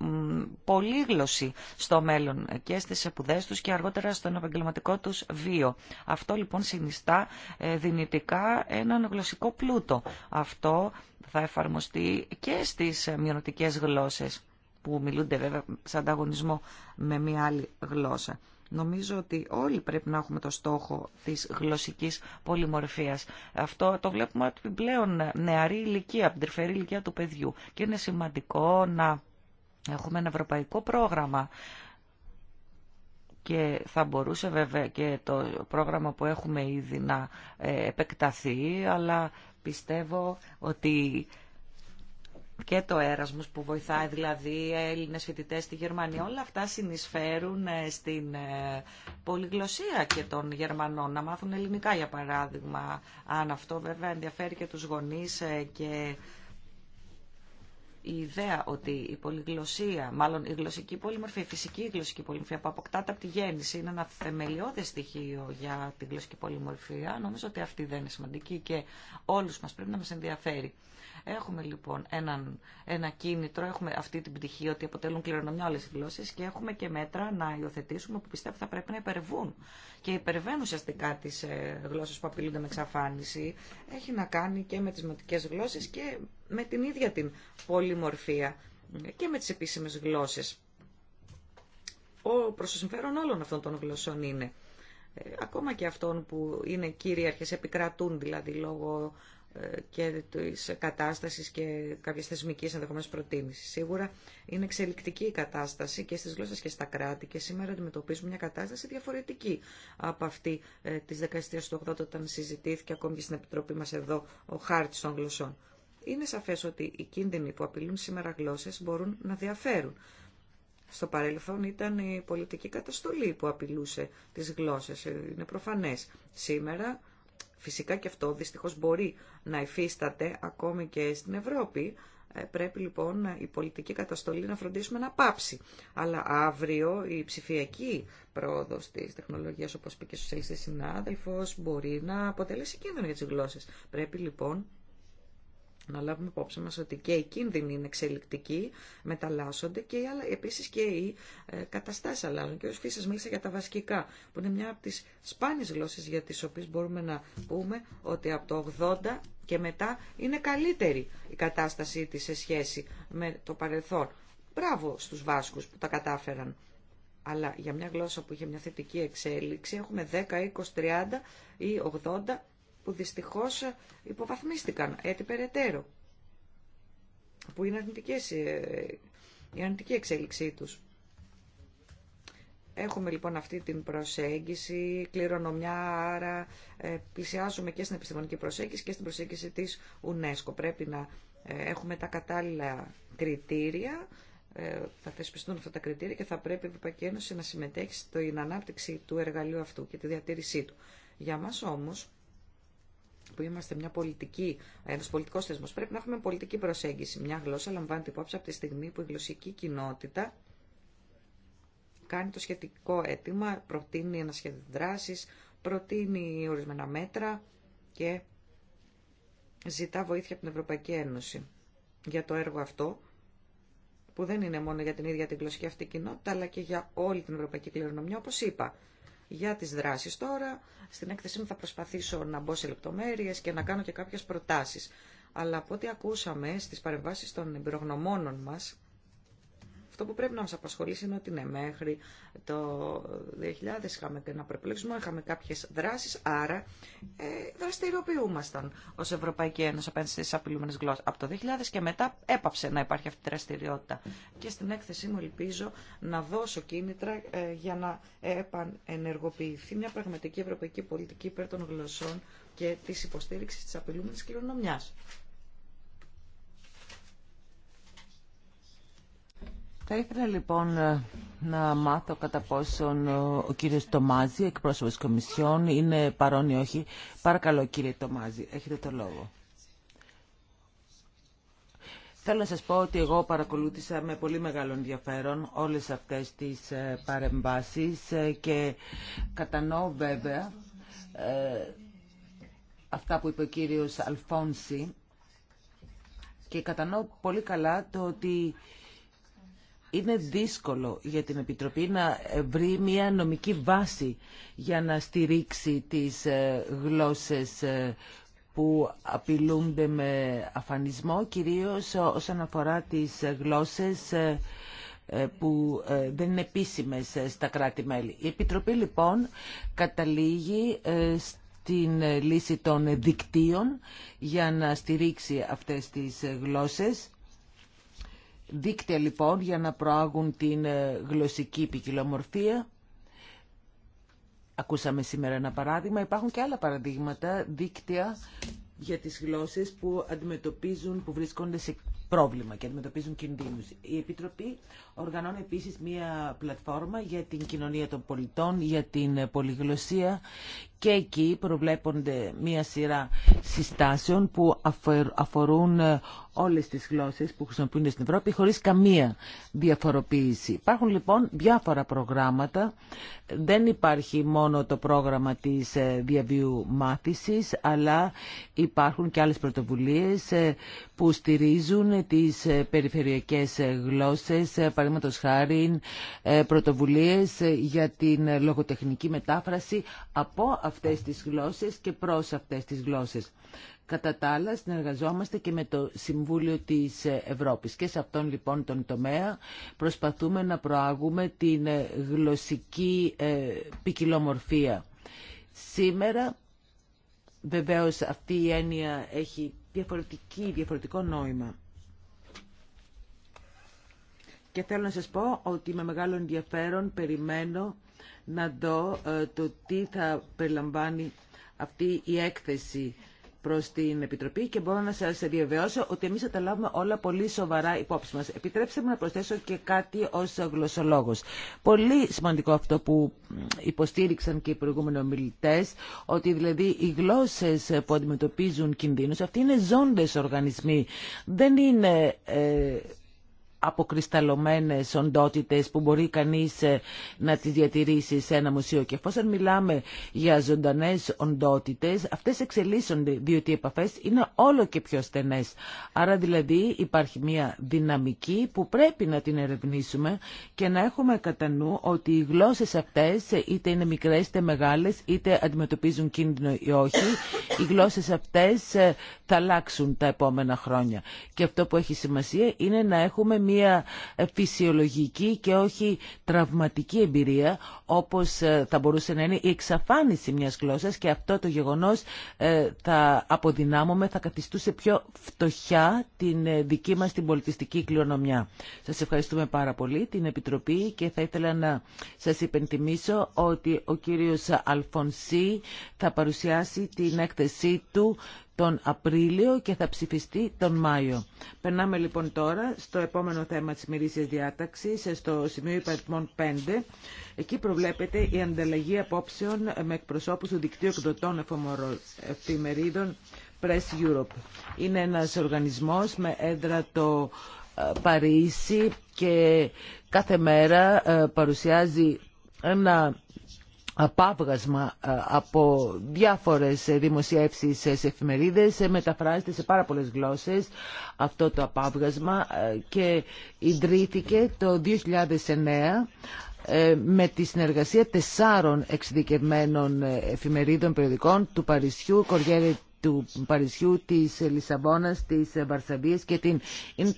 πολύγλωση στο μέλλον και στις επουδές τους και αργότερα στον επαγγελματικό τους βίο. Αυτό λοιπόν συνιστά δυνητικά ένα έναν γλωσσικό πλούτο. Αυτό θα εφαρμοστεί και στις μειονοτικές γλώσσες που μιλούνται βέβαια σε ανταγωνισμό με μια άλλη γλώσσα. Νομίζω ότι όλοι πρέπει να έχουμε το στόχο της γλωσσικής πολυμορφίας. Αυτό το βλέπουμε από την πλέον νεαρή ηλικία, από την τρυφερή ηλικία του παιδιού. Και είναι σημαντικό να έχουμε ένα ευρωπαϊκό πρόγραμμα και θα μπορούσε βέβαια και το πρόγραμμα που έχουμε ήδη να ε, επεκταθεί, αλλά πιστεύω ότι και το έρασμος που βοηθάει δηλαδή Έλληνες φοιτητές στη Γερμανία, όλα αυτά συνεισφέρουν ε, στην ε, πολυγλωσία και των Γερμανών, να μάθουν ελληνικά για παράδειγμα, αν αυτό βέβαια ενδιαφέρει και τους γονείς και η ιδέα ότι η πολυγλωσία, μάλλον η γλωσσική πολυμορφία, η φυσική γλωσσική πολυμορφία που αποκτάται από τη γέννηση είναι ένα θεμελιώδε στοιχείο για την γλωσσική πολυμορφία, νομίζω ότι αυτή δεν είναι σημαντική και όλου μα πρέπει να μα ενδιαφέρει. Έχουμε λοιπόν έναν, ένα κίνητρο, έχουμε αυτή την πτυχή ότι αποτελούν κληρονομιά όλε οι γλώσσε και έχουμε και μέτρα να υιοθετήσουμε που πιστεύω θα πρέπει να υπερβούν και υπερβαίνουν ουσιαστικά τις ε, γλώσσε που απειλούνται με εξαφάνιση. Έχει να κάνει και με τι μοτικέ γλώσσε και με την ίδια την πολυμορφία και με τις επίσημες γλώσσες. Ο προς το συμφέρον όλων αυτών των γλωσσών είναι. Ε, ακόμα και αυτών που είναι κυρίαρχες, επικρατούν δηλαδή λόγω ε, και τη κατάσταση και κάποια θεσμική ενδεχομένω προτίμηση. Σίγουρα είναι εξελικτική η κατάσταση και στι γλώσσε και στα κράτη και σήμερα αντιμετωπίζουμε μια κατάσταση διαφορετική από αυτή ε, τη δεκαετία του 80 όταν συζητήθηκε ακόμη και στην Επιτροπή μα εδώ ο χάρτη των γλωσσών. Είναι σαφές ότι οι κίνδυνοι που απειλούν σήμερα γλώσσε μπορούν να διαφέρουν. Στο παρελθόν ήταν η πολιτική καταστολή που απειλούσε τις γλώσσες, ε, είναι προφανές. Σήμερα φυσικά και αυτό δυστυχώ μπορεί να υφίσταται ακόμη και στην Ευρώπη, ε, πρέπει λοιπόν η πολιτική καταστολή να φροντίσουμε να πάψει. Αλλά αύριο η ψηφιακή πρόοδο τη τεχνολογία, όπω είπε και ο συνάδελφο, μπορεί να αποτελέσει κίνδυνο για τι γλώσσε. Πρέπει λοιπόν να λάβουμε υπόψη μας ότι και οι κίνδυνοι είναι εξελικτικοί, μεταλλάσσονται και επίσης και οι ε, καταστάσεις αλλάζουν. Και ο Φύσης μίλησα για τα βασικά, που είναι μια από τις σπάνιες γλώσσες για τις οποίες μπορούμε να πούμε ότι από το 80 και μετά είναι καλύτερη η κατάστασή της σε σχέση με το παρελθόν. Μπράβο στους Βάσκους που τα κατάφεραν. Αλλά για μια γλώσσα που είχε μια θετική εξέλιξη έχουμε 10, 20, 30 ή 80 που δυστυχώς υποβαθμίστηκαν έτσι περαιτέρω, που είναι αρνητικές, ε, η αρνητική εξέλιξή τους. Έχουμε λοιπόν αυτή την προσέγγιση, κληρονομιά, άρα ε, πλησιάζουμε και στην επιστημονική προσέγγιση και στην προσέγγιση της UNESCO. Πρέπει να ε, έχουμε τα κατάλληλα κριτήρια, θα θεσπιστούν αυτά τα κριτήρια και θα πρέπει η Ευρωπαϊκή Ένωση να συμμετέχει στην ανάπτυξη του εργαλείου αυτού και τη διατήρησή του. Για μας όμως που είμαστε μια πολιτική, ένα πολιτικό θεσμό, πρέπει να έχουμε πολιτική προσέγγιση. Μια γλώσσα λαμβάνεται υπόψη από τη στιγμή που η γλωσσική κοινότητα κάνει το σχετικό αίτημα, προτείνει ένα σχέδιο δράση, προτείνει ορισμένα μέτρα και ζητά βοήθεια από την Ευρωπαϊκή Ένωση για το έργο αυτό που δεν είναι μόνο για την ίδια την γλωσσική αυτή κοινότητα, αλλά και για όλη την ευρωπαϊκή κληρονομιά, όπως είπα. Για τις δράσεις τώρα, στην έκθεσή μου θα προσπαθήσω να μπω σε λεπτομέρειες και να κάνω και κάποιες προτάσεις. Αλλά από ό,τι ακούσαμε στις παρεμβάσεις των εμπειρογνωμόνων μας, αυτό που πρέπει να μας απασχολήσει είναι ότι ναι, μέχρι το 2000 είχαμε ένα προπολογισμό, είχαμε κάποιες δράσεις, άρα ε, δραστηριοποιούμασταν ως Ευρωπαϊκή Ένωση απέναντι στις απειλούμενες γλώσσες. Από το 2000 και μετά έπαψε να υπάρχει αυτή η δραστηριότητα. Και στην έκθεσή μου ελπίζω να δώσω κίνητρα ε, για να επανενεργοποιηθεί μια πραγματική ευρωπαϊκή πολιτική υπέρ των γλωσσών και της υποστήριξης της απειλούμενης κληρονομιάς. Θα ήθελα λοιπόν ε, να μάθω κατά πόσον ε, ο κύριος Τομάζη, εκπρόσωπος Κομισιόν, είναι παρόν ή όχι. Παρακαλώ κύριε Τομάζη, έχετε το λόγο. Θέλω να σας πω ότι εγώ παρακολούθησα με πολύ μεγάλο ενδιαφέρον όλες αυτές τις ε, παρεμβάσεις και κατανοώ βέβαια αυτά που είπε ο κύριος Αλφόνση και κατανοώ πολύ καλά το ότι είναι δύσκολο για την Επιτροπή να βρει μια νομική βάση για να στηρίξει τις ε, γλώσσες ε, που απειλούνται με αφανισμό, κυρίως όσον αφορά τις γλώσσες ε, που δεν είναι επίσημες στα κράτη-μέλη. Η Επιτροπή λοιπόν καταλήγει στην λύση των δικτύων για να στηρίξει αυτές τις γλώσσες δίκτυα λοιπόν για να προάγουν την ε, γλωσσική ποικιλομορφία. Ακούσαμε σήμερα ένα παράδειγμα. Υπάρχουν και άλλα παραδείγματα, δίκτυα για τις γλώσσες που αντιμετωπίζουν, που βρίσκονται σε πρόβλημα και αντιμετωπίζουν κινδύνους. Η Επιτροπή οργανώνει επίσης μία πλατφόρμα για την κοινωνία των πολιτών, για την πολυγλωσσία και εκεί προβλέπονται μία σειρά συστάσεων που αφορούν ε, όλες τις γλώσσες που χρησιμοποιούνται στην Ευρώπη χωρίς καμία διαφοροποίηση. Υπάρχουν λοιπόν διάφορα προγράμματα. Δεν υπάρχει μόνο το πρόγραμμα της ε, διαβίου μάθησης, αλλά υπάρχουν και άλλες πρωτοβουλίες ε, που στηρίζουν τις περιφερειακές γλώσσες, παραδείγματο χάρη πρωτοβουλίες για την λογοτεχνική μετάφραση από αυτές τις γλώσσες και προς αυτές τις γλώσσες. Κατά τα άλλα, συνεργαζόμαστε και με το Συμβούλιο της Ευρώπης και σε αυτόν λοιπόν τον τομέα προσπαθούμε να προάγουμε την ε, γλωσσική ε, ποικιλομορφία. Σήμερα, βεβαίως αυτή η έννοια έχει διαφορετική, διαφορετικό νόημα. Και θέλω να σας πω ότι με μεγάλο ενδιαφέρον περιμένω να δω ε, το τι θα περιλαμβάνει αυτή η έκθεση προς την Επιτροπή και μπορώ να σας διαβεβαιώσω ότι εμείς θα τα λάβουμε όλα πολύ σοβαρά υπόψη μας. Επιτρέψτε μου να προσθέσω και κάτι ως γλωσσολόγος. Πολύ σημαντικό αυτό που υποστήριξαν και οι προηγούμενοι ομιλητέ, ότι δηλαδή οι γλώσσες που αντιμετωπίζουν κινδύνους, αυτοί είναι ζώντες οργανισμοί. Δεν είναι... Ε, Αποκρισταλωμένε οντότητες που μπορεί κανείς ε, να τις διατηρήσει σε ένα μουσείο. Και εφόσον μιλάμε για ζωντανές οντότητες, αυτές εξελίσσονται, διότι οι επαφές είναι όλο και πιο στενές. Άρα δηλαδή υπάρχει μια δυναμική που πρέπει να την ερευνήσουμε και να έχουμε κατά νου ότι οι γλώσσες αυτές είτε είναι μικρές είτε μεγάλες, είτε αντιμετωπίζουν κίνδυνο ή όχι, οι γλώσσες αυτές ε, θα αλλάξουν τα επόμενα χρόνια. Και αυτό που έχει σημασία είναι να έχουμε μια μια φυσιολογική και όχι τραυματική εμπειρία όπως ε, θα μπορούσε να είναι η εξαφάνιση μιας γλώσσας και αυτό το γεγονός ε, θα αποδυνάμωμε, θα καθιστούσε πιο φτωχιά την ε, δική μας την πολιτιστική κληρονομιά. Σας ευχαριστούμε πάρα πολύ την Επιτροπή και θα ήθελα να σας υπενθυμίσω ότι ο κύριος Αλφονσί θα παρουσιάσει την έκθεσή του τον Απρίλιο και θα ψηφιστεί τον Μάιο. Περνάμε λοιπόν τώρα στο επόμενο θέμα της μυρίσιας διάταξης, στο σημείο υπαριθμών 5. Εκεί προβλέπεται η ανταλλαγή απόψεων με εκπροσώπους του Δικτύου Εκδοτών Εφημερίδων Press Europe. Είναι ένας οργανισμός με έδρα το ε, Παρίσι και κάθε μέρα ε, παρουσιάζει ένα απάβγασμα ε, από διάφορες δημοσιεύσεις σε εφημερίδες, μεταφράζεται σε πάρα πολλές γλώσσες αυτό το απάβγασμα ε, και ιδρύθηκε το 2009 ε, με τη συνεργασία τεσσάρων εξειδικευμένων εφημερίδων περιοδικών του Παρισιού, Κοριέρε του Παρισιού, της Λισαβόνας, της Βαρσαβίας και την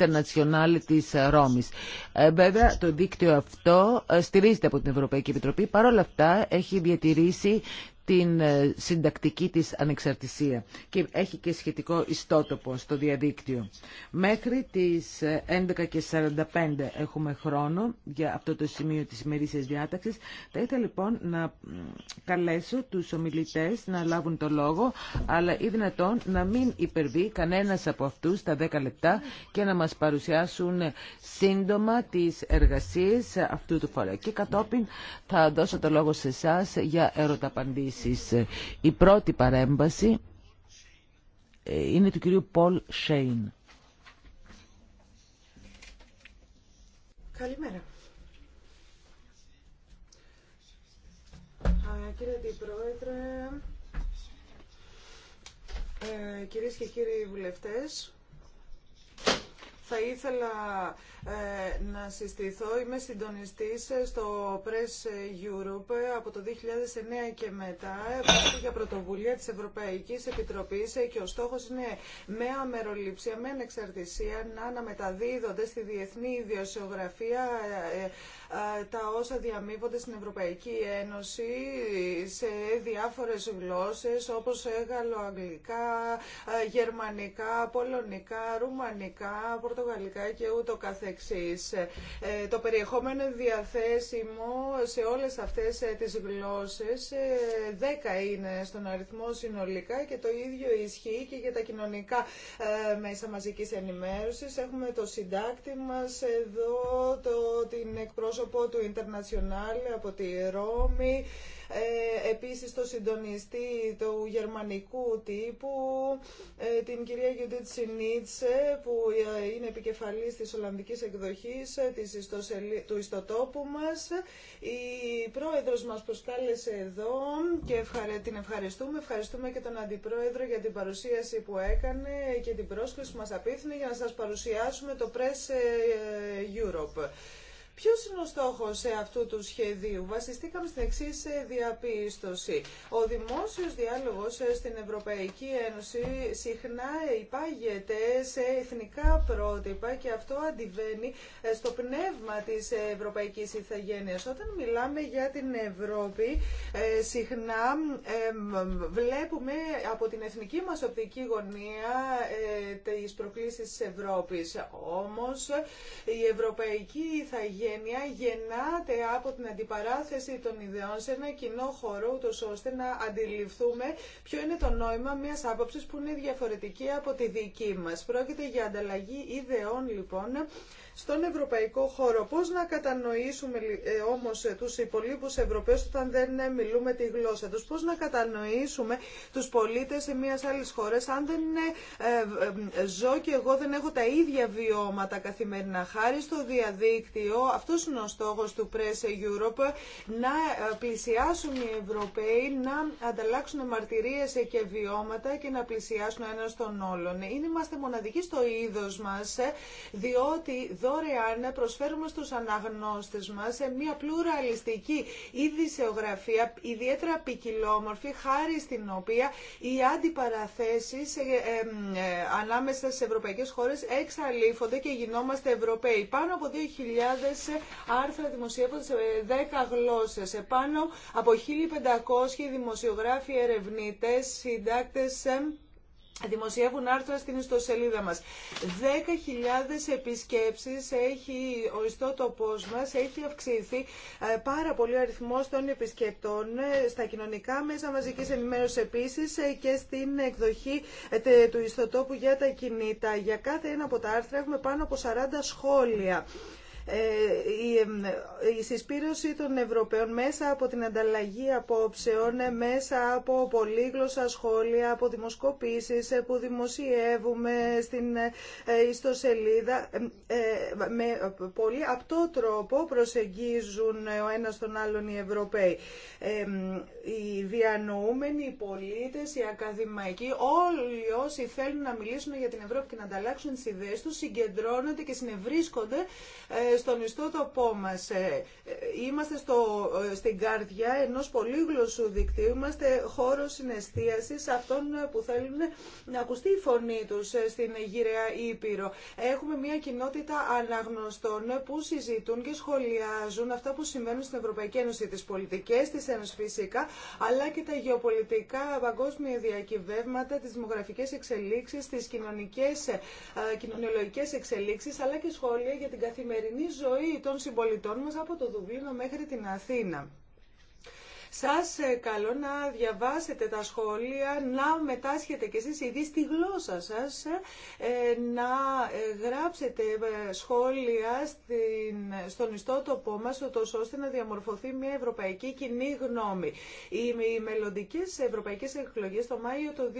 τη της Ρώμης. Ε, βέβαια, το δίκτυο αυτό ε, στηρίζεται από την Ευρωπαϊκή Επιτροπή. Παρ' όλα αυτά, έχει διατηρήσει την ε, συντακτική της ανεξαρτησία και έχει και σχετικό ιστότοπο στο διαδίκτυο. Μέχρι τις 11.45 ε, έχουμε χρόνο για αυτό το σημείο της ημερήσιας διάταξης. Θα ήθελα λοιπόν να καλέσω τους ομιλητές να λάβουν το λόγο, αλλά ή δυνατόν να μην υπερβεί κανένας από αυτούς τα 10 λεπτά και να μας παρουσιάσουν σύντομα τις εργασίες αυτού του φορέα. Και κατόπιν θα δώσω το λόγο σε εσά για ερωταπαντήσεις. Ε, η πρώτη παρέμβαση ε, είναι του κυρίου Πολ Σέιν. Καλημέρα. Κύριε Αντιπρόεδρε, ε, κυρίες και κύριοι βουλευτές, θα ήθελα ε, να συστηθώ. Είμαι συντονιστής ε, στο Press Europe ε, από το 2009 και μετά. Επίσης για πρωτοβουλία της Ευρωπαϊκής Επιτροπής και ο στόχος είναι με αμεροληψία, με ανεξαρτησία να αναμεταδίδονται στη διεθνή ιδιοσιογραφία ε, τα όσα διαμείβονται στην Ευρωπαϊκή Ένωση σε διάφορες γλώσσες όπως γαλλοαγγλικά, ε, γερμανικά, πολωνικά, ρουμανικά, πορτογαλικά και ούτω καθεξής. Ε, το περιεχόμενο διαθέσιμο σε όλες αυτές τις γλώσσες 10 είναι στον αριθμό συνολικά και το ίδιο ισχύει και για τα κοινωνικά μέσα μαζικής ενημέρωσης. Έχουμε το συντάκτη μας εδώ, την εκπρόσωπη πρόσωπο του Ιντερνασιονάλ από τη Ρώμη, ε, επίσης το συντονιστή του γερμανικού τύπου, ε, την κυρία Γιουντίτ Σινίτσε που ε, είναι επικεφαλής της Ολλανδικής εκδοχής της του ιστοτόπου μας. Η πρόεδρος μας προσκάλεσε εδώ και την ευχαριστούμε. Ευχαριστούμε και τον Αντιπρόεδρο για την παρουσίαση που έκανε και την πρόσκληση που μας απίθυνε για να σας παρουσιάσουμε το Press Europe. Ποιο είναι ο στόχο αυτού του σχεδίου, Βασιστήκαμε στην εξή ε, διαπίστωση. Ο δημόσιο διάλογο ε, στην Ευρωπαϊκή Ένωση συχνά υπάγεται σε εθνικά πρότυπα και αυτό αντιβαίνει ε, στο πνεύμα τη Ευρωπαϊκή Ιθαγένεια. Όταν μιλάμε για την Ευρώπη, συχνά βλέπουμε από την εθνική μα οπτική γωνία τι προκλήσει τη Ευρώπη. Όμω, η Ευρωπαϊκή Ιθαγένεια οικογένεια γεννάται από την αντιπαράθεση των ιδεών σε ένα κοινό χώρο, ούτω ώστε να αντιληφθούμε ποιο είναι το νόημα μιας άποψη που είναι διαφορετική από τη δική μας. Πρόκειται για ανταλλαγή ιδεών λοιπόν στον ευρωπαϊκό χώρο. Πώς να κατανοήσουμε ε, όμως ε, τους υπολείπους Ευρωπαίους όταν δεν ε, μιλούμε τη γλώσσα τους. Πώς να κατανοήσουμε τους πολίτες μιας άλλης χώρας αν δεν ζω και εγώ δεν έχω τα ίδια βιώματα καθημερινά. Χάρη στο διαδίκτυο, αυτός είναι ο στόχος του Press Europe, να πλησιάσουν οι Ευρωπαίοι, να ανταλλάξουν μαρτυρίες και βιώματα και να πλησιάσουν ένα τον όλον. είμαστε μοναδικοί στο είδος μας, διότι δωρεάν προσφέρουμε στους αναγνώστες μας σε μια πλουραλιστική ειδησεογραφία, ιδιαίτερα ποικιλόμορφη, χάρη στην οποία οι αντιπαραθέσεις ε, ε, ε ανάμεσα στις ευρωπαϊκές χώρες εξαλείφονται και γινόμαστε Ευρωπαίοι. Πάνω από 2.000 άρθρα δημοσιεύονται σε 10 ε, γλώσσες. Πάνω από 1.500 δημοσιογράφοι, ερευνητές, συντάκτες, δημοσιεύουν άρθρα στην ιστοσελίδα μας. 10.000 επισκέψεις έχει ο ιστότοπός μας, έχει αυξηθεί ε, πάρα πολύ ο αριθμός των επισκεπτών ε, στα κοινωνικά μέσα μαζικής ενημέρωσης επίσης ε, και στην εκδοχή του ιστοτόπου για τα κινήτα. Για κάθε ένα από τα άρθρα έχουμε πάνω από 40 σχόλια. Ε, η συσπήρωση των Ευρωπαίων μέσα από την ανταλλαγή απόψεων, μέσα από πολύγλωσσα σχόλια, από δημοσκοπήσεις ε, που δημοσιεύουμε στην ε, ιστοσελίδα, με πολύ αυτό τρόπο προσεγγίζουν ο ένας τον άλλον οι Ευρωπαίοι. Οι διανοούμενοι, οι πολίτες, οι ακαδημαϊκοί, όλοι όσοι θέλουν να μιλήσουν για την Ευρώπη και να ανταλλάξουν τις ιδέες τους, συγκεντρώνονται και συνευρίσκονται στον ιστότοπό μας. Ε, ε, είμαστε στο, ε, στην καρδιά ενός πολύγλωσσου δικτύου, είμαστε χώρο συναισθίασης αυτών που θέλουν να ακουστεί η φωνή τους στην γυραιά Ήπειρο. Έχουμε μια κοινότητα αναγνωστών που συζητούν και σχολιάζουν αυτά που συμβαίνουν στην Ευρωπαϊκή Ένωση, τις πολιτικές τη Ένωση φυσικά, αλλά και τα γεωπολιτικά παγκόσμια διακυβεύματα, τις δημογραφικές εξελίξεις, τις κοινωνικές, κοινωνιολογικές εξελίξεις, αλλά και σχόλια για την καθημερινή ζωή των συμπολιτών μας από το Δουβλίνο μέχρι την Αθήνα. Σας ε, καλώ να διαβάσετε τα σχόλια, να μετάσχετε και εσείς ήδη στη γλώσσα σας, ε, ε, να γράψετε σχόλια στην, στον ιστότοπό μας, ώστε να διαμορφωθεί μια ευρωπαϊκή κοινή γνώμη. Οι, οι μελλοντικέ ευρωπαϊκές εκλογές το Μάιο του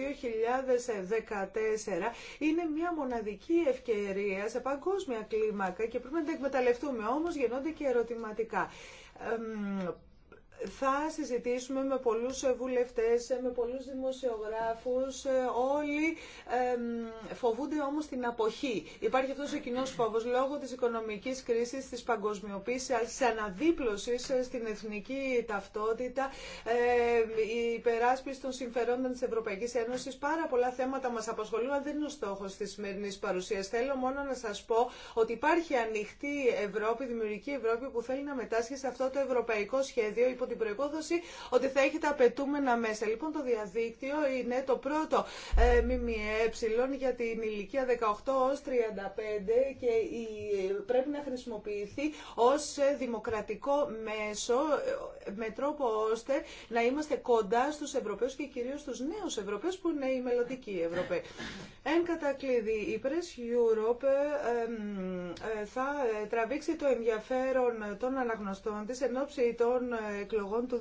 2014 είναι μια μοναδική ευκαιρία σε παγκόσμια κλίμακα και πρέπει να τα εκμεταλλευτούμε. Όμως γεννώνται και ερωτηματικά θα συζητήσουμε με πολλούς βουλευτές, με πολλούς δημοσιογράφους, όλοι φοβούνται όμως την αποχή. Υπάρχει αυτός ο κοινό φόβος λόγω της οικονομικής κρίσης, της παγκοσμιοποίησης, της αναδίπλωσης στην εθνική ταυτότητα, η υπεράσπιση των συμφερόντων της Ευρωπαϊκής Ένωσης. Πάρα πολλά θέματα μας απασχολούν, αλλά δεν είναι ο στόχος της σημερινής παρουσίας. Θέλω μόνο να σας πω ότι υπάρχει ανοιχτή Ευρώπη, δημιουργική Ευρώπη που θέλει να μετάσχει σε αυτό το ευρωπαϊκό σχέδιο την προπόθεση ότι θα έχει τα απαιτούμενα μέσα. Λοιπόν, το διαδίκτυο είναι το πρώτο ε, για την ηλικία 18 ως 35 και η, πρέπει να χρησιμοποιηθεί ως ε, δημοκρατικό μέσο ε, με τρόπο ώστε να είμαστε κοντά στους Ευρωπαίους και κυρίως στους νέους Ευρωπαίους που είναι οι μελλοντικοί Ευρωπαίοι. Εν κατακλείδη, η Press Europe ε, θα τραβήξει το ενδιαφέρον των αναγνωστών της εν των εκλογών εκλογών του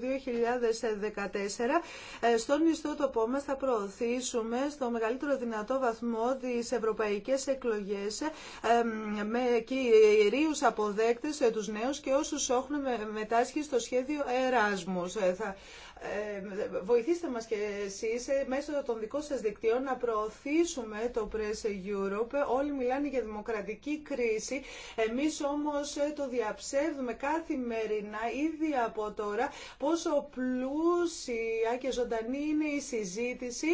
2014. Ε, στον ιστότοπό μας θα προωθήσουμε στο μεγαλύτερο δυνατό βαθμό τις ευρωπαϊκές εκλογές ε, με κυρίους αποδέκτες ε, τους νέους και όσους έχουν μετάσχει στο σχέδιο Εράσμους. Θα ε, βοηθήστε μας και εσείς ε, μέσω των δικών σας δικτύων να προωθήσουμε το Press Europe. Όλοι μιλάνε για δημοκρατική κρίση. Εμείς όμως ε, το διαψεύδουμε καθημερινά ήδη από τώρα πόσο πλούσια και ζωντανή είναι η συζήτηση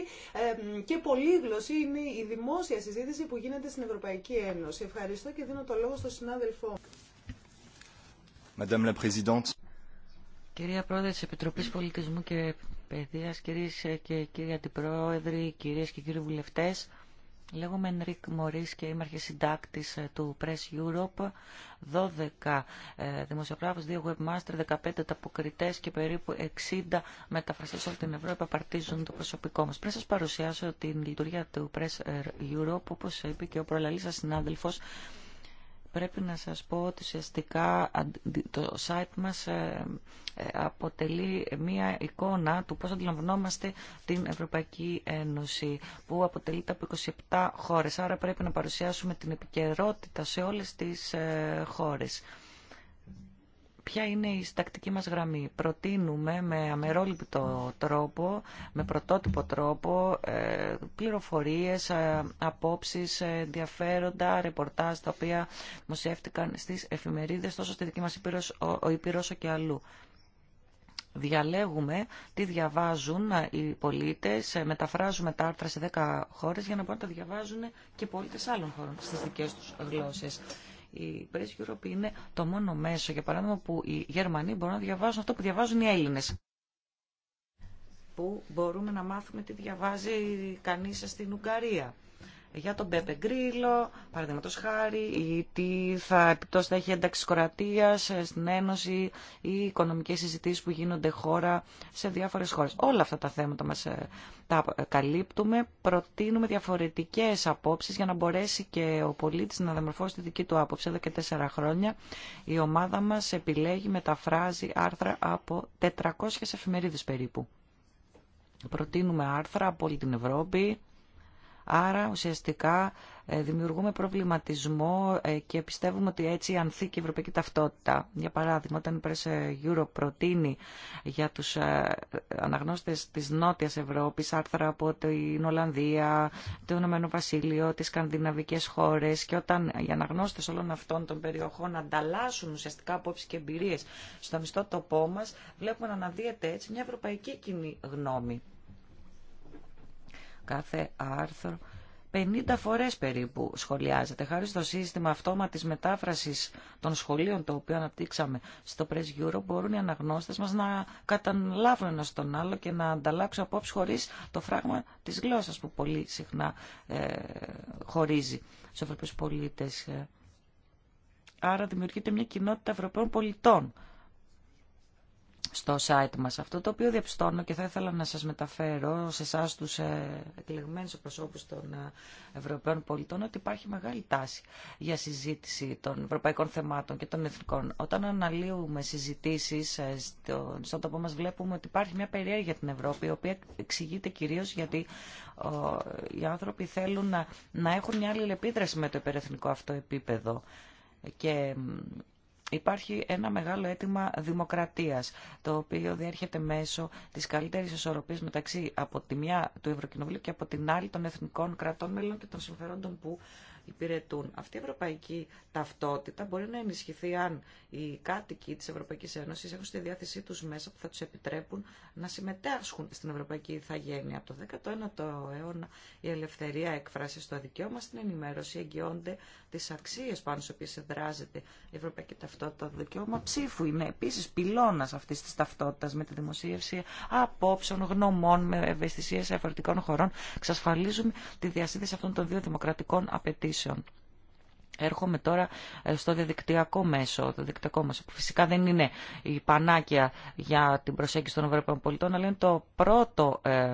και πολύγλωση είναι η δημόσια συζήτηση που γίνεται στην Ευρωπαϊκή Ένωση. Ευχαριστώ και δίνω το λόγο στον συνάδελφό. Madame la Présidente. Κυρία Πρόεδρε της Επιτροπής Πολιτισμού και Παιδείας, κυρίες και κύριοι Αντιπρόεδροι, κυρίες και κύριοι βουλευτές, Λέγομαι Ενρίκ Μωρίς και είμαι αρχισυντάκτης ε, του Press Europe, 12 ε, δημοσιογράφους, 2 webmaster, 15 ταποκριτές και περίπου 60 μεταφραστές όλη την Ευρώπη απαρτίζουν το προσωπικό μας. Πριν σας παρουσιάσω την λειτουργία του Press Europe, όπως είπε και ο προλαλής σας συνάδελφος, πρέπει να σας πω ότι ουσιαστικά το site μας ε, ε, αποτελεί μία εικόνα του πώς αντιλαμβανόμαστε την Ευρωπαϊκή Ένωση που αποτελείται από 27 χώρες. Άρα πρέπει να παρουσιάσουμε την επικαιρότητα σε όλες τις ε, χώρες. Ποια είναι η συντακτική μας γραμμή. Προτείνουμε με αμερόληπτο τρόπο, με πρωτότυπο τρόπο, ε, πληροφορίες, ε, απόψεις, ε, ενδιαφέροντα, ρεπορτάζ, τα οποία δημοσιεύτηκαν στις εφημερίδες, τόσο στη δική μας Ήπειρος, ο και αλλού. Διαλέγουμε τι διαβάζουν οι πολίτες, μεταφράζουμε τα άρθρα σε 10 χώρες για να μπορούν να τα διαβάζουν και οι πολίτες άλλων χώρων στις δικές τους γλώσσες. Η Press Europe είναι το μόνο μέσο, για παράδειγμα, που οι Γερμανοί μπορούν να διαβάζουν αυτό που διαβάζουν οι Έλληνες. Που μπορούμε να μάθουμε τι διαβάζει κανείς στην Ουγγαρία για τον Μπέμπε Γκρίλο, παραδείγματο χάρη, ή τι θα επιπτώσει θα έχει ένταξη κορατία ε, στην Ένωση ή οικονομικέ συζητήσει που γίνονται χώρα σε διάφορε χώρε. Όλα αυτά τα θέματα μα ε, τα καλύπτουμε. Προτείνουμε διαφορετικέ απόψει για να μπορέσει και ο πολίτη να διαμορφώσει τη δική του άποψη. Εδώ και τέσσερα χρόνια η ομάδα μα επιλέγει, μεταφράζει άρθρα από 400 εφημερίδε περίπου. Προτείνουμε άρθρα από όλη την Ευρώπη, Άρα ουσιαστικά ε, δημιουργούμε προβληματισμό ε, και πιστεύουμε ότι έτσι ανθεί και η ευρωπαϊκή ταυτότητα. Για παράδειγμα, όταν η Press ε, Europe προτείνει για τους αναγνώστες της Νότιας Ευρώπης άρθρα από την Ολλανδία, το Ηνωμένο Βασίλειο, τις σκανδιναβικές χώρες και όταν οι αναγνώστες όλων αυτών των περιοχών ανταλλάσσουν ουσιαστικά απόψεις και εμπειρίες στο μισθό τοπό μας, βλέπουμε να αναδύεται έτσι μια ευρωπαϊκή κοινή γνώμη. Κάθε άρθρο 50 φορές περίπου σχολιάζεται. Χάρη στο σύστημα αυτόματης μετάφρασης των σχολείων το οποίο αναπτύξαμε στο Press Euro μπορούν οι αναγνώστες μας να καταλάβουν ένα τον άλλο και να ανταλλάξουν απόψη χωρίς το φράγμα της γλώσσας που πολύ συχνά ε, χωρίζει στους Ευρωπαίους πολίτες. Ε, άρα δημιουργείται μια κοινότητα Ευρωπαίων πολιτών στο site μας. Αυτό το οποίο διαπιστώνω και θα ήθελα να σας μεταφέρω σε εσά τους ε, εκλεγμένους προσώπους των ε, Ευρωπαίων πολιτών ότι υπάρχει μεγάλη τάση για συζήτηση των ευρωπαϊκών θεμάτων και των εθνικών. Όταν αναλύουμε συζητήσεις ε, στο, στον τόπο μας βλέπουμε ότι υπάρχει μια περιέργεια την Ευρώπη η οποία εξηγείται κυρίως γιατί οι άνθρωποι θέλουν να, έχουν μια άλλη επίδραση με το υπερεθνικό αυτό επίπεδο. Και Υπάρχει ένα μεγάλο αίτημα δημοκρατίας, το οποίο διέρχεται μέσω της καλύτερης ισορροπίας μεταξύ από τη μια του Ευρωκοινοβουλίου και από την άλλη των εθνικών κρατών μέλων και των συμφερόντων που υπηρετούν. Αυτή η ευρωπαϊκή ταυτότητα μπορεί να ενισχυθεί αν οι κάτοικοι τη Ευρωπαϊκή Ένωση έχουν στη διάθεσή του μέσα που θα του επιτρέπουν να συμμετέχουν στην ευρωπαϊκή ηθαγένεια. Από το 19ο αιώνα η ελευθερία έκφραση στο δικαίωμα στην ενημέρωση εγγυώνται τι αξίε πάνω στι οποίε εδράζεται η ευρωπαϊκή ταυτότητα. Το δικαίωμα ψήφου είναι επίση πυλώνα αυτή τη ταυτότητα με τη δημοσίευση απόψεων, γνωμών, με ευαισθησίε εφορτικών χωρών. εξασφαλίζουμε τη διασύνδεση αυτών των δύο δημοκρατικών απαιτήσεων Έρχομαι τώρα ε, στο διαδικτυακό μέσο, το διαδικτυακό μέσο, που φυσικά δεν είναι η πανάκια για την προσέγγιση των ευρωπαϊκών πολιτών, αλλά είναι το πρώτο ε,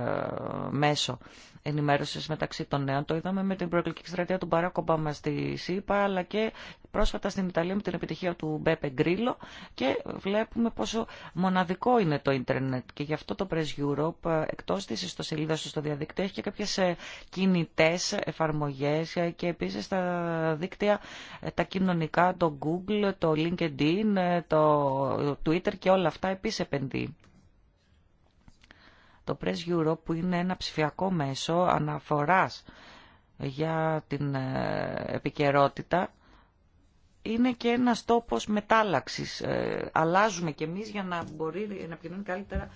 μέσο Ενημέρωση μεταξύ των νέων. Το είδαμε με την προεκλογική στρατεία του Μπαράκ Ομπάμα στη ΣΥΠΑ, αλλά και πρόσφατα στην Ιταλία με την επιτυχία του Μπέπε Γκρίλο και βλέπουμε πόσο μοναδικό είναι το ίντερνετ και γι' αυτό το Press Europe ε, εκτός της ιστοσελίδα του στο διαδίκτυο έχει και κάποιες ε, κινητές εφαρμογές ε, και επίσης τα δίκτυα τα κοινωνικά, το Google, το LinkedIn, το Twitter και όλα αυτά επίση επενδύει το Press Europe που είναι ένα ψηφιακό μέσο αναφοράς για την ε, επικαιρότητα είναι και ένας τόπος μετάλλαξης. Ε, αλλάζουμε κι εμείς για να μπορεί να επικοινωνεί καλύτερα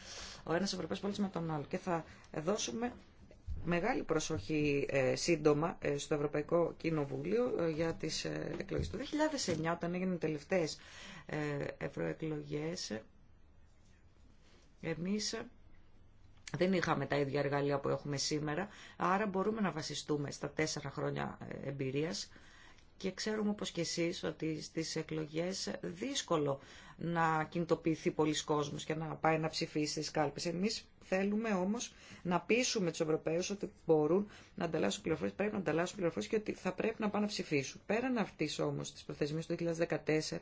ο ένας Ευρωπαίος πολίτης με τον άλλο. Και θα δώσουμε μεγάλη προσοχή ε, σύντομα στο Ευρωπαϊκό Κοινοβούλιο για τις εκλογές. Το 2009 όταν έγιναν οι τελευταίες ευρωεκλογές εμείς δεν είχαμε τα ίδια εργαλεία που έχουμε σήμερα, άρα μπορούμε να βασιστούμε στα τέσσερα χρόνια ε, εμπειρίας και ξέρουμε όπως και εσείς ότι στις εκλογές δύσκολο να κινητοποιηθεί πολλοί κόσμος και να πάει να ψηφίσει στις κάλπες. Εμείς θέλουμε όμως να πείσουμε τους Ευρωπαίους ότι μπορούν να ανταλλάσσουν πληροφορίες, πρέπει να ανταλλάσσουν πληροφορίες και ότι θα πρέπει να πάνε να ψηφίσουν. Πέραν αυτής όμως της προθεσμίας του 2014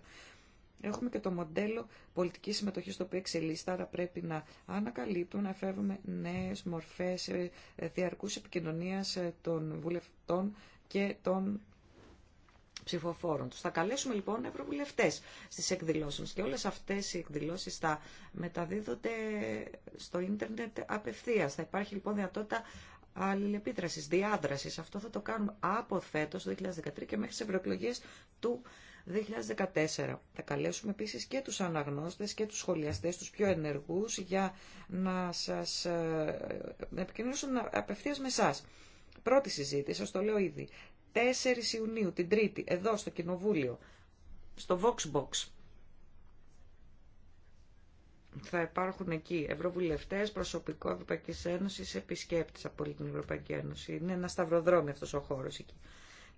Έχουμε και το μοντέλο πολιτικής συμμετοχής το οποίο εξελίσσεται, άρα πρέπει να ανακαλύπτουμε, να εφεύρουμε νέες μορφές ε, ε, διαρκούς επικοινωνίας ε, των βουλευτών και των ψηφοφόρων τους. Θα καλέσουμε λοιπόν ευρωβουλευτές στις εκδηλώσεις μας και όλες αυτές οι εκδηλώσεις θα μεταδίδονται στο ίντερνετ απευθείας. Θα υπάρχει λοιπόν δυνατότητα αλληλεπίδρασης, διάδρασης. Αυτό θα το κάνουμε από φέτος, το 2013 και μέχρι τις ευρωεκλογές του 2014. Θα καλέσουμε επίσης και τους αναγνώστες και τους σχολιαστές, τους πιο ενεργούς, για να σας ε, να επικοινωνήσουν απευθείας με εσά. Πρώτη συζήτηση, σας το λέω ήδη, 4 Ιουνίου, την Τρίτη, εδώ στο Κοινοβούλιο, στο Voxbox. Θα υπάρχουν εκεί ευρωβουλευτές, προσωπικό Ευρωπαϊκής Ένωσης, επισκέπτες από όλη την Ευρωπαϊκή Ένωση. Είναι ένα σταυροδρόμι αυτός ο χώρος εκεί.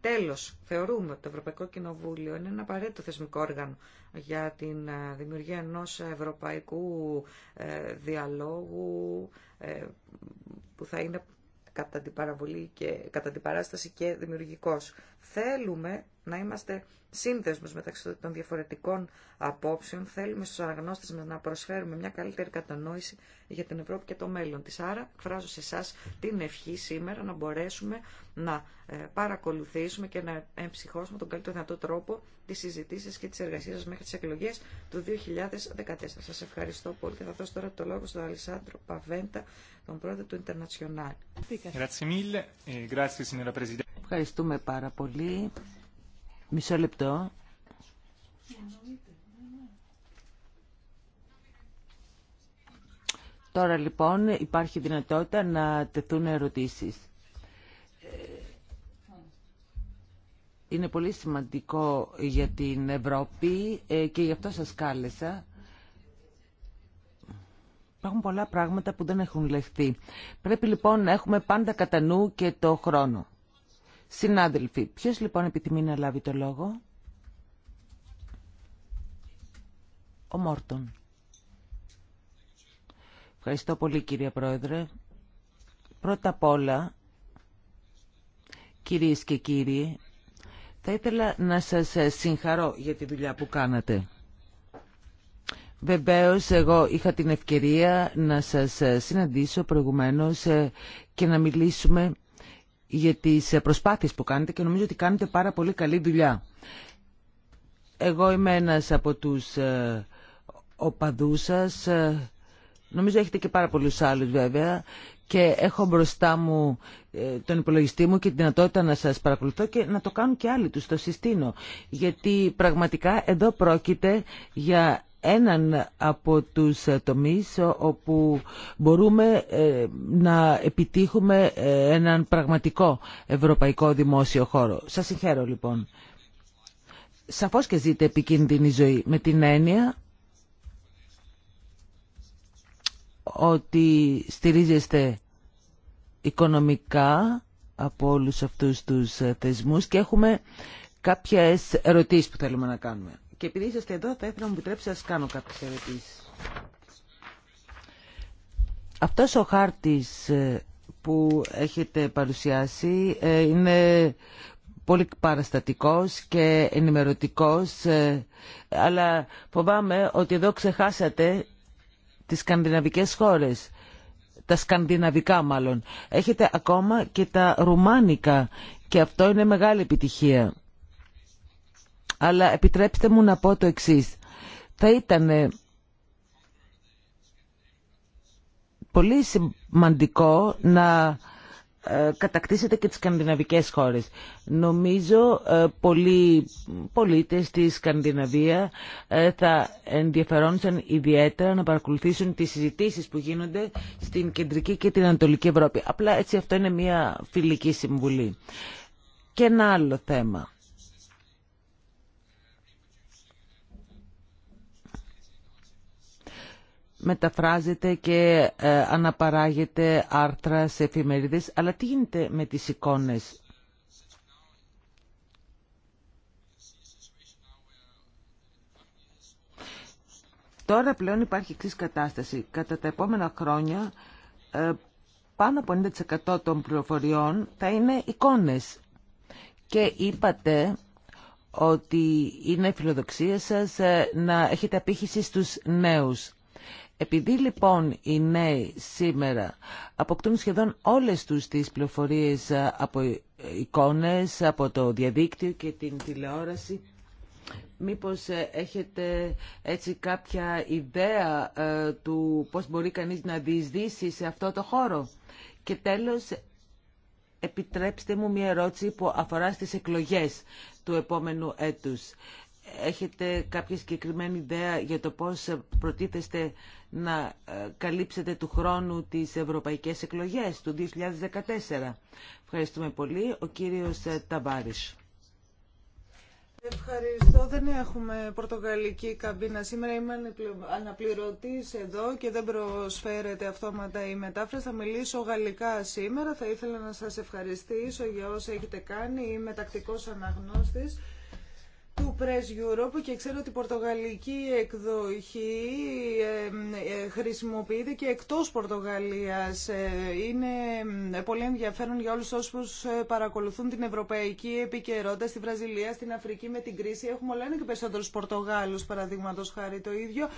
Τέλος, θεωρούμε ότι το Ευρωπαϊκό Κοινοβούλιο είναι ένα απαραίτητο θεσμικό όργανο για τη ε, δημιουργία ενός ευρωπαϊκού ε, διαλόγου ε, που θα είναι κατά την, και, κατά την παράσταση και δημιουργικός. Θέλουμε να είμαστε σύνδεσμος μεταξύ των διαφορετικών απόψεων. Θέλουμε στους αναγνώστες μας να προσφέρουμε μια καλύτερη κατανόηση για την Ευρώπη και το μέλλον της. Άρα εκφράζω σε εσά την ευχή σήμερα να μπορέσουμε να ε, παρακολουθήσουμε και να εμψυχώσουμε τον καλύτερο δυνατό τρόπο τις συζητήσεις και τις εργασίες σας μέχρι τις εκλογές του 2014. Σας ευχαριστώ πολύ και θα δώσω τώρα το λόγο στον Αλισάντρο Παβέντα, τον πρόεδρο του Ιντερνατσιονάλ. E Ευχαριστούμε πάρα πολύ. Μισό λεπτό. Τώρα λοιπόν υπάρχει δυνατότητα να τεθούν ερωτήσεις. Είναι πολύ σημαντικό για την Ευρώπη ε, και γι' αυτό σας κάλεσα. Υπάρχουν πολλά πράγματα που δεν έχουν λεχθεί. Πρέπει λοιπόν να έχουμε πάντα κατά νου και το χρόνο. Συνάδελφοι, ποιος λοιπόν επιθυμεί να λάβει το λόγο? Ο Μόρτον. Ευχαριστώ πολύ κύριε Πρόεδρε. Πρώτα απ' όλα, κυρίες και κύριοι, θα ήθελα να σας συγχαρώ για τη δουλειά που κάνατε. Βεβαίως, εγώ είχα την ευκαιρία να σας συναντήσω προηγουμένως και να μιλήσουμε για τις ε, προσπάθειες που κάνετε και νομίζω ότι κάνετε πάρα πολύ καλή δουλειά. Εγώ είμαι ένας από τους ε, οπαδούς σας. Ε, νομίζω έχετε και πάρα πολλούς άλλους βέβαια και έχω μπροστά μου τον υπολογιστή μου και τη δυνατότητα να σας παρακολουθώ και να το κάνουν και άλλοι τους, το συστήνω. Γιατί πραγματικά εδώ πρόκειται για έναν από τους ε, τομείς ε, όπου μπορούμε ε, να επιτύχουμε έναν πραγματικό ευρωπαϊκό δημόσιο χώρο. Σας συγχαίρω λοιπόν. Σαφώς και ζείτε επικίνδυνη ζωή με την έννοια ότι στηρίζεστε οικονομικά από όλους αυτούς τους θεσμούς και έχουμε κάποιες ερωτήσεις που θέλουμε να κάνουμε και επειδή είσαστε εδώ θα ήθελα να μου επιτρέψει να σα κάνω κάποιε ερωτήσει. Αυτός ο χάρτη ε, που έχετε παρουσιάσει ε, είναι πολύ παραστατικός και ενημερωτικός ε, αλλά φοβάμαι ότι εδώ ξεχάσατε τις σκανδιναβικές χώρες τα σκανδιναβικά μάλλον έχετε ακόμα και τα ρουμάνικα και αυτό είναι μεγάλη επιτυχία αλλά επιτρέψτε μου να πω το εξής. Θα ήταν ε, πολύ σημαντικό να ε, κατακτήσετε και τις σκανδιναβικές χώρες. Νομίζω ε, πολλοί πολίτες στη Σκανδιναβία θα ενδιαφερόντουσαν ιδιαίτερα να παρακολουθήσουν τις συζητήσεις που γίνονται στην Κεντρική και την Ανατολική Ευρώπη. Απλά έτσι αυτό είναι μια φιλική συμβουλή. Και ένα άλλο θέμα. μεταφράζεται και ε, αναπαράγεται άρθρα σε εφημερίδες. Αλλά τι γίνεται με τις εικόνες. Τώρα πλέον υπάρχει εξή κατάσταση. Κατά τα επόμενα χρόνια ε, πάνω από 90% των πληροφοριών θα είναι εικόνες. Και είπατε ότι είναι φιλοδοξία σας ε, να έχετε απήχηση στους νέους. Επειδή λοιπόν οι νέοι σήμερα αποκτούν σχεδόν όλες τους τις πληροφορίες ε, από ε, εικόνες, από το διαδίκτυο και την τηλεόραση, μήπως ε, έχετε έτσι κάποια ιδέα του πώς μπορεί κανείς να διεισδύσει σε αυτό το χώρο. Και τέλος, επιτρέψτε μου μια ερώτηση που αφορά στις εκλογές του επόμενου έτους. Έχετε κάποια συγκεκριμένη ιδέα για το πώς προτίθεστε να ε, καλύψετε του χρόνου τις ευρωπαϊκές εκλογές του 2014. Ευχαριστούμε πολύ. Ο κύριος ε, Ταβάρης. Ευχαριστώ. Δεν έχουμε πορτογαλική καμπίνα σήμερα. Είμαι αναπληρωτής εδώ και δεν προσφέρεται αυτόματα η μετάφραση. Θα μιλήσω γαλλικά σήμερα. Θα ήθελα να σας ευχαριστήσω για όσα έχετε κάνει. Είμαι τακτικός αναγνώστης του Press Europe και ξέρω ότι η πορτογαλική εκδοχή ε, χρησιμοποιείται και εκτός Πορτογαλίας. Ε, είναι πολύ ενδιαφέρον για όλους όσους ε, παρακολουθούν την ευρωπαϊκή επικαιρότητα στη Βραζιλία, στην Αφρική με την κρίση. Έχουμε όλα ένα και περισσότερους Πορτογάλους παραδείγματο χάρη το ίδιο.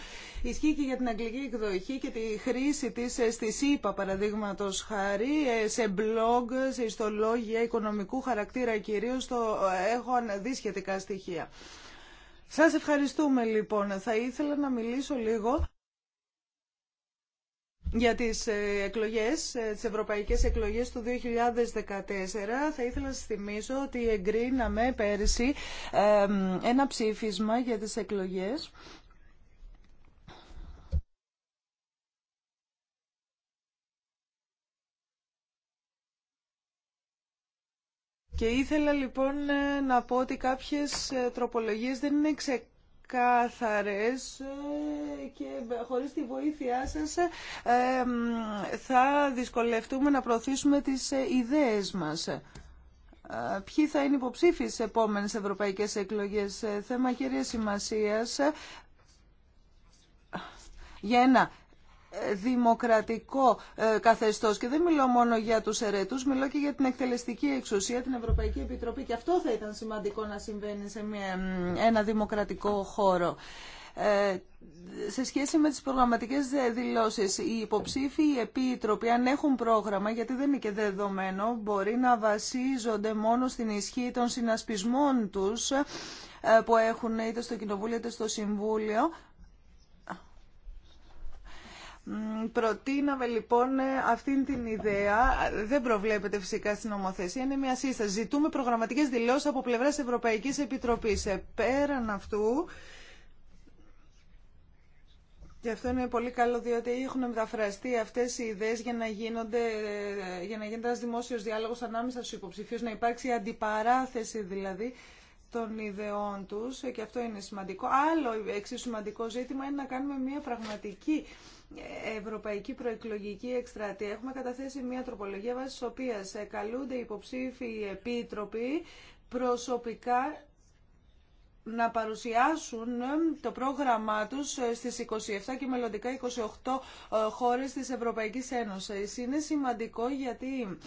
Ισχύει και για την αγγλική εκδοχή και τη χρήση της στη ΣΥΠΑ παραδείγματο χάρη σε blog, σε ιστολόγια οικονομικού χαρακτήρα κυρίως το έχω δει σχετικά στοιχεία. Σα Σας ευχαριστούμε λοιπόν. Θα ήθελα να μιλήσω λίγο για τις ε, εκλογές, ε, τις ευρωπαϊκές εκλογές του 2014 θα ήθελα να σας θυμίσω ότι εγκρίναμε πέρυσι ένα ψήφισμα για τις εκλογές Και ήθελα λοιπόν ε, να πω ότι κάποιες ε, τροπολογίες δεν είναι ξεκάθαρες ε, και χωρίς τη βοήθειά σας θα δυσκολευτούμε να προωθήσουμε τις ιδέες μας. Ποιοι θα είναι υποψήφοι σε επόμενες ευρωπαϊκές εκλογές. Θέμα χέρια σημασίας για ένα δημοκρατικό ε, καθεστώς και δεν μιλώ μόνο για τους αιρέτου, μιλώ και για την εκτελεστική εξουσία, την Ευρωπαϊκή Επιτροπή και αυτό θα ήταν σημαντικό να συμβαίνει σε μια, ένα δημοκρατικό χώρο. Ε, σε σχέση με τις προγραμματικές δηλώσεις, οι υποψήφοι, οι επίτροποι, αν έχουν πρόγραμμα, γιατί δεν είναι και δεδομένο, μπορεί να βασίζονται μόνο στην ισχύ των συνασπισμών τους ε, που έχουν είτε στο Κοινοβούλιο είτε στο Συμβούλιο, Προτείναμε λοιπόν ε, αυτή την ιδέα, δεν προβλέπεται φυσικά στην νομοθεσία, είναι μια σύσταση. Ζητούμε προγραμματικέ δηλώσει από πλευράς Ευρωπαϊκή Επιτροπή. Ε, πέραν αυτού, και αυτό είναι πολύ καλό, διότι έχουν μεταφραστεί αυτέ οι ιδέε για να, γίνονται, ε, για να γίνεται ένα δημόσιο διάλογο ανάμεσα στου υποψηφίου, να υπάρξει αντιπαράθεση δηλαδή των ιδεών του. Και αυτό είναι σημαντικό. Άλλο εξίσου σημαντικό ζήτημα είναι να κάνουμε μια πραγματική Ευρωπαϊκή Προεκλογική Εκστρατεία. Έχουμε καταθέσει μια τροπολογία βάσει της οποίας ε, καλούνται υποψήφοι επίτροποι προσωπικά να παρουσιάσουν ε, το πρόγραμμά τους ε, στις 27 και μελλοντικά 28 χώρες της Ευρωπαϊκής Ένωσης. Είναι σημαντικό γιατί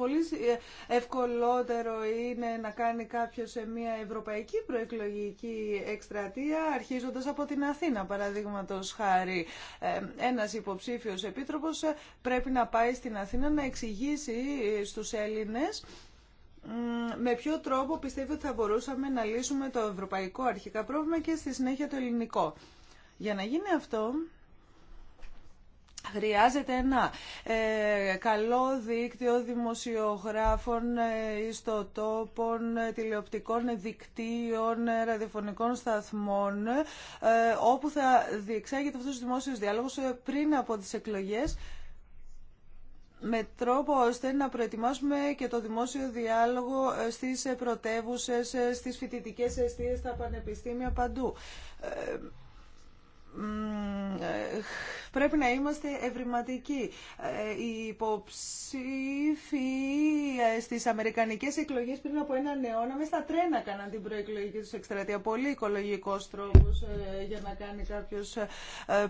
πολύ ε, ευκολότερο είναι να κάνει κάποιο σε μια ευρωπαϊκή προεκλογική εκστρατεία αρχίζοντας από την Αθήνα παραδείγματος χάρη. Ε, ένας υποψήφιος επίτροπος ε, πρέπει να πάει στην Αθήνα να εξηγήσει στους Έλληνες με ποιο τρόπο πιστεύει ότι θα μπορούσαμε να λύσουμε το ευρωπαϊκό αρχικά πρόβλημα και στη συνέχεια το ελληνικό. Για να γίνει αυτό, Χρειάζεται ένα ε, καλό δίκτυο δημοσιογράφων, ε, ιστοτόπων, ε, τηλεοπτικών δικτύων, ε, ραδιοφωνικών σταθμών, όπου θα διεξάγεται αυτός ο δημόσιος διάλογος πριν από τις εκλογές, με τρόπο ώστε να προετοιμάσουμε και το δημόσιο διάλογο στις πρωτεύουσες, στις φοιτητικές αιστείες, στα πανεπιστήμια, παντού. Ε, πρέπει να είμαστε ευρηματικοί. Ε, οι υποψήφοι ε, στις αμερικανικές εκλογές πριν από έναν αιώνα μέσα στα τρένα κάναν την προεκλογική τους εκστρατεία. Πολύ οικολογικός τρόπος για να κάνει κάποιος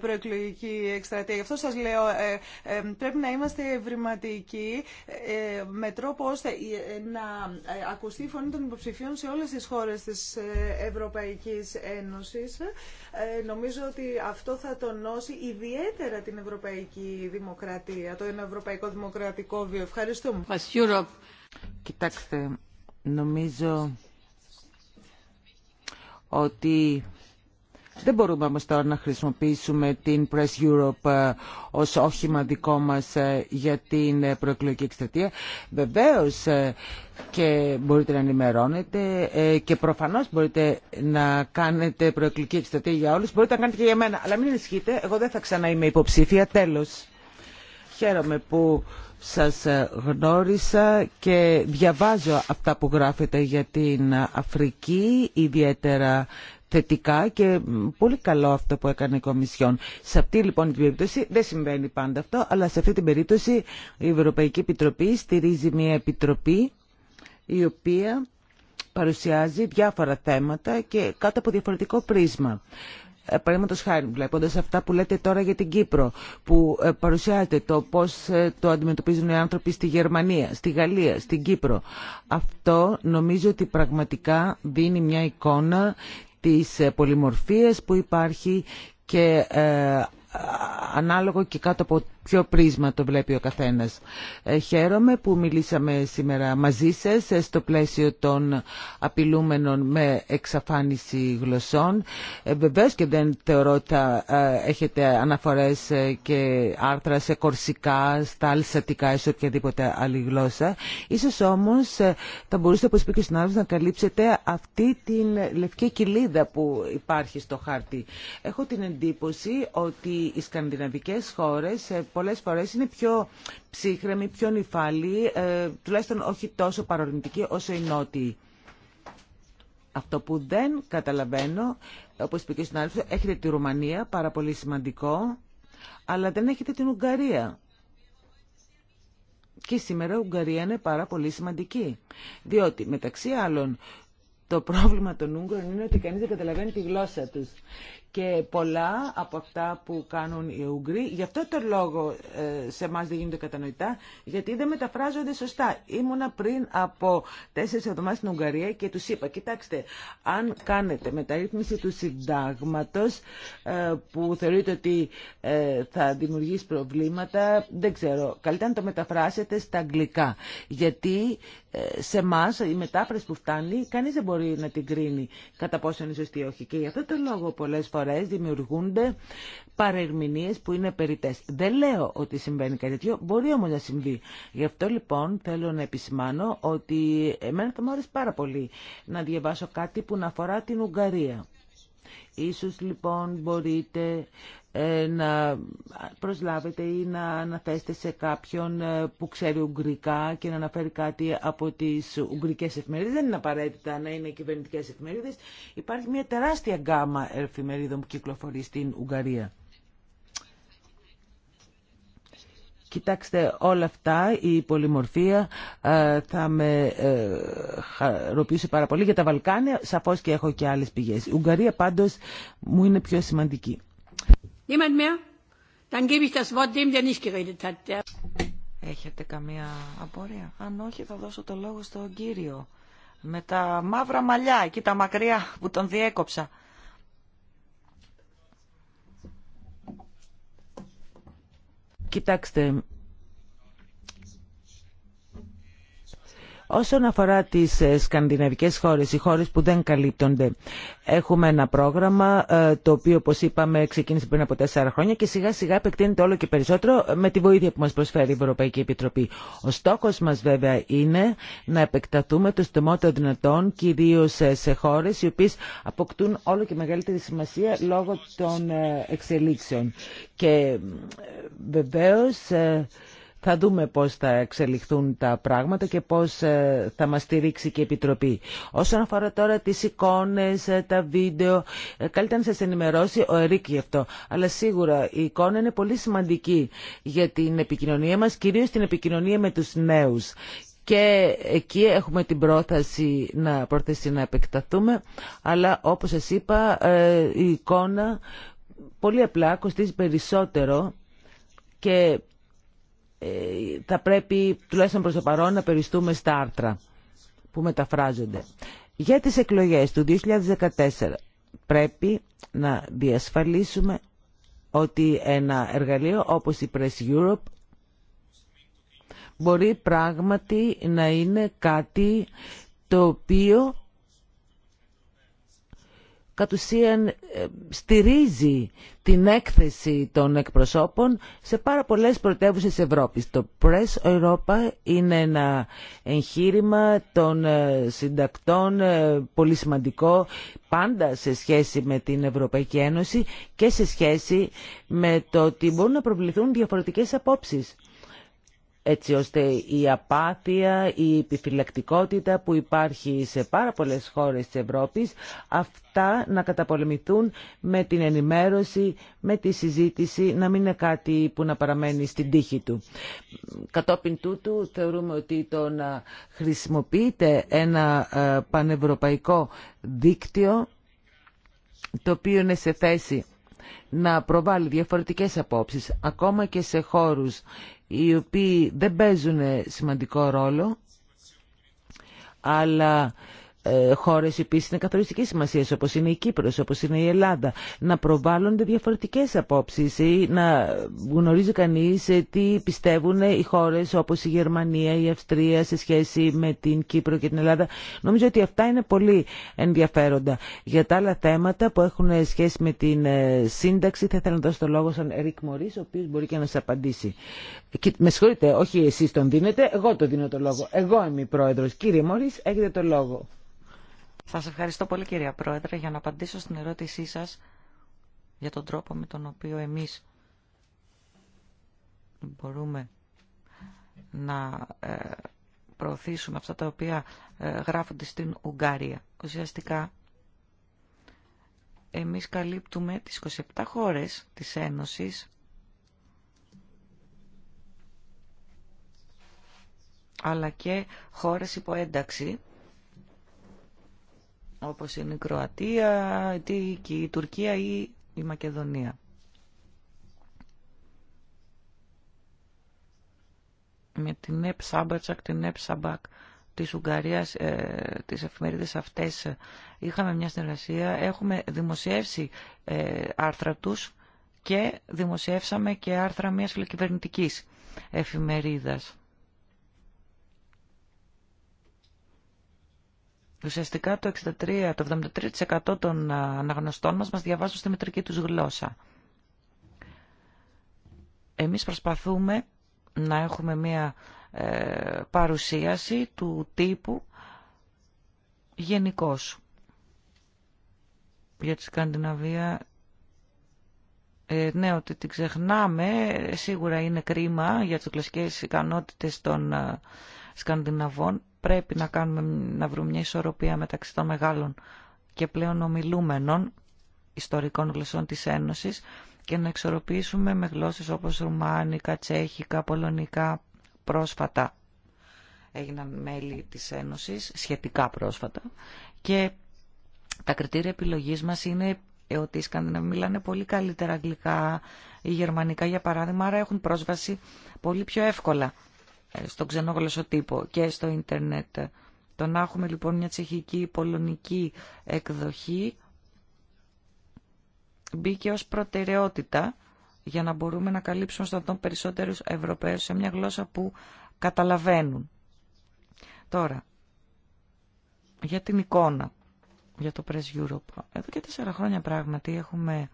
προεκλογική εκστρατεία. Γι' αυτό σας λέω πρέπει να είμαστε ευρηματικοί με τρόπο ώστε να ακουστεί η φωνή των υποψηφίων σε όλες τις χώρες της Ευρωπαϊκής Ένωσης. Νομίζω ότι αυτό θα τονώσει ιδιαίτερα την ευρωπαϊκή δημοκρατία, το ευρωπαϊκό δημοκρατικό βίο. Ευχαριστούμε. Κοιτάξτε, νομίζω ότι δεν μπορούμε όμως τώρα να χρησιμοποιήσουμε την Press Europe ε, ως όχημα δικό μας ε, για την ε, προεκλογική εκστρατεία. Βεβαίως και μπορείτε να ενημερώνετε και προφανώς μπορείτε να κάνετε προεκλογική εκστρατεία για όλους. Μπορείτε να κάνετε και για μένα. Αλλά μην ενισχύετε, εγώ δεν θα ξανά είμαι υποψήφια. Τέλος. Χαίρομαι που σας γνώρισα και διαβάζω αυτά που γράφετε για την Αφρική, ιδιαίτερα θετικά και πολύ καλό αυτό που έκανε η Κομισιόν. Σε αυτή λοιπόν την περίπτωση δεν συμβαίνει πάντα αυτό, αλλά σε αυτή την περίπτωση η Ευρωπαϊκή Επιτροπή στηρίζει μια επιτροπή η οποία παρουσιάζει διάφορα θέματα και κάτω από διαφορετικό πρίσμα. Ε, Παραδείγματο χάρη, βλέποντα αυτά που λέτε τώρα για την Κύπρο, που ε, παρουσιάζεται το πώ ε, το αντιμετωπίζουν οι άνθρωποι στη Γερμανία, στη Γαλλία, στην Κύπρο. Αυτό νομίζω ότι πραγματικά δίνει μια εικόνα τις ε, πολυμορφίες που υπάρχει και ε, ανάλογο και κάτω από ποιο πρίσμα το βλέπει ο καθένας. Ε, χαίρομαι που μιλήσαμε σήμερα μαζί σας ε, στο πλαίσιο των απειλούμενων με εξαφάνιση γλωσσών. Ε, βεβαίως και δεν θεωρώ ότι θα έχετε αναφορές και άρθρα σε κορσικά, στα αλσατικά ή σε οποιαδήποτε άλλη γλώσσα. Ίσως όμως θα μπορούσατε, όπως είπε και ο να καλύψετε αυτή την λευκή κοιλίδα που υπάρχει στο χάρτη. Έχω την εντύπωση ότι οι σκανδιναβικές χώρες πολλές φορές είναι πιο ψύχρεμοι, πιο νυφάλιοι, ε, τουλάχιστον όχι τόσο παρορμητική όσο οι νότιοι. Αυτό που δεν καταλαβαίνω, όπως είπε και ο άλλο, έχετε τη Ρουμανία, πάρα πολύ σημαντικό, αλλά δεν έχετε την Ουγγαρία. Και σήμερα η Ουγγαρία είναι πάρα πολύ σημαντική. Διότι μεταξύ άλλων το πρόβλημα των Ούγγρων είναι ότι κανείς δεν καταλαβαίνει τη γλώσσα τους και πολλά από αυτά που κάνουν οι Ούγγροι. Γι' αυτό το λόγο ε, σε εμά δεν γίνονται κατανοητά, γιατί δεν μεταφράζονται σωστά. Ήμουνα πριν από τέσσερι εβδομάδε στην Ουγγαρία και του είπα, κοιτάξτε, αν κάνετε μεταρρύθμιση του συντάγματο ε, που θεωρείτε ότι ε, θα δημιουργήσει προβλήματα, δεν ξέρω, καλύτερα να το μεταφράσετε στα αγγλικά. Γιατί σε εμά η μετάφραση που φτάνει, κανεί δεν μπορεί να την κρίνει κατά πόσο είναι σωστή ή όχι. Και γι' αυτό το λόγο πολλέ φορέ φορές δημιουργούνται παρερμηνίες που είναι περιτές. Δεν λέω ότι συμβαίνει κάτι τέτοιο, μπορεί όμως να συμβεί. Γι' αυτό λοιπόν θέλω να επισημάνω ότι εμένα θα μου άρεσε πάρα πολύ να διαβάσω κάτι που να αφορά την Ουγγαρία. Ίσως λοιπόν μπορείτε ε, να προσλάβετε ή να αναθέσετε σε κάποιον ε, που ξέρει Ουγγρικά και να αναφέρει κάτι από τις Ουγγρικές εφημερίδες. Δεν είναι απαραίτητα να είναι κυβερνητικές εφημερίδες. Υπάρχει μια τεράστια γκάμα εφημερίδων που κυκλοφορεί στην Ουγγαρία. Κοιτάξτε όλα αυτά, η πολυμορφία ε, θα με ε, χαροποιούσε πάρα πολύ. Για τα Βαλκάνια σαφώς και έχω και άλλες πηγές. Η Ουγγαρία πάντως μου είναι πιο σημαντική. Έχετε καμία απορία. Αν όχι θα δώσω το λόγο στον κύριο. Με τα μαύρα μαλλιά, και τα μακριά που τον διέκοψα. Κοιτάξτε, Όσον αφορά τις ε, σκανδιναβικές χώρες, οι χώρες που δεν καλύπτονται, έχουμε ένα πρόγραμμα ε, το οποίο όπως είπαμε ξεκίνησε πριν από τέσσερα χρόνια και σιγά σιγά επεκτείνεται όλο και περισσότερο ε, με τη βοήθεια που μας προσφέρει η Ευρωπαϊκή Επιτροπή. Ο στόχος μας βέβαια είναι να επεκταθούμε το των δυνατών, κυρίω σε χώρες οι οποίες αποκτούν όλο και μεγαλύτερη σημασία λόγω των εξελίξεων. Και βεβαίως θα δούμε πώς θα εξελιχθούν τα πράγματα και πώς ε, θα μας στηρίξει και η Επιτροπή. Όσον αφορά τώρα τις εικόνες, ε, τα βίντεο, ε, καλύτερα να σας ενημερώσει ο Ερίκ γι' αυτό. Αλλά σίγουρα η εικόνα είναι πολύ σημαντική για την επικοινωνία μας, κυρίως την επικοινωνία με τους νέους και εκεί έχουμε την πρόθεση να, πρόθεση να επεκταθούμε αλλά όπως σας είπα η εικόνα πολύ απλά κοστίζει περισσότερο και ε, θα πρέπει τουλάχιστον προς το παρόν να περιστούμε στα άρθρα που μεταφράζονται. Για τις εκλογές του 2014 πρέπει να διασφαλίσουμε ότι ένα εργαλείο όπως η Press Europe μπορεί πράγματι να είναι κάτι το οποίο κατ' ουσίαν ε, στηρίζει την έκθεση των εκπροσώπων σε πάρα πολλές πρωτεύουσες Ευρώπης. Το Press Europa είναι ένα εγχείρημα των ε, συντακτών ε, πολύ σημαντικό πάντα σε σχέση με την Ευρωπαϊκή Ένωση και σε σχέση με το ότι μπορούν να προβληθούν διαφορετικές απόψεις έτσι ώστε η απάθεια, η επιφυλακτικότητα που υπάρχει σε πάρα πολλές χώρες της Ευρώπης, αυτά να καταπολεμηθούν με την ενημέρωση, με τη συζήτηση, να μην είναι κάτι που να παραμένει στην τύχη του. Κατόπιν τούτου θεωρούμε ότι το να χρησιμοποιείται ένα ε, πανευρωπαϊκό δίκτυο, το οποίο είναι σε θέση να προβάλλει διαφορετικές απόψεις, ακόμα και σε χώρους οι οποίοι δεν παίζουν σημαντικό ρόλο αλλά ε, χώρες οι οποίες είναι καθοριστική σημασία, όπως είναι η Κύπρος, όπως είναι η Ελλάδα, να προβάλλονται διαφορετικές απόψεις ή να γνωρίζει κανείς ε, τι πιστεύουν ε, οι χώρες όπως η Γερμανία, η Αυστρία σε σχέση με την Κύπρο και την Ελλάδα. Νομίζω ότι αυτά είναι πολύ ενδιαφέροντα. Για τα άλλα θέματα που έχουν σχέση με την σύνταξη θα ήθελα να δώσω το λόγο στον Ερικ Μωρίς, ο οποίος μπορεί και να σας απαντήσει. Με συγχωρείτε, όχι εσείς τον δίνετε, εγώ το δίνω το λόγο. Εγώ είμαι η πρόεδρος. Κύριε Μωρίς, έχετε το λόγο. Σας ευχαριστώ πολύ κυρία Πρόεδρε για να απαντήσω στην ερώτησή σας για τον τρόπο με τον οποίο εμείς μπορούμε να ε, προωθήσουμε αυτά τα οποία ε, γράφονται στην Ουγγαρία. Ουσιαστικά, εμείς καλύπτουμε τις 27 χώρες της Ένωσης, αλλά και χώρες υποένταξη όπως είναι η Κροατία, η Τουρκία ή η Μακεδονία. Με την ΕΠ Σάμπατσακ, την ΕΠ Σαμπακ της Ουγγαρίας, ε, τις εφημερίδες αυτές, ε, είχαμε μια συνεργασία. Έχουμε δημοσιεύσει ε, άρθρα τους και δημοσιεύσαμε και άρθρα μιας φιλοκυβερνητικής εφημερίδας. Ουσιαστικά το 63, το 73% των ε, αναγνωστών μας μας διαβάζουν στη μητρική τους γλώσσα. Εμείς προσπαθούμε να έχουμε μία ε, παρουσίαση του τύπου γενικώ. Για τη Σκανδιναβία, ε, ναι, ότι την ξεχνάμε, σίγουρα είναι κρίμα για τις κλασικές ικανότητες των Σκανδιναβών πρέπει να, κάνουμε, να βρούμε μια ισορροπία μεταξύ των μεγάλων και πλέον ομιλούμενων ιστορικών γλωσσών της Ένωσης και να εξορροπήσουμε με γλώσσες όπως Ρουμάνικα, Τσέχικα, Πολωνικά πρόσφατα έγιναν μέλη της Ένωσης, σχετικά πρόσφατα και τα κριτήρια επιλογής μας είναι ότι οι Σκανδιναβοί μιλάνε πολύ καλύτερα αγγλικά ή γερμανικά για παράδειγμα, άρα έχουν πρόσβαση πολύ πιο εύκολα ε, στον ξενόγλωσσο τύπο και στο ίντερνετ. Το να έχουμε λοιπόν μια τσεχική πολωνική εκδοχή μπήκε ως προτεραιότητα για να μπορούμε να καλύψουμε στον τον περισσότερους Ευρωπαίους σε μια γλώσσα που καταλαβαίνουν. Τώρα, για την εικόνα, για το Press Europe. Εδώ και τέσσερα χρόνια πράγματι έχουμε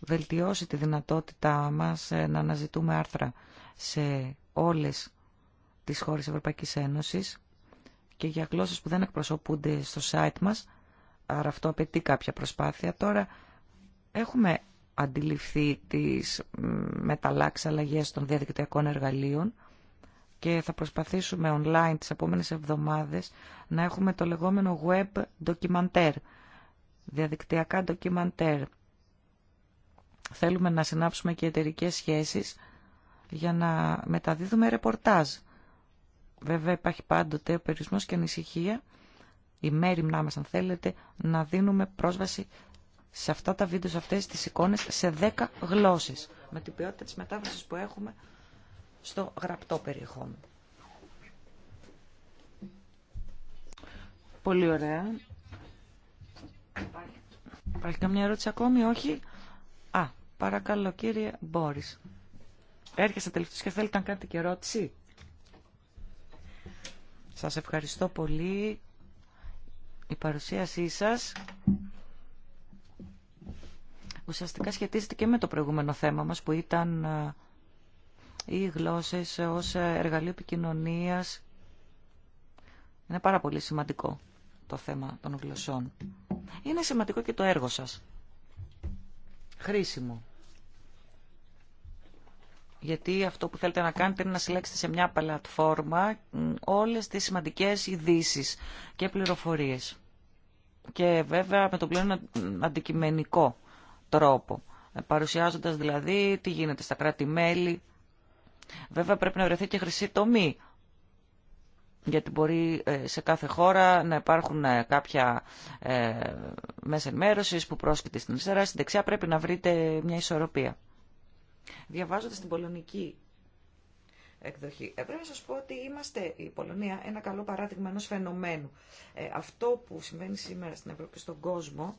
βελτιώσει τη δυνατότητά μας ε, να αναζητούμε άρθρα σε όλες τις χώρες Ευρωπαϊκής Ένωσης και για γλώσσες που δεν εκπροσωπούνται στο site μας, άρα αυτό απαιτεί κάποια προσπάθεια. Τώρα έχουμε αντιληφθεί τις μεταλλάξεις αλλαγές των διαδικτυακών εργαλείων και θα προσπαθήσουμε online τις επόμενες εβδομάδες να έχουμε το λεγόμενο web ντοκιμαντέρ διαδικτυακά ντοκιμαντέρ Θέλουμε να συνάψουμε και εταιρικέ σχέσεις για να μεταδίδουμε ρεπορτάζ. Βέβαια υπάρχει πάντοτε ο περισμός και ανησυχία, η μνά μας αν θέλετε, να δίνουμε πρόσβαση σε αυτά τα βίντεο, σε αυτές τις εικόνες, σε 10 γλώσσες, με την ποιότητα της μετάβασης που έχουμε στο γραπτό περιεχόμενο. Πολύ ωραία. Υπάρχει καμιά ερώτηση ακόμη, όχι. Α, παρακαλώ κύριε Μπόρις. Έρχεσαι τελευταίος και θέλετε να κάνετε και ερώτηση. Σας ευχαριστώ πολύ η παρουσίασή σας. Ουσιαστικά σχετίζεται και με το προηγούμενο θέμα μας που ήταν ε, οι γλώσσες ως εργαλείο επικοινωνίας. Είναι πάρα πολύ σημαντικό το θέμα των γλωσσών. Είναι σημαντικό και το έργο σας. Χρήσιμο γιατί αυτό που θέλετε να κάνετε είναι να συλλέξετε σε μια πλατφόρμα όλες τις σημαντικές ειδήσει και πληροφορίες. Και βέβαια με τον πλέον αντικειμενικό τρόπο, παρουσιάζοντας δηλαδή τι γίνεται στα κράτη-μέλη. Βέβαια πρέπει να βρεθεί και χρυσή τομή, γιατί μπορεί ε, σε κάθε χώρα να υπάρχουν ε, κάποια ε, μέσα ενημέρωση που πρόσκειται στην αριστερά, στην δεξιά πρέπει να βρείτε μια ισορροπία. Διαβάζοντας την πολωνική εκδοχή. Ε, πρέπει να σας πω ότι είμαστε η Πολωνία ένα καλό παράδειγμα ενός φαινομένου. Ε, αυτό που συμβαίνει σήμερα στην Ευρώπη και στον κόσμο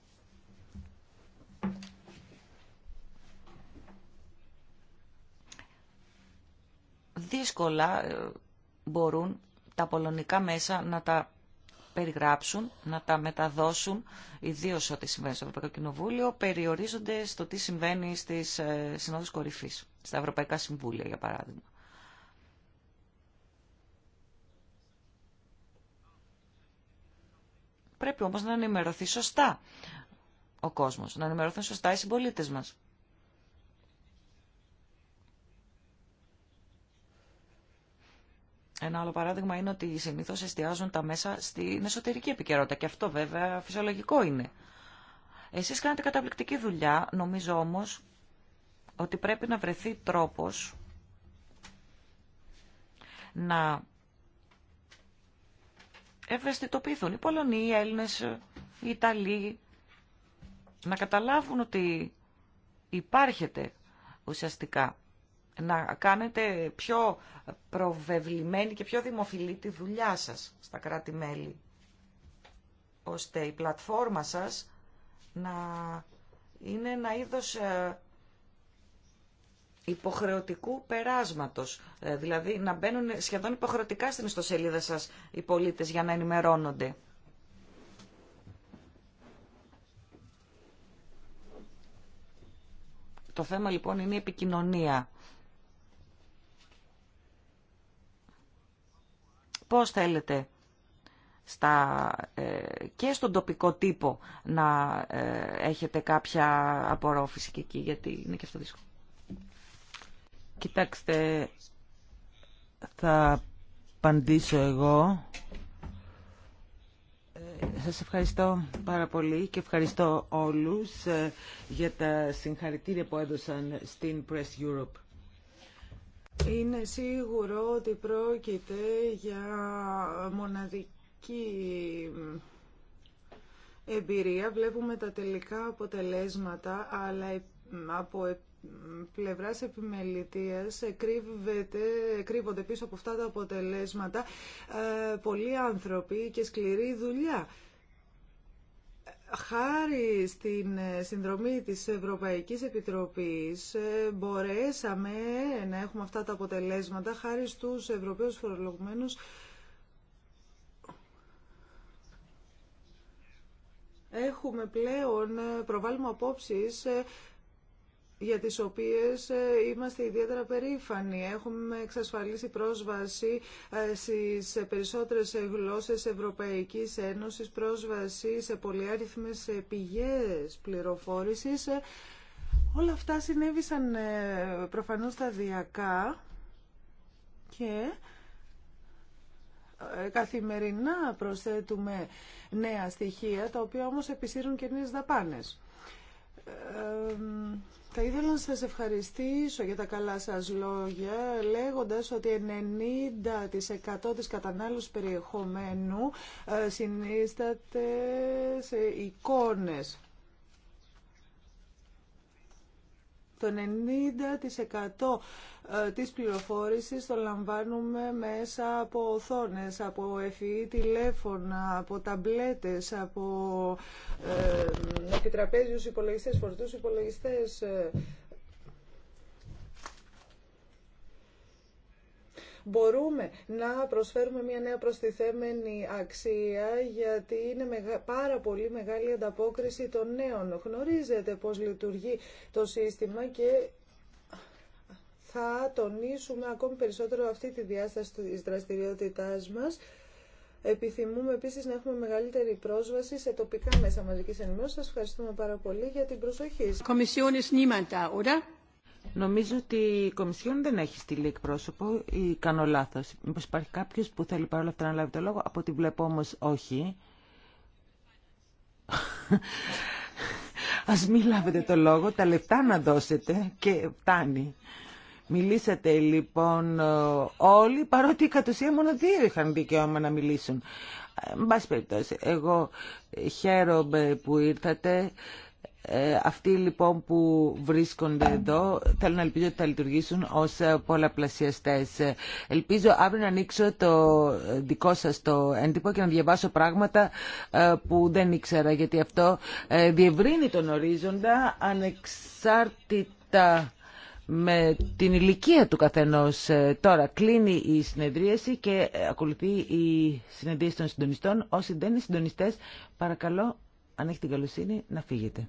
δύσκολα ε, μπορούν τα πολωνικά μέσα να τα περιγράψουν, να τα μεταδώσουν, ιδίω ό,τι συμβαίνει στο Ευρωπαϊκό Κοινοβούλιο, περιορίζονται στο τι συμβαίνει στις ε, συνόδους Κορυφή, στα Ευρωπαϊκά Συμβούλια για παράδειγμα. Πρέπει όμως να ενημερωθεί σωστά ο κόσμος, να ενημερωθούν σωστά οι συμπολίτες μας. Ένα άλλο παράδειγμα είναι ότι συνήθω εστιάζουν τα μέσα στην εσωτερική επικαιρότητα και αυτό βέβαια φυσιολογικό είναι. Εσείς κάνετε καταπληκτική δουλειά, νομίζω όμως ότι πρέπει να βρεθεί τρόπος να ευαισθητοποιηθούν οι Πολωνοί, οι Έλληνε, οι Ιταλοί, να καταλάβουν ότι υπάρχεται ουσιαστικά να κάνετε πιο προβεβλημένη και πιο δημοφιλή τη δουλειά σας στα κράτη-μέλη, ώστε η πλατφόρμα σας να είναι ένα είδος ε, υποχρεωτικού περάσματος. Ε, δηλαδή να μπαίνουν σχεδόν υποχρεωτικά στην ιστοσελίδα σας οι πολίτες για να ενημερώνονται. Το θέμα λοιπόν είναι η επικοινωνία πώς θέλετε στα, ε, και στον τοπικό τύπο να ε, έχετε κάποια απορρόφηση και εκεί, γιατί είναι και αυτό δύσκολο. Κοιτάξτε, θα απαντήσω εγώ. Ε, σας ευχαριστώ πάρα πολύ και ευχαριστώ όλους για τα συγχαρητήρια που έδωσαν στην Press Europe. Είναι σίγουρο ότι πρόκειται για μοναδική εμπειρία. Βλέπουμε τα τελικά αποτελέσματα, αλλά από πλευράς επιμελητίας κρύβονται πίσω από αυτά τα αποτελέσματα ε, πολλοί άνθρωποι και σκληρή δουλειά. Χάρη στην ε, συνδρομή της Ευρωπαϊκής Επιτροπής ε, μπορέσαμε να έχουμε αυτά τα αποτελέσματα χάρη στους Ευρωπαίους φορολογουμένους έχουμε πλέον ε, προβάλλουμε απόψεις για τις οποίες ε, είμαστε ιδιαίτερα περήφανοι. Έχουμε εξασφαλίσει πρόσβαση ε, στις περισσότερες γλώσσες Ευρωπαϊκής Ένωσης, πρόσβαση σε πολυάριθμες πηγές πληροφόρησης. Ε, όλα αυτά συνέβησαν προφανώς σταδιακά και καθημερινά προσθέτουμε νέα στοιχεία, τα οποία όμως επισύρουν και νέες δαπάνες. Θα ήθελα να σας ευχαριστήσω για τα καλά σας λόγια, λέγοντας ότι 90% της κατανάλωσης περιεχομένου ε, συνίσταται σε εικόνες. Το 90% ε, της πληροφόρησης το λαμβάνουμε μέσα από οθόνες, από εφηή τηλέφωνα, από ταμπλέτες, από ε, επιτραπέζιους υπολογιστές, φορτούς υπολογιστές, ε, μπορούμε να προσφέρουμε μια νέα προστιθέμενη αξία γιατί είναι πάρα πολύ μεγάλη ανταπόκριση των νέων. Γνωρίζετε πώς λειτουργεί το σύστημα και θα τονίσουμε ακόμη περισσότερο αυτή τη διάσταση της δραστηριότητάς μας. Επιθυμούμε επίσης να έχουμε μεγαλύτερη πρόσβαση σε τοπικά μέσα μαζικής ενημέρωσης. Σας ευχαριστούμε πάρα πολύ για την προσοχή. Νομίζω ότι η Κομισιόν δεν έχει στείλει εκπρόσωπο ή κάνω λάθο. Μήπω υπάρχει κάποιο που θέλει παρόλα αυτά να λάβει το λόγο. Από ό,τι βλέπω όμω όχι. Α μην λάβετε το λόγο, τα λεφτά να δώσετε και φτάνει. Μιλήσατε λοιπόν όλοι, παρότι κατ' ουσία μόνο δύο είχαν δικαίωμα να μιλήσουν. Ε, εν πάση περιπτώσει, εγώ χαίρομαι που ήρθατε. Ε, αυτοί λοιπόν που βρίσκονται εδώ θέλω να ελπίζω ότι θα λειτουργήσουν ως πολλαπλασιαστές. Ελπίζω αύριο να ανοίξω το δικό σας το έντυπο και να διαβάσω πράγματα ε, που δεν ήξερα γιατί αυτό ε, διευρύνει τον ορίζοντα ανεξάρτητα με την ηλικία του καθενός. Τώρα κλείνει η συνεδρίαση και ακολουθεί η συνεδρίαση των συντονιστών. Όσοι δεν είναι συντονιστές, παρακαλώ, αν έχετε την καλοσύνη, να φύγετε.